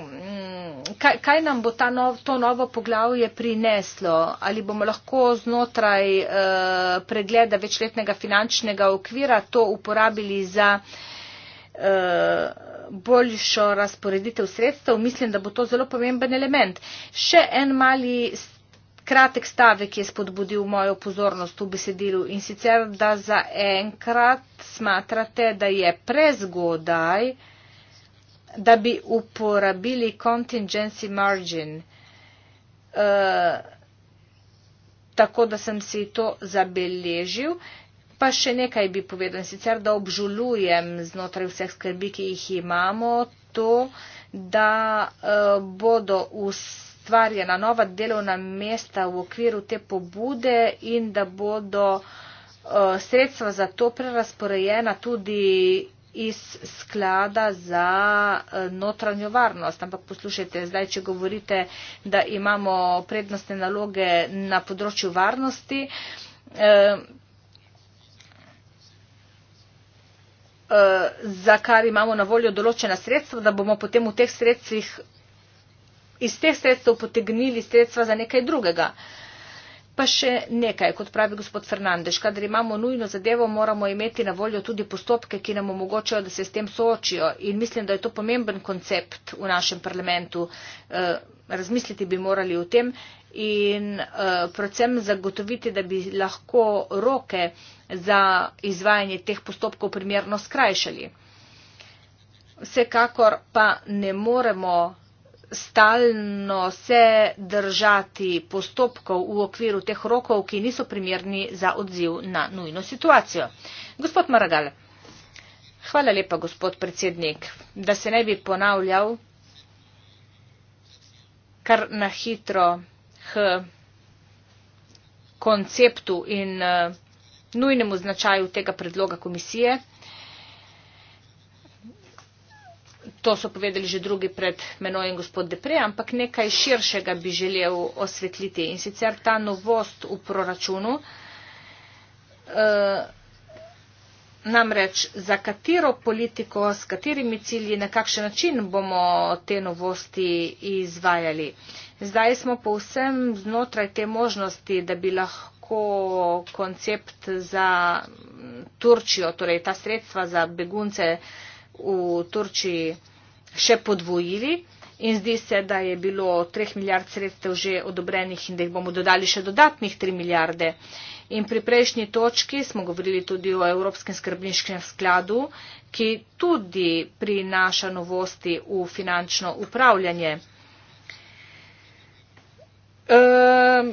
kaj, kaj nam bo nov, to novo poglavje prineslo, ali bomo lahko znotraj eh, pregleda večletnega finančnega okvira to uporabili za eh, boljšo razporeditev sredstev. Mislim, da bo to zelo pomemben element. Še en mali kratek stavek je spodbudil mojo pozornost v besedilu in sicer, da zaenkrat smatrate, da je prezgodaj, da bi uporabili contingency margin. Uh, tako da sem si to zabeležil. Pa še nekaj bi povedal, sicer da obžulujem znotraj vseh skrbi, ki jih imamo, to, da uh, bodo ustvarjena nova delovna mesta v okviru te pobude in da bodo uh, sredstva za to prerasporejena tudi iz sklada za eh, notranjo varnost. Ampak poslušajte, zdaj, če govorite, da imamo prednostne naloge na področju varnosti, eh, eh, za kar imamo na voljo določena sredstva, da bomo potem v teh sredstvih iz teh sredstev potegnili sredstva za nekaj drugega. Uh, Pa še nekaj, kot pravi gospod Fernandeš, kadar imamo nujno zadevo, moramo imeti na voljo tudi postopke, ki nam omogočajo, da se s tem soočijo. In mislim, da je to pomemben koncept v našem parlamentu. Eh, razmisliti bi morali o tem in eh, predvsem zagotoviti, da bi lahko roke za izvajanje teh postopkov primerno skrajšali. Vsekakor pa ne moremo stalno se držati postopkov v okviru teh rokov, ki niso primerni za odziv na nujno situacijo. Gospod Maragal, hvala lepa, gospod predsednik, da se ne bi ponavljal kar na hitro h konceptu in eh, nujnemu značaju tega predloga komisije. to so povedali že drugi pred menoj in gospod Depre, ampak nekaj širšega bi želel osvetliti in sicer ta novost v proračunu. Eh, namreč, za katero politiko, s katerimi cilji, na kakšen način bomo te novosti izvajali. Zdaj smo povsem znotraj te možnosti, da bi lahko koncept za Turčijo, torej ta sredstva za begunce, eh, v Turčiji še podvojili in zdi se, da je bilo 3 milijard sredstev že odobrenih in da jih bomo dodali še dodatnih 3 milijarde. In pri prejšnji točki smo govorili tudi o Evropskem skrbniškem skladu, ki tudi prinaša novosti v finančno upravljanje. Ehm,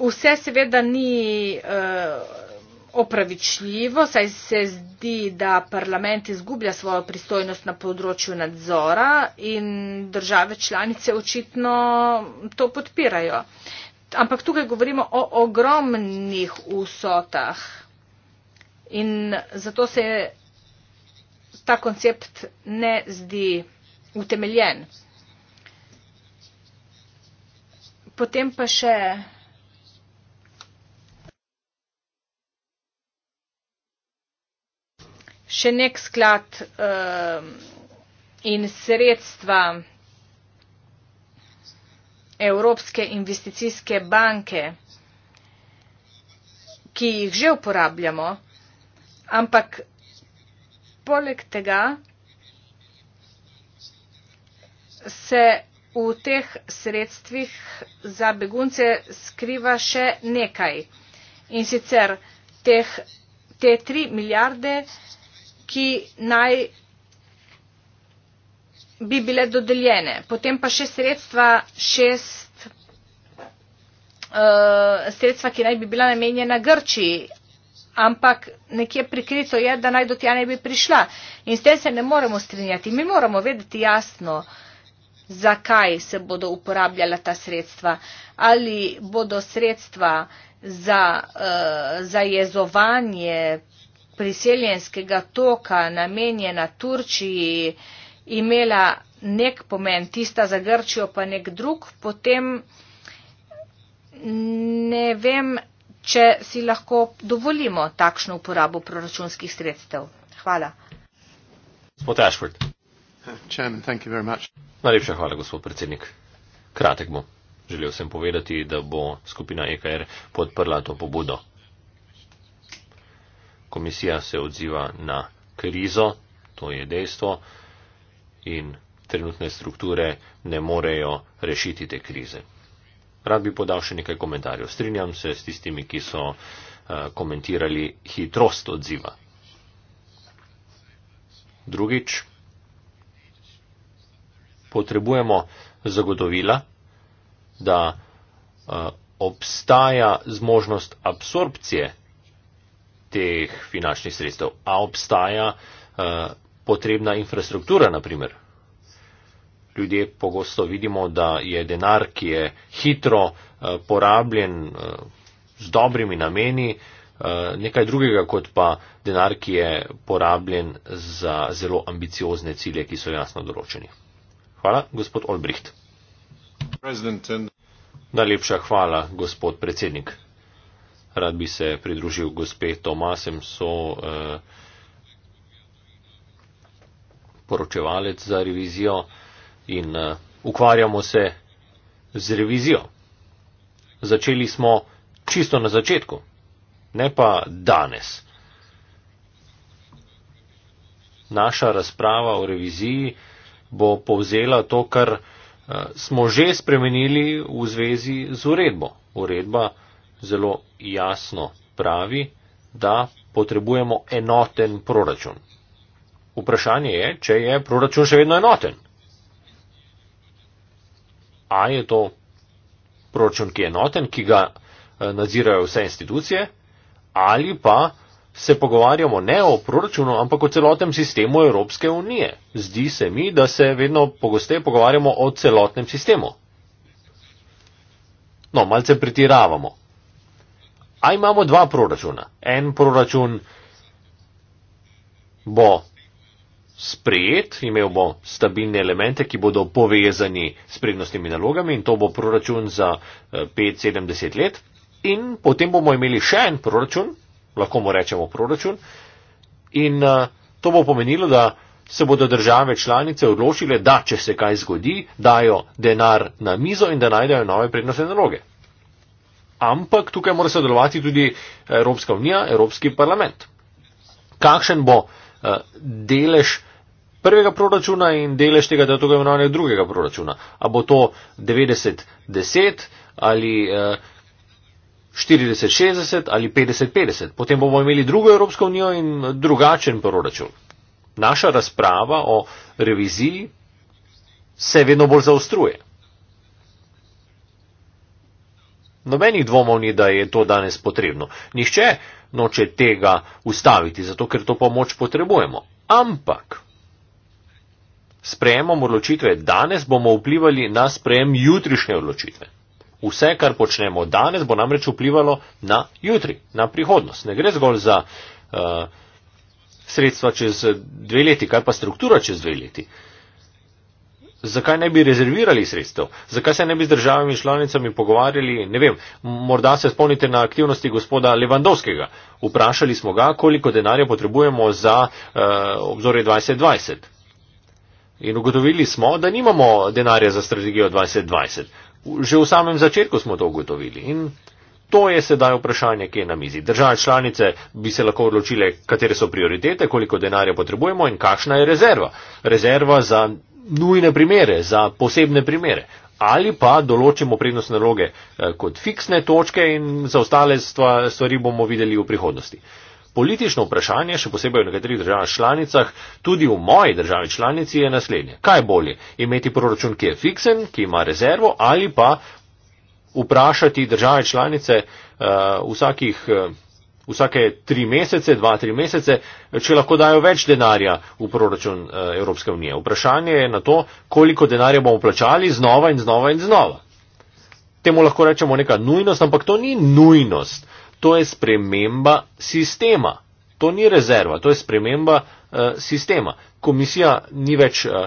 vse seveda ni eh, opravičljivo, saj se zdi, da parlament izgublja svojo pristojnost na področju nadzora in države članice očitno to podpirajo. Ampak tukaj govorimo o ogromnih usotah in zato se ta koncept ne zdi utemeljen. Potem pa še. še nek sklad uh, in sredstva Evropske investicijske banke, ki jih že uporabljamo, ampak poleg tega se v teh sredstvih za begunce skriva še nekaj. In sicer teh, te tri milijarde ki naj bi bile dodeljene. Potem pa še sredstva, šest uh, sredstva, ki naj bi bila namenjena Grčiji, ampak nekje prikrito je, da naj do tja ne bi prišla. In s tem se ne moremo strinjati. Mi moramo vedeti jasno, zakaj se bodo uporabljala ta sredstva. Ali bodo sredstva za, uh, za jezovanje, priseljenskega toka namenjena Turčiji imela nek pomen, tista za Grčijo pa nek drug, potem ne vem, če si lahko dovolimo takšno uporabo proračunskih sredstev. Hvala. Gospod Ashford. Chairman, thank you very much. Najlepša hvala, gospod predsednik. Kratek bo. Želel sem povedati, da bo skupina EKR podprla to pobudo komisija se odziva na krizo, to je dejstvo, in trenutne strukture ne morejo rešiti te krize. Rad bi podal še nekaj komentarjev. Strinjam se s tistimi, ki so eh, komentirali hitrost odziva. Drugič, potrebujemo zagotovila, da uh, obstaja zmožnost absorpcije teh finančnih sredstev. A obstaja uh, potrebna infrastruktura, naprimer. Ljudje pogosto vidimo, da je denar, ki je hitro uh, porabljen uh, z dobrimi nameni, uh, nekaj drugega kot pa denar, ki je porabljen za zelo ambiciozne cilje, ki so jasno določeni. Hvala, gospod Olbricht. Najlepša hvala, gospod predsednik rad bi se pridružil gospe Tomasem, so eh, poročevalec za revizijo in eh, ukvarjamo se z revizijo. Začeli smo čisto na začetku, ne pa danes. Naša razprava o reviziji bo povzela to, kar eh, smo že spremenili v zvezi z uredbo. Uredba zelo jasno pravi, da potrebujemo enoten proračun. Vprašanje je, če je proračun še vedno enoten. A je to proračun, ki je enoten, ki ga eh, nadzirajo vse institucije, ali pa se pogovarjamo ne o proračunu, ampak o celotnem sistemu Evropske unije. Zdi se mi, da se vedno pogosteje pogovarjamo o celotnem sistemu. No, malce pretiravamo a imamo dva proračuna. En proračun bo sprejet, imel bo stabilne elemente, ki bodo povezani s prednostnimi nalogami in to bo proračun za 5-70 eh, let. In potem bomo imeli še en proračun, lahko mu rečemo proračun, in eh, to bo pomenilo, da se bodo države članice odločile, da če se kaj zgodi, dajo denar na mizo in da najdejo nove prednostne naloge ampak tukaj mora sodelovati tudi Evropska unija, Evropski parlament. Kakšen bo eh, delež prvega proračuna in delež tega, da je tukaj imenovanje drugega proračuna? A bo to 90-10 ali 40-60 eh, ali 50-50? Potem bomo imeli drugo Evropsko unijo in drugačen proračun. Naša razprava o reviziji se vedno bolj zaostruje. Nobenih dvomov ni, da je to danes potrebno. Nihče noče tega ustaviti, zato ker to pomoč potrebujemo. Ampak sprejemom odločitve danes bomo vplivali na sprejem jutrišnje odločitve. Vse, kar počnemo danes, bo namreč vplivalo na jutri, na prihodnost. Ne gre zgolj za uh, sredstva čez dve leti, kaj pa struktura čez dve leti. Uh, Zakaj ne bi rezervirali sredstev? Zakaj se ne bi z državami in članicami pogovarjali? Ne vem, morda se spomnite na aktivnosti gospoda Levandovskega. Vprašali smo ga, koliko denarja potrebujemo za uh, obzore 2020. In ugotovili smo, da nimamo denarja za strategijo 2020. Že v samem začetku smo to ugotovili. In to je sedaj vprašanje, ki je na mizi. Države članice bi se lahko odločile, katere so prioritete, koliko denarja potrebujemo in kakšna je rezerva. Rezerva za nujne primere, za posebne primere. Ali pa določimo prednostne naloge eh, kot fiksne točke in za ostale stvari bomo videli v prihodnosti. Politično vprašanje, še posebej v nekaterih državah članicah, tudi v moji državi članici, je naslednje. Kaj bolje? Imeti proračun, ki je fiksen, ki ima rezervo, ali pa vprašati države članice uh, vsakih. Uh, vsake tri mesece, dva, tri mesece, če lahko dajo več denarja v proračun eh, Evropske unije. Vprašanje je na to, koliko denarja bomo plačali znova in znova in znova. Temu lahko rečemo neka nujnost, ampak to ni nujnost, to je sprememba sistema. To ni rezerva, to je sprememba uh, sistema. Komisija ni več uh,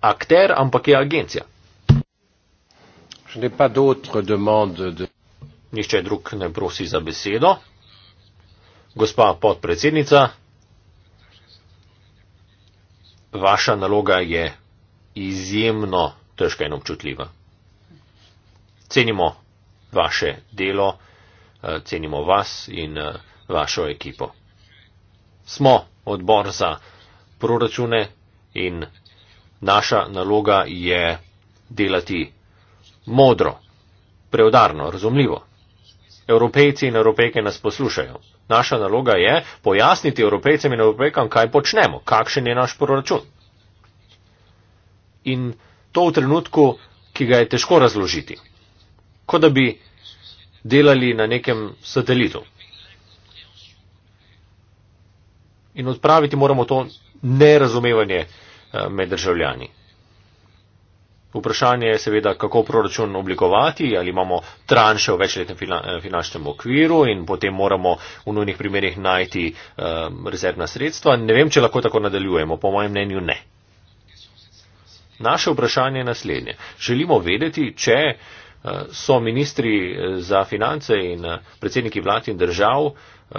akter, ampak je agencija. Nihče drug ne prosi za besedo. Gospa podpredsednica, vaša naloga je izjemno težka in občutljiva. Cenimo vaše delo, eh, cenimo vas in eh, vašo ekipo. Smo odbor za proračune in naša naloga je delati modro, preudarno, razumljivo. Evropejci in evropejke nas poslušajo. Naša naloga je pojasniti evropejcem in evropejkam, kaj počnemo, kakšen je naš proračun. In to v trenutku, ki ga je težko razložiti. Kot da bi delali na nekem satelitu. In odpraviti moramo to nerazumevanje eh, med državljani. Vprašanje je seveda, kako proračun oblikovati, ali imamo tranše v večletnem eh, finančnem okviru in potem moramo v nujnih primerjih najti um, rezervna sredstva. Ne vem, če lahko tako nadaljujemo. Po mojem mnenju ne. Naše vprašanje je naslednje. Želimo vedeti, če eh, so ministri za finance in predsedniki vlad in držav uh,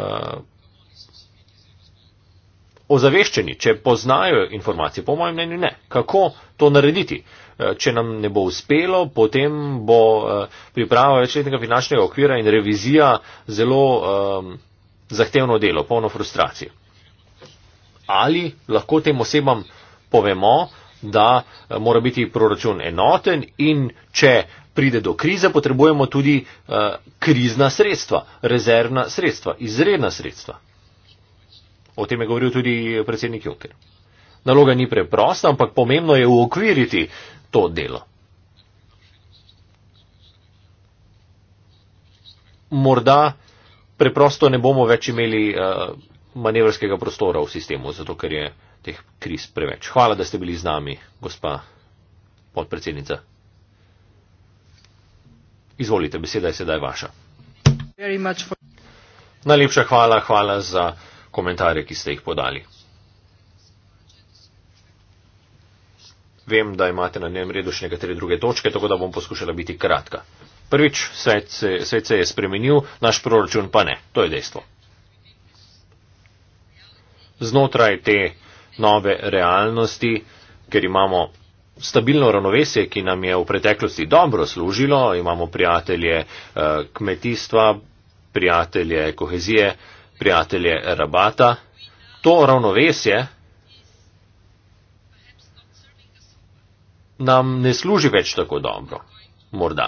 ozaveščeni, če poznajo informacije, po mojem mnenju ne. Kako to narediti? Eh, če nam ne bo uspelo, potem bo eh, priprava večletnega finančnega okvira in revizija zelo um, zahtevno delo, polno frustracije. Ali lahko tem osebam povemo, da eh, mora biti proračun enoten in če pride do krize, potrebujemo tudi uh, krizna sredstva, rezervna sredstva, izredna sredstva. O tem je govoril tudi predsednik Juncker. Naloga ni preprosta, ampak pomembno je uokviriti to delo. Morda preprosto ne bomo več imeli uh, manevrskega prostora v sistemu, zato ker je teh kriz preveč. Hvala, da ste bili z nami, gospa podpredsednica. Izvolite, beseda je sedaj vaša. Najlepša hvala, hvala za komentarje, ki ste jih podali. Vem, da imate na njem redu še nekatere druge točke, tako da bom poskušala biti kratka. Prvič, svet se, svet se je spremenil, naš proračun pa ne. To je dejstvo. Znotraj te nove realnosti, ker imamo stabilno ravnovesje, ki nam je v preteklosti dobro služilo, imamo prijatelje eh, kmetijstva, prijatelje kohezije, prijatelje Rabata, to ravnovesje nam ne služi več tako dobro. Morda.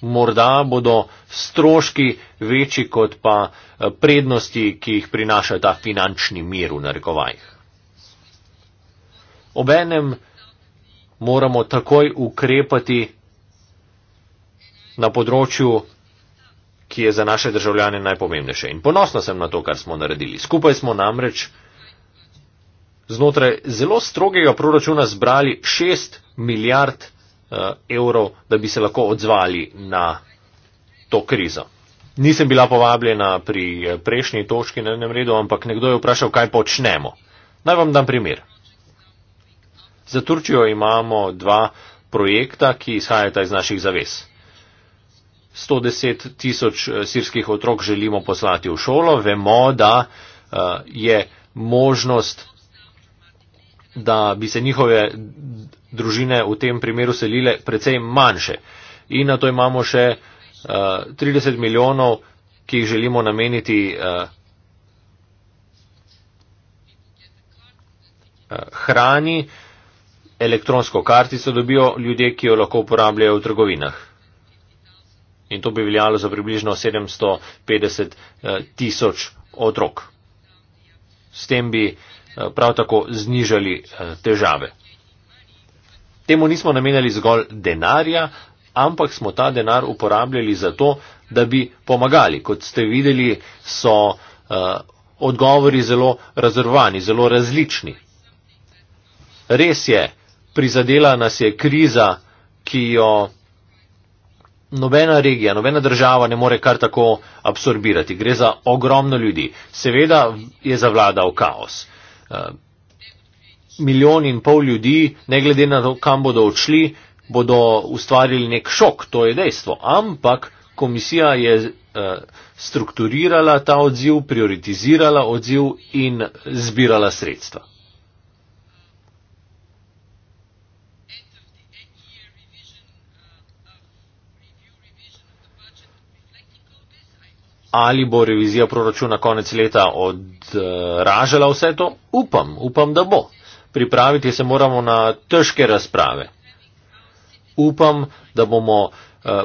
Morda bodo stroški večji kot pa eh, prednosti, ki jih prinaša ta finančni mir v narekovajih. Obenem moramo takoj ukrepati na področju ki je za naše državljane najpomembnejše. In ponosna sem na to, kar smo naredili. Skupaj smo namreč znotraj zelo strogega proračuna zbrali 6 milijard uh, evrov, da bi se lahko odzvali na to krizo. Nisem bila povabljena pri eh, prejšnji točki na enem redu, ampak nekdo je vprašal, kaj počnemo. Naj vam dam primer. Za Turčijo imamo dva projekta, ki izhajata iz naših zavez. 110 tisoč eh, sirskih otrok želimo poslati v šolo. Vemo, da eh, je možnost, da bi se njihove družine v tem primeru selile precej manjše. In na to imamo še 30 eh, milijonov, ki jih želimo nameniti hrani, elektronsko kartico dobijo ljudje, ki jo lahko uporabljajo v trgovinah. In to bi veljalo za približno 750 eh, tisoč otrok. S tem bi eh, prav tako znižali eh, težave. Temu nismo namenjali zgolj denarja, ampak smo ta denar uporabljali za to, da bi pomagali. Kot ste videli, so odgovori zelo razrvani, zelo različni. Res je, prizadela nas je kriza, ki jo nobena regija, nobena država ne more kar tako absorbirati. Gre za ogromno ljudi. Seveda je zavladal kaos. Eh, milijon in pol ljudi, ne glede na to, kam bodo odšli, bodo ustvarili nek šok, to je dejstvo. Ampak komisija je eh, strukturirala ta odziv, prioritizirala odziv in zbirala sredstva. ali bo revizija proračuna konec leta odražala vse to? Upam, upam, da bo. Pripraviti se moramo na težke razprave. Upam, da bomo eh,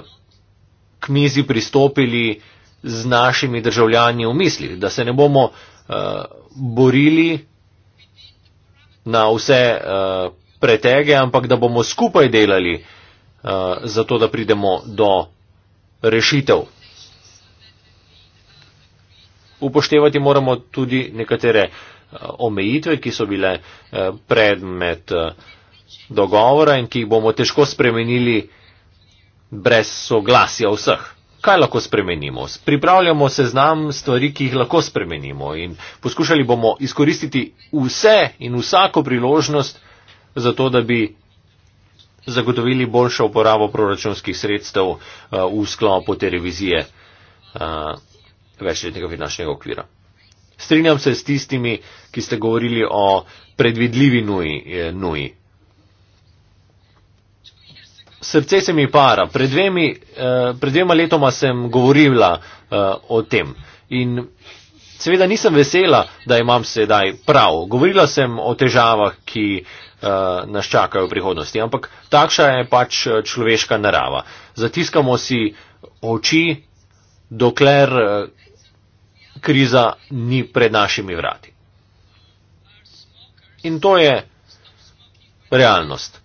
k mizi pristopili z našimi državljani v misli, da se ne bomo eh, borili na vse eh, pretege, ampak da bomo skupaj delali zato, da pridemo do rešitev upoštevati moramo tudi nekatere eh, omejitve, ki so bile eh, predmet eh, dogovora in ki jih bomo težko spremenili brez soglasja vseh. Kaj lahko spremenimo? Pripravljamo seznam stvari, ki jih lahko spremenimo in poskušali bomo izkoristiti vse in vsako priložnost za to, da bi zagotovili boljšo uporabo proračunskih sredstev uh, v sklopu te revizije. Uh, večletnega finančnega okvira. Strinjam se s tistimi, ki ste govorili o predvidljivi nuji. Eh, nuji. Srce se mi para. Pred, dvemi, eh, pred dvema letoma sem govorila eh, o tem. In seveda nisem vesela, da imam sedaj prav. Govorila sem o težavah, ki nas čakajo v prihodnosti. Ampak takšna je pač človeška narava. Zatiskamo si oči, dokler kriza ni pred našimi vrati. In to je realnost.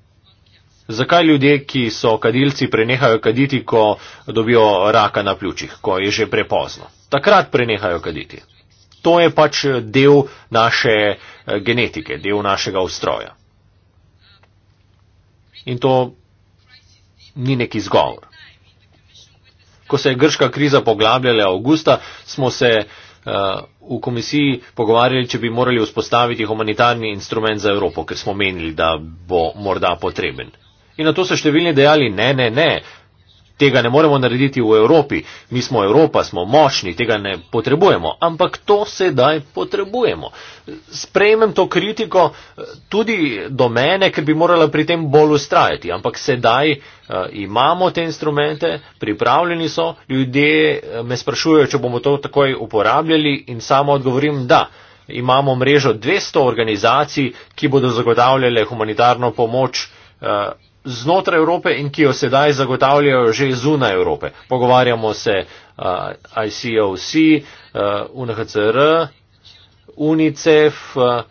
Zakaj ljudje, ki so kadilci, prenehajo kaditi, ko dobijo raka na pljučih, ko je že prepozno? Takrat prenehajo kaditi. To je pač del naše eh, genetike, del našega ustroja. In to ni neki zgovor. Ko se je grška kriza poglabljala avgusta, smo se Eh, v komisiji pogovarjali, če bi morali vzpostaviti humanitarni instrument za Evropo, ker smo menili, da bo morda potreben. In na to so številni dejali, ne, ne, ne, tega ne moremo narediti v Evropi, mi smo Evropa, smo močni, tega ne potrebujemo, ampak to sedaj potrebujemo. Sprejmem to kritiko eh, tudi do mene, ker bi morala pri tem bolj ustrajati, ampak sedaj uh, imamo te instrumente, pripravljeni so, ljudje eh, me sprašujejo, če bomo to takoj uporabljali in samo odgovorim da. Imamo mrežo 200 organizacij, ki bodo zagotavljale humanitarno pomoč. Uh, znotraj Evrope in ki jo sedaj zagotavljajo že zunaj Evrope. Pogovarjamo se uh, ICOC, uh, UNHCR, UNICEF, uh,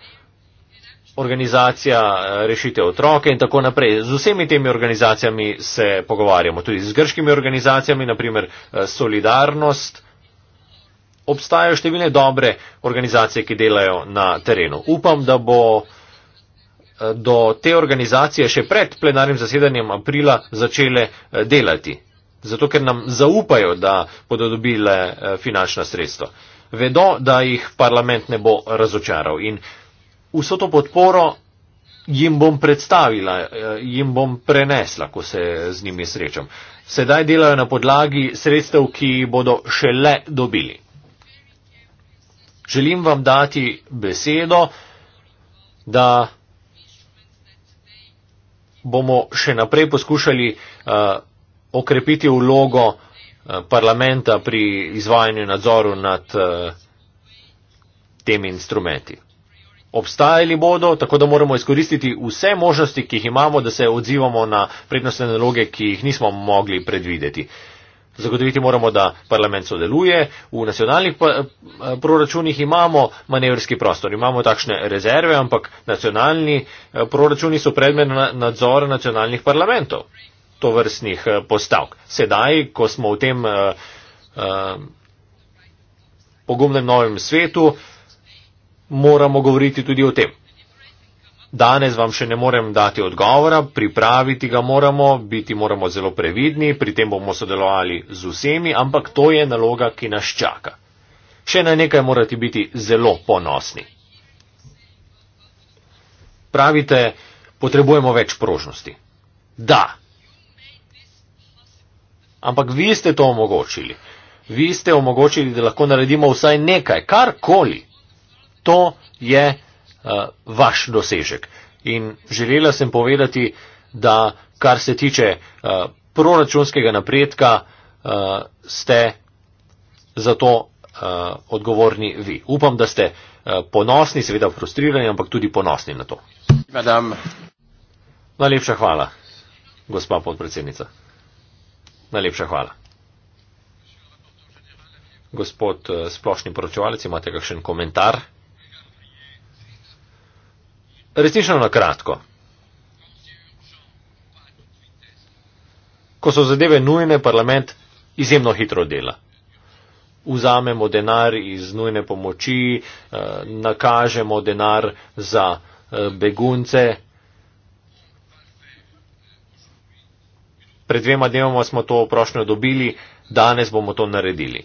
organizacija uh, rešite otroke in tako naprej. Z vsemi temi organizacijami se pogovarjamo, tudi z grškimi organizacijami, naprimer uh, Solidarnost. Obstajajo številne dobre organizacije, ki delajo na terenu. Upam, da bo uh, Eh, do te organizacije še pred plenarnim zasedanjem aprila začele eh, delati. Zato, ker nam zaupajo, da bodo dobile eh, finančna sredstva. Vedo, da jih parlament ne bo razočaral in vso to podporo jim bom predstavila, jim bom prenesla, ko se z njimi srečam. Sedaj delajo na podlagi sredstev, ki bodo šele dobili. Želim vam dati besedo, da bomo še naprej poskušali uh, okrepiti vlogo uh, parlamenta pri izvajanju nadzoru nad uh, temi instrumenti. Obstajali bodo, tako da moramo izkoristiti vse možnosti, ki jih imamo, da se odzivamo na prednostne naloge, ki jih nismo mogli predvideti. Uh, Zagotoviti moramo, da parlament sodeluje, v nacionalnih eh, proračunih imamo manevrski prostor, imamo takšne rezerve, ampak nacionalni eh, proračuni so predmet nadzora nacionalnih parlamentov tovrstnih eh, postavk. Sedaj, ko smo v tem uh, uh, pogumnem novem svetu, moramo govoriti tudi o tem. Danes vam še ne morem dati odgovora, pripraviti ga moramo, biti moramo zelo previdni, pri tem bomo sodelovali z vsemi, ampak to je naloga, ki nas čaka. Še na nekaj morate biti zelo ponosni. Pravite, potrebujemo več prožnosti. Da. Ampak vi ste to omogočili. Vi ste omogočili, da lahko naredimo vsaj nekaj, karkoli. To je nekaj uh, vaš dosežek. In želela sem povedati, da kar se tiče uh, proračunskega napredka, uh, ste za to uh, odgovorni vi. Upam, da ste uh, ponosni, seveda frustrirani, ampak tudi ponosni na to. Madam. Najlepša hvala, gospa podpredsednica. Najlepša hvala. Gospod splošni poročevalec, imate kakšen komentar? resnično na kratko. Ko so zadeve nujne, parlament izjemno hitro dela. Vzamemo denar iz nujne pomoči, eh, nakažemo denar za eh, begunce. Pred dvema dnevoma smo to prošnjo dobili, danes bomo to naredili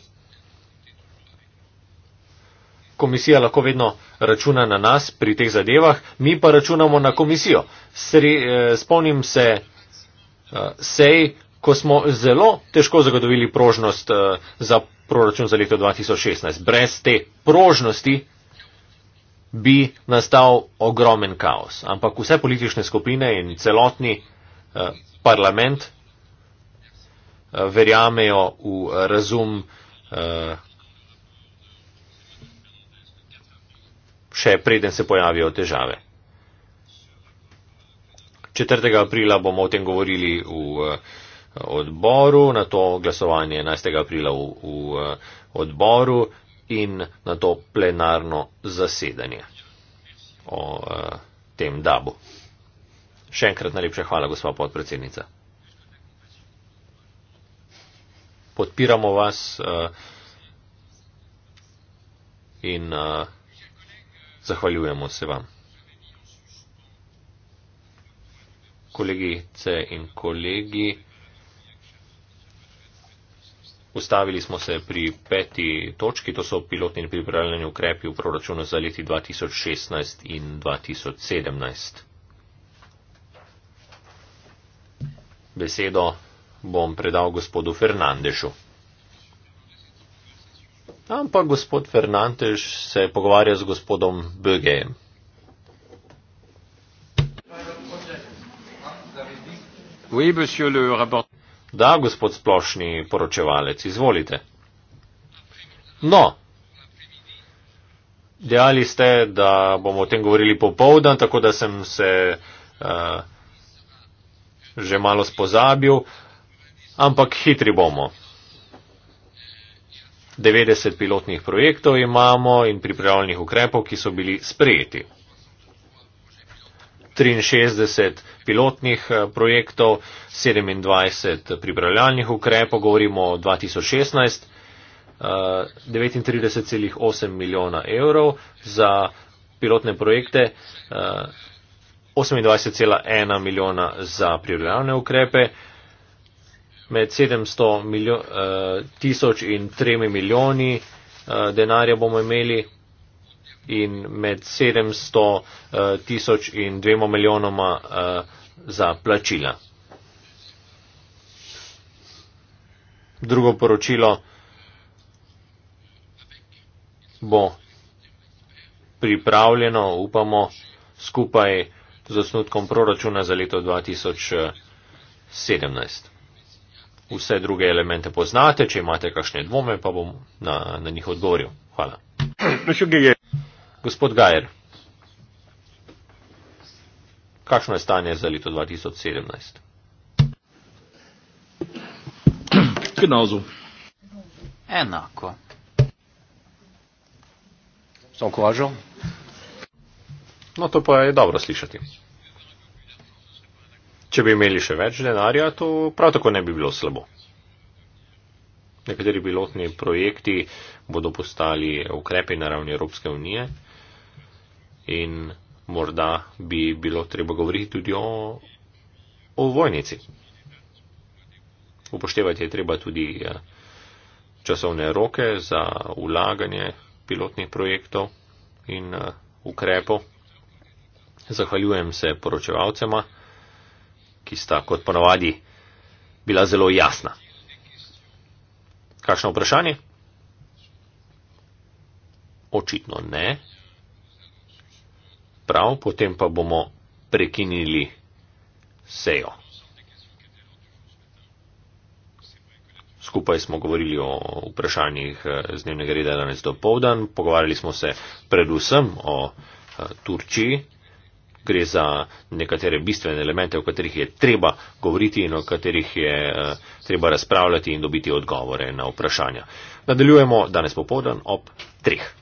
komisija lahko vedno računa na nas pri teh zadevah, mi pa računamo na komisijo. Sri, eh, spomnim se eh, sej, ko smo zelo težko zagotovili prožnost eh, za proračun za leto 2016. Brez te prožnosti bi nastal ogromen kaos. Ampak vse politične skupine in celotni eh, parlament eh, verjamejo v razum. Eh, še preden se pojavijo težave. 4. aprila bomo o tem govorili v eh, odboru, na to glasovanje 11. aprila v, v eh, odboru in na to plenarno zasedanje o eh, tem dabu. Še enkrat najlepša hvala, gospa podpredsednica. Podpiramo vas uh, in uh, Zahvaljujemo se vam. Kolegice in kolegi, ustavili smo se pri peti točki, to so pilotni in pripravljeni ukrepi v proračunu za leti 2016 in 2017. Besedo bom predal gospodu Fernandešu. Ampak gospod Fernandez se je pogovarjal z gospodom Bögejem. Da, gospod splošni poročevalec, izvolite. No, dejali ste, da bomo o tem govorili popovdan, tako da sem se uh, že malo spozabil, ampak hitri bomo. 90 pilotnih projektov imamo in pripravljenih ukrepov, ki so bili sprejeti. 63 pilotnih eh, projektov, 27 pripravljalnih ukrepov, govorimo o 2016, 39,8 eh, milijona evrov za pilotne projekte, 28,1 eh, milijona za pripravljalne ukrepe, med 700 milijo, uh, tisoč in 3 milijoni uh, denarja bomo imeli in med 700 uh, eh, tisoč in 2 milijonoma uh, za plačila. Drugo poročilo bo pripravljeno, upamo, skupaj z osnutkom proračuna za leto 2017. Vse druge elemente poznate, če imate kakšne dvome, pa bom na, na njih odgovoril. Hvala. Gospod Gajer, kakšno je stanje za leto 2017? Enako. Sam kožo. No, to pa je dobro slišati. Če bi imeli še več denarja, to prav tako ne bi bilo slabo. Nekateri pilotni projekti bodo postali ukrepi na ravni Evropske unije in morda bi bilo treba govoriti tudi o, o vojnici. Upoštevati je treba tudi eh, časovne roke za ulaganje pilotnih projektov in eh, ukrepov. Zahvaljujem se poročevalcema ki sta kot ponavadi bila zelo jasna. Kakšno vprašanje? Očitno ne. Prav, potem pa bomo prekinili sejo. Skupaj smo govorili o vprašanjih eh, z dnevnega reda danes do povdan. Pogovarjali smo se predvsem o eh, Turčiji gre za nekatere bistvene elemente, o katerih je treba govoriti in o katerih je eh, treba razpravljati in dobiti odgovore na vprašanja. Nadaljujemo danes popoldan ob treh.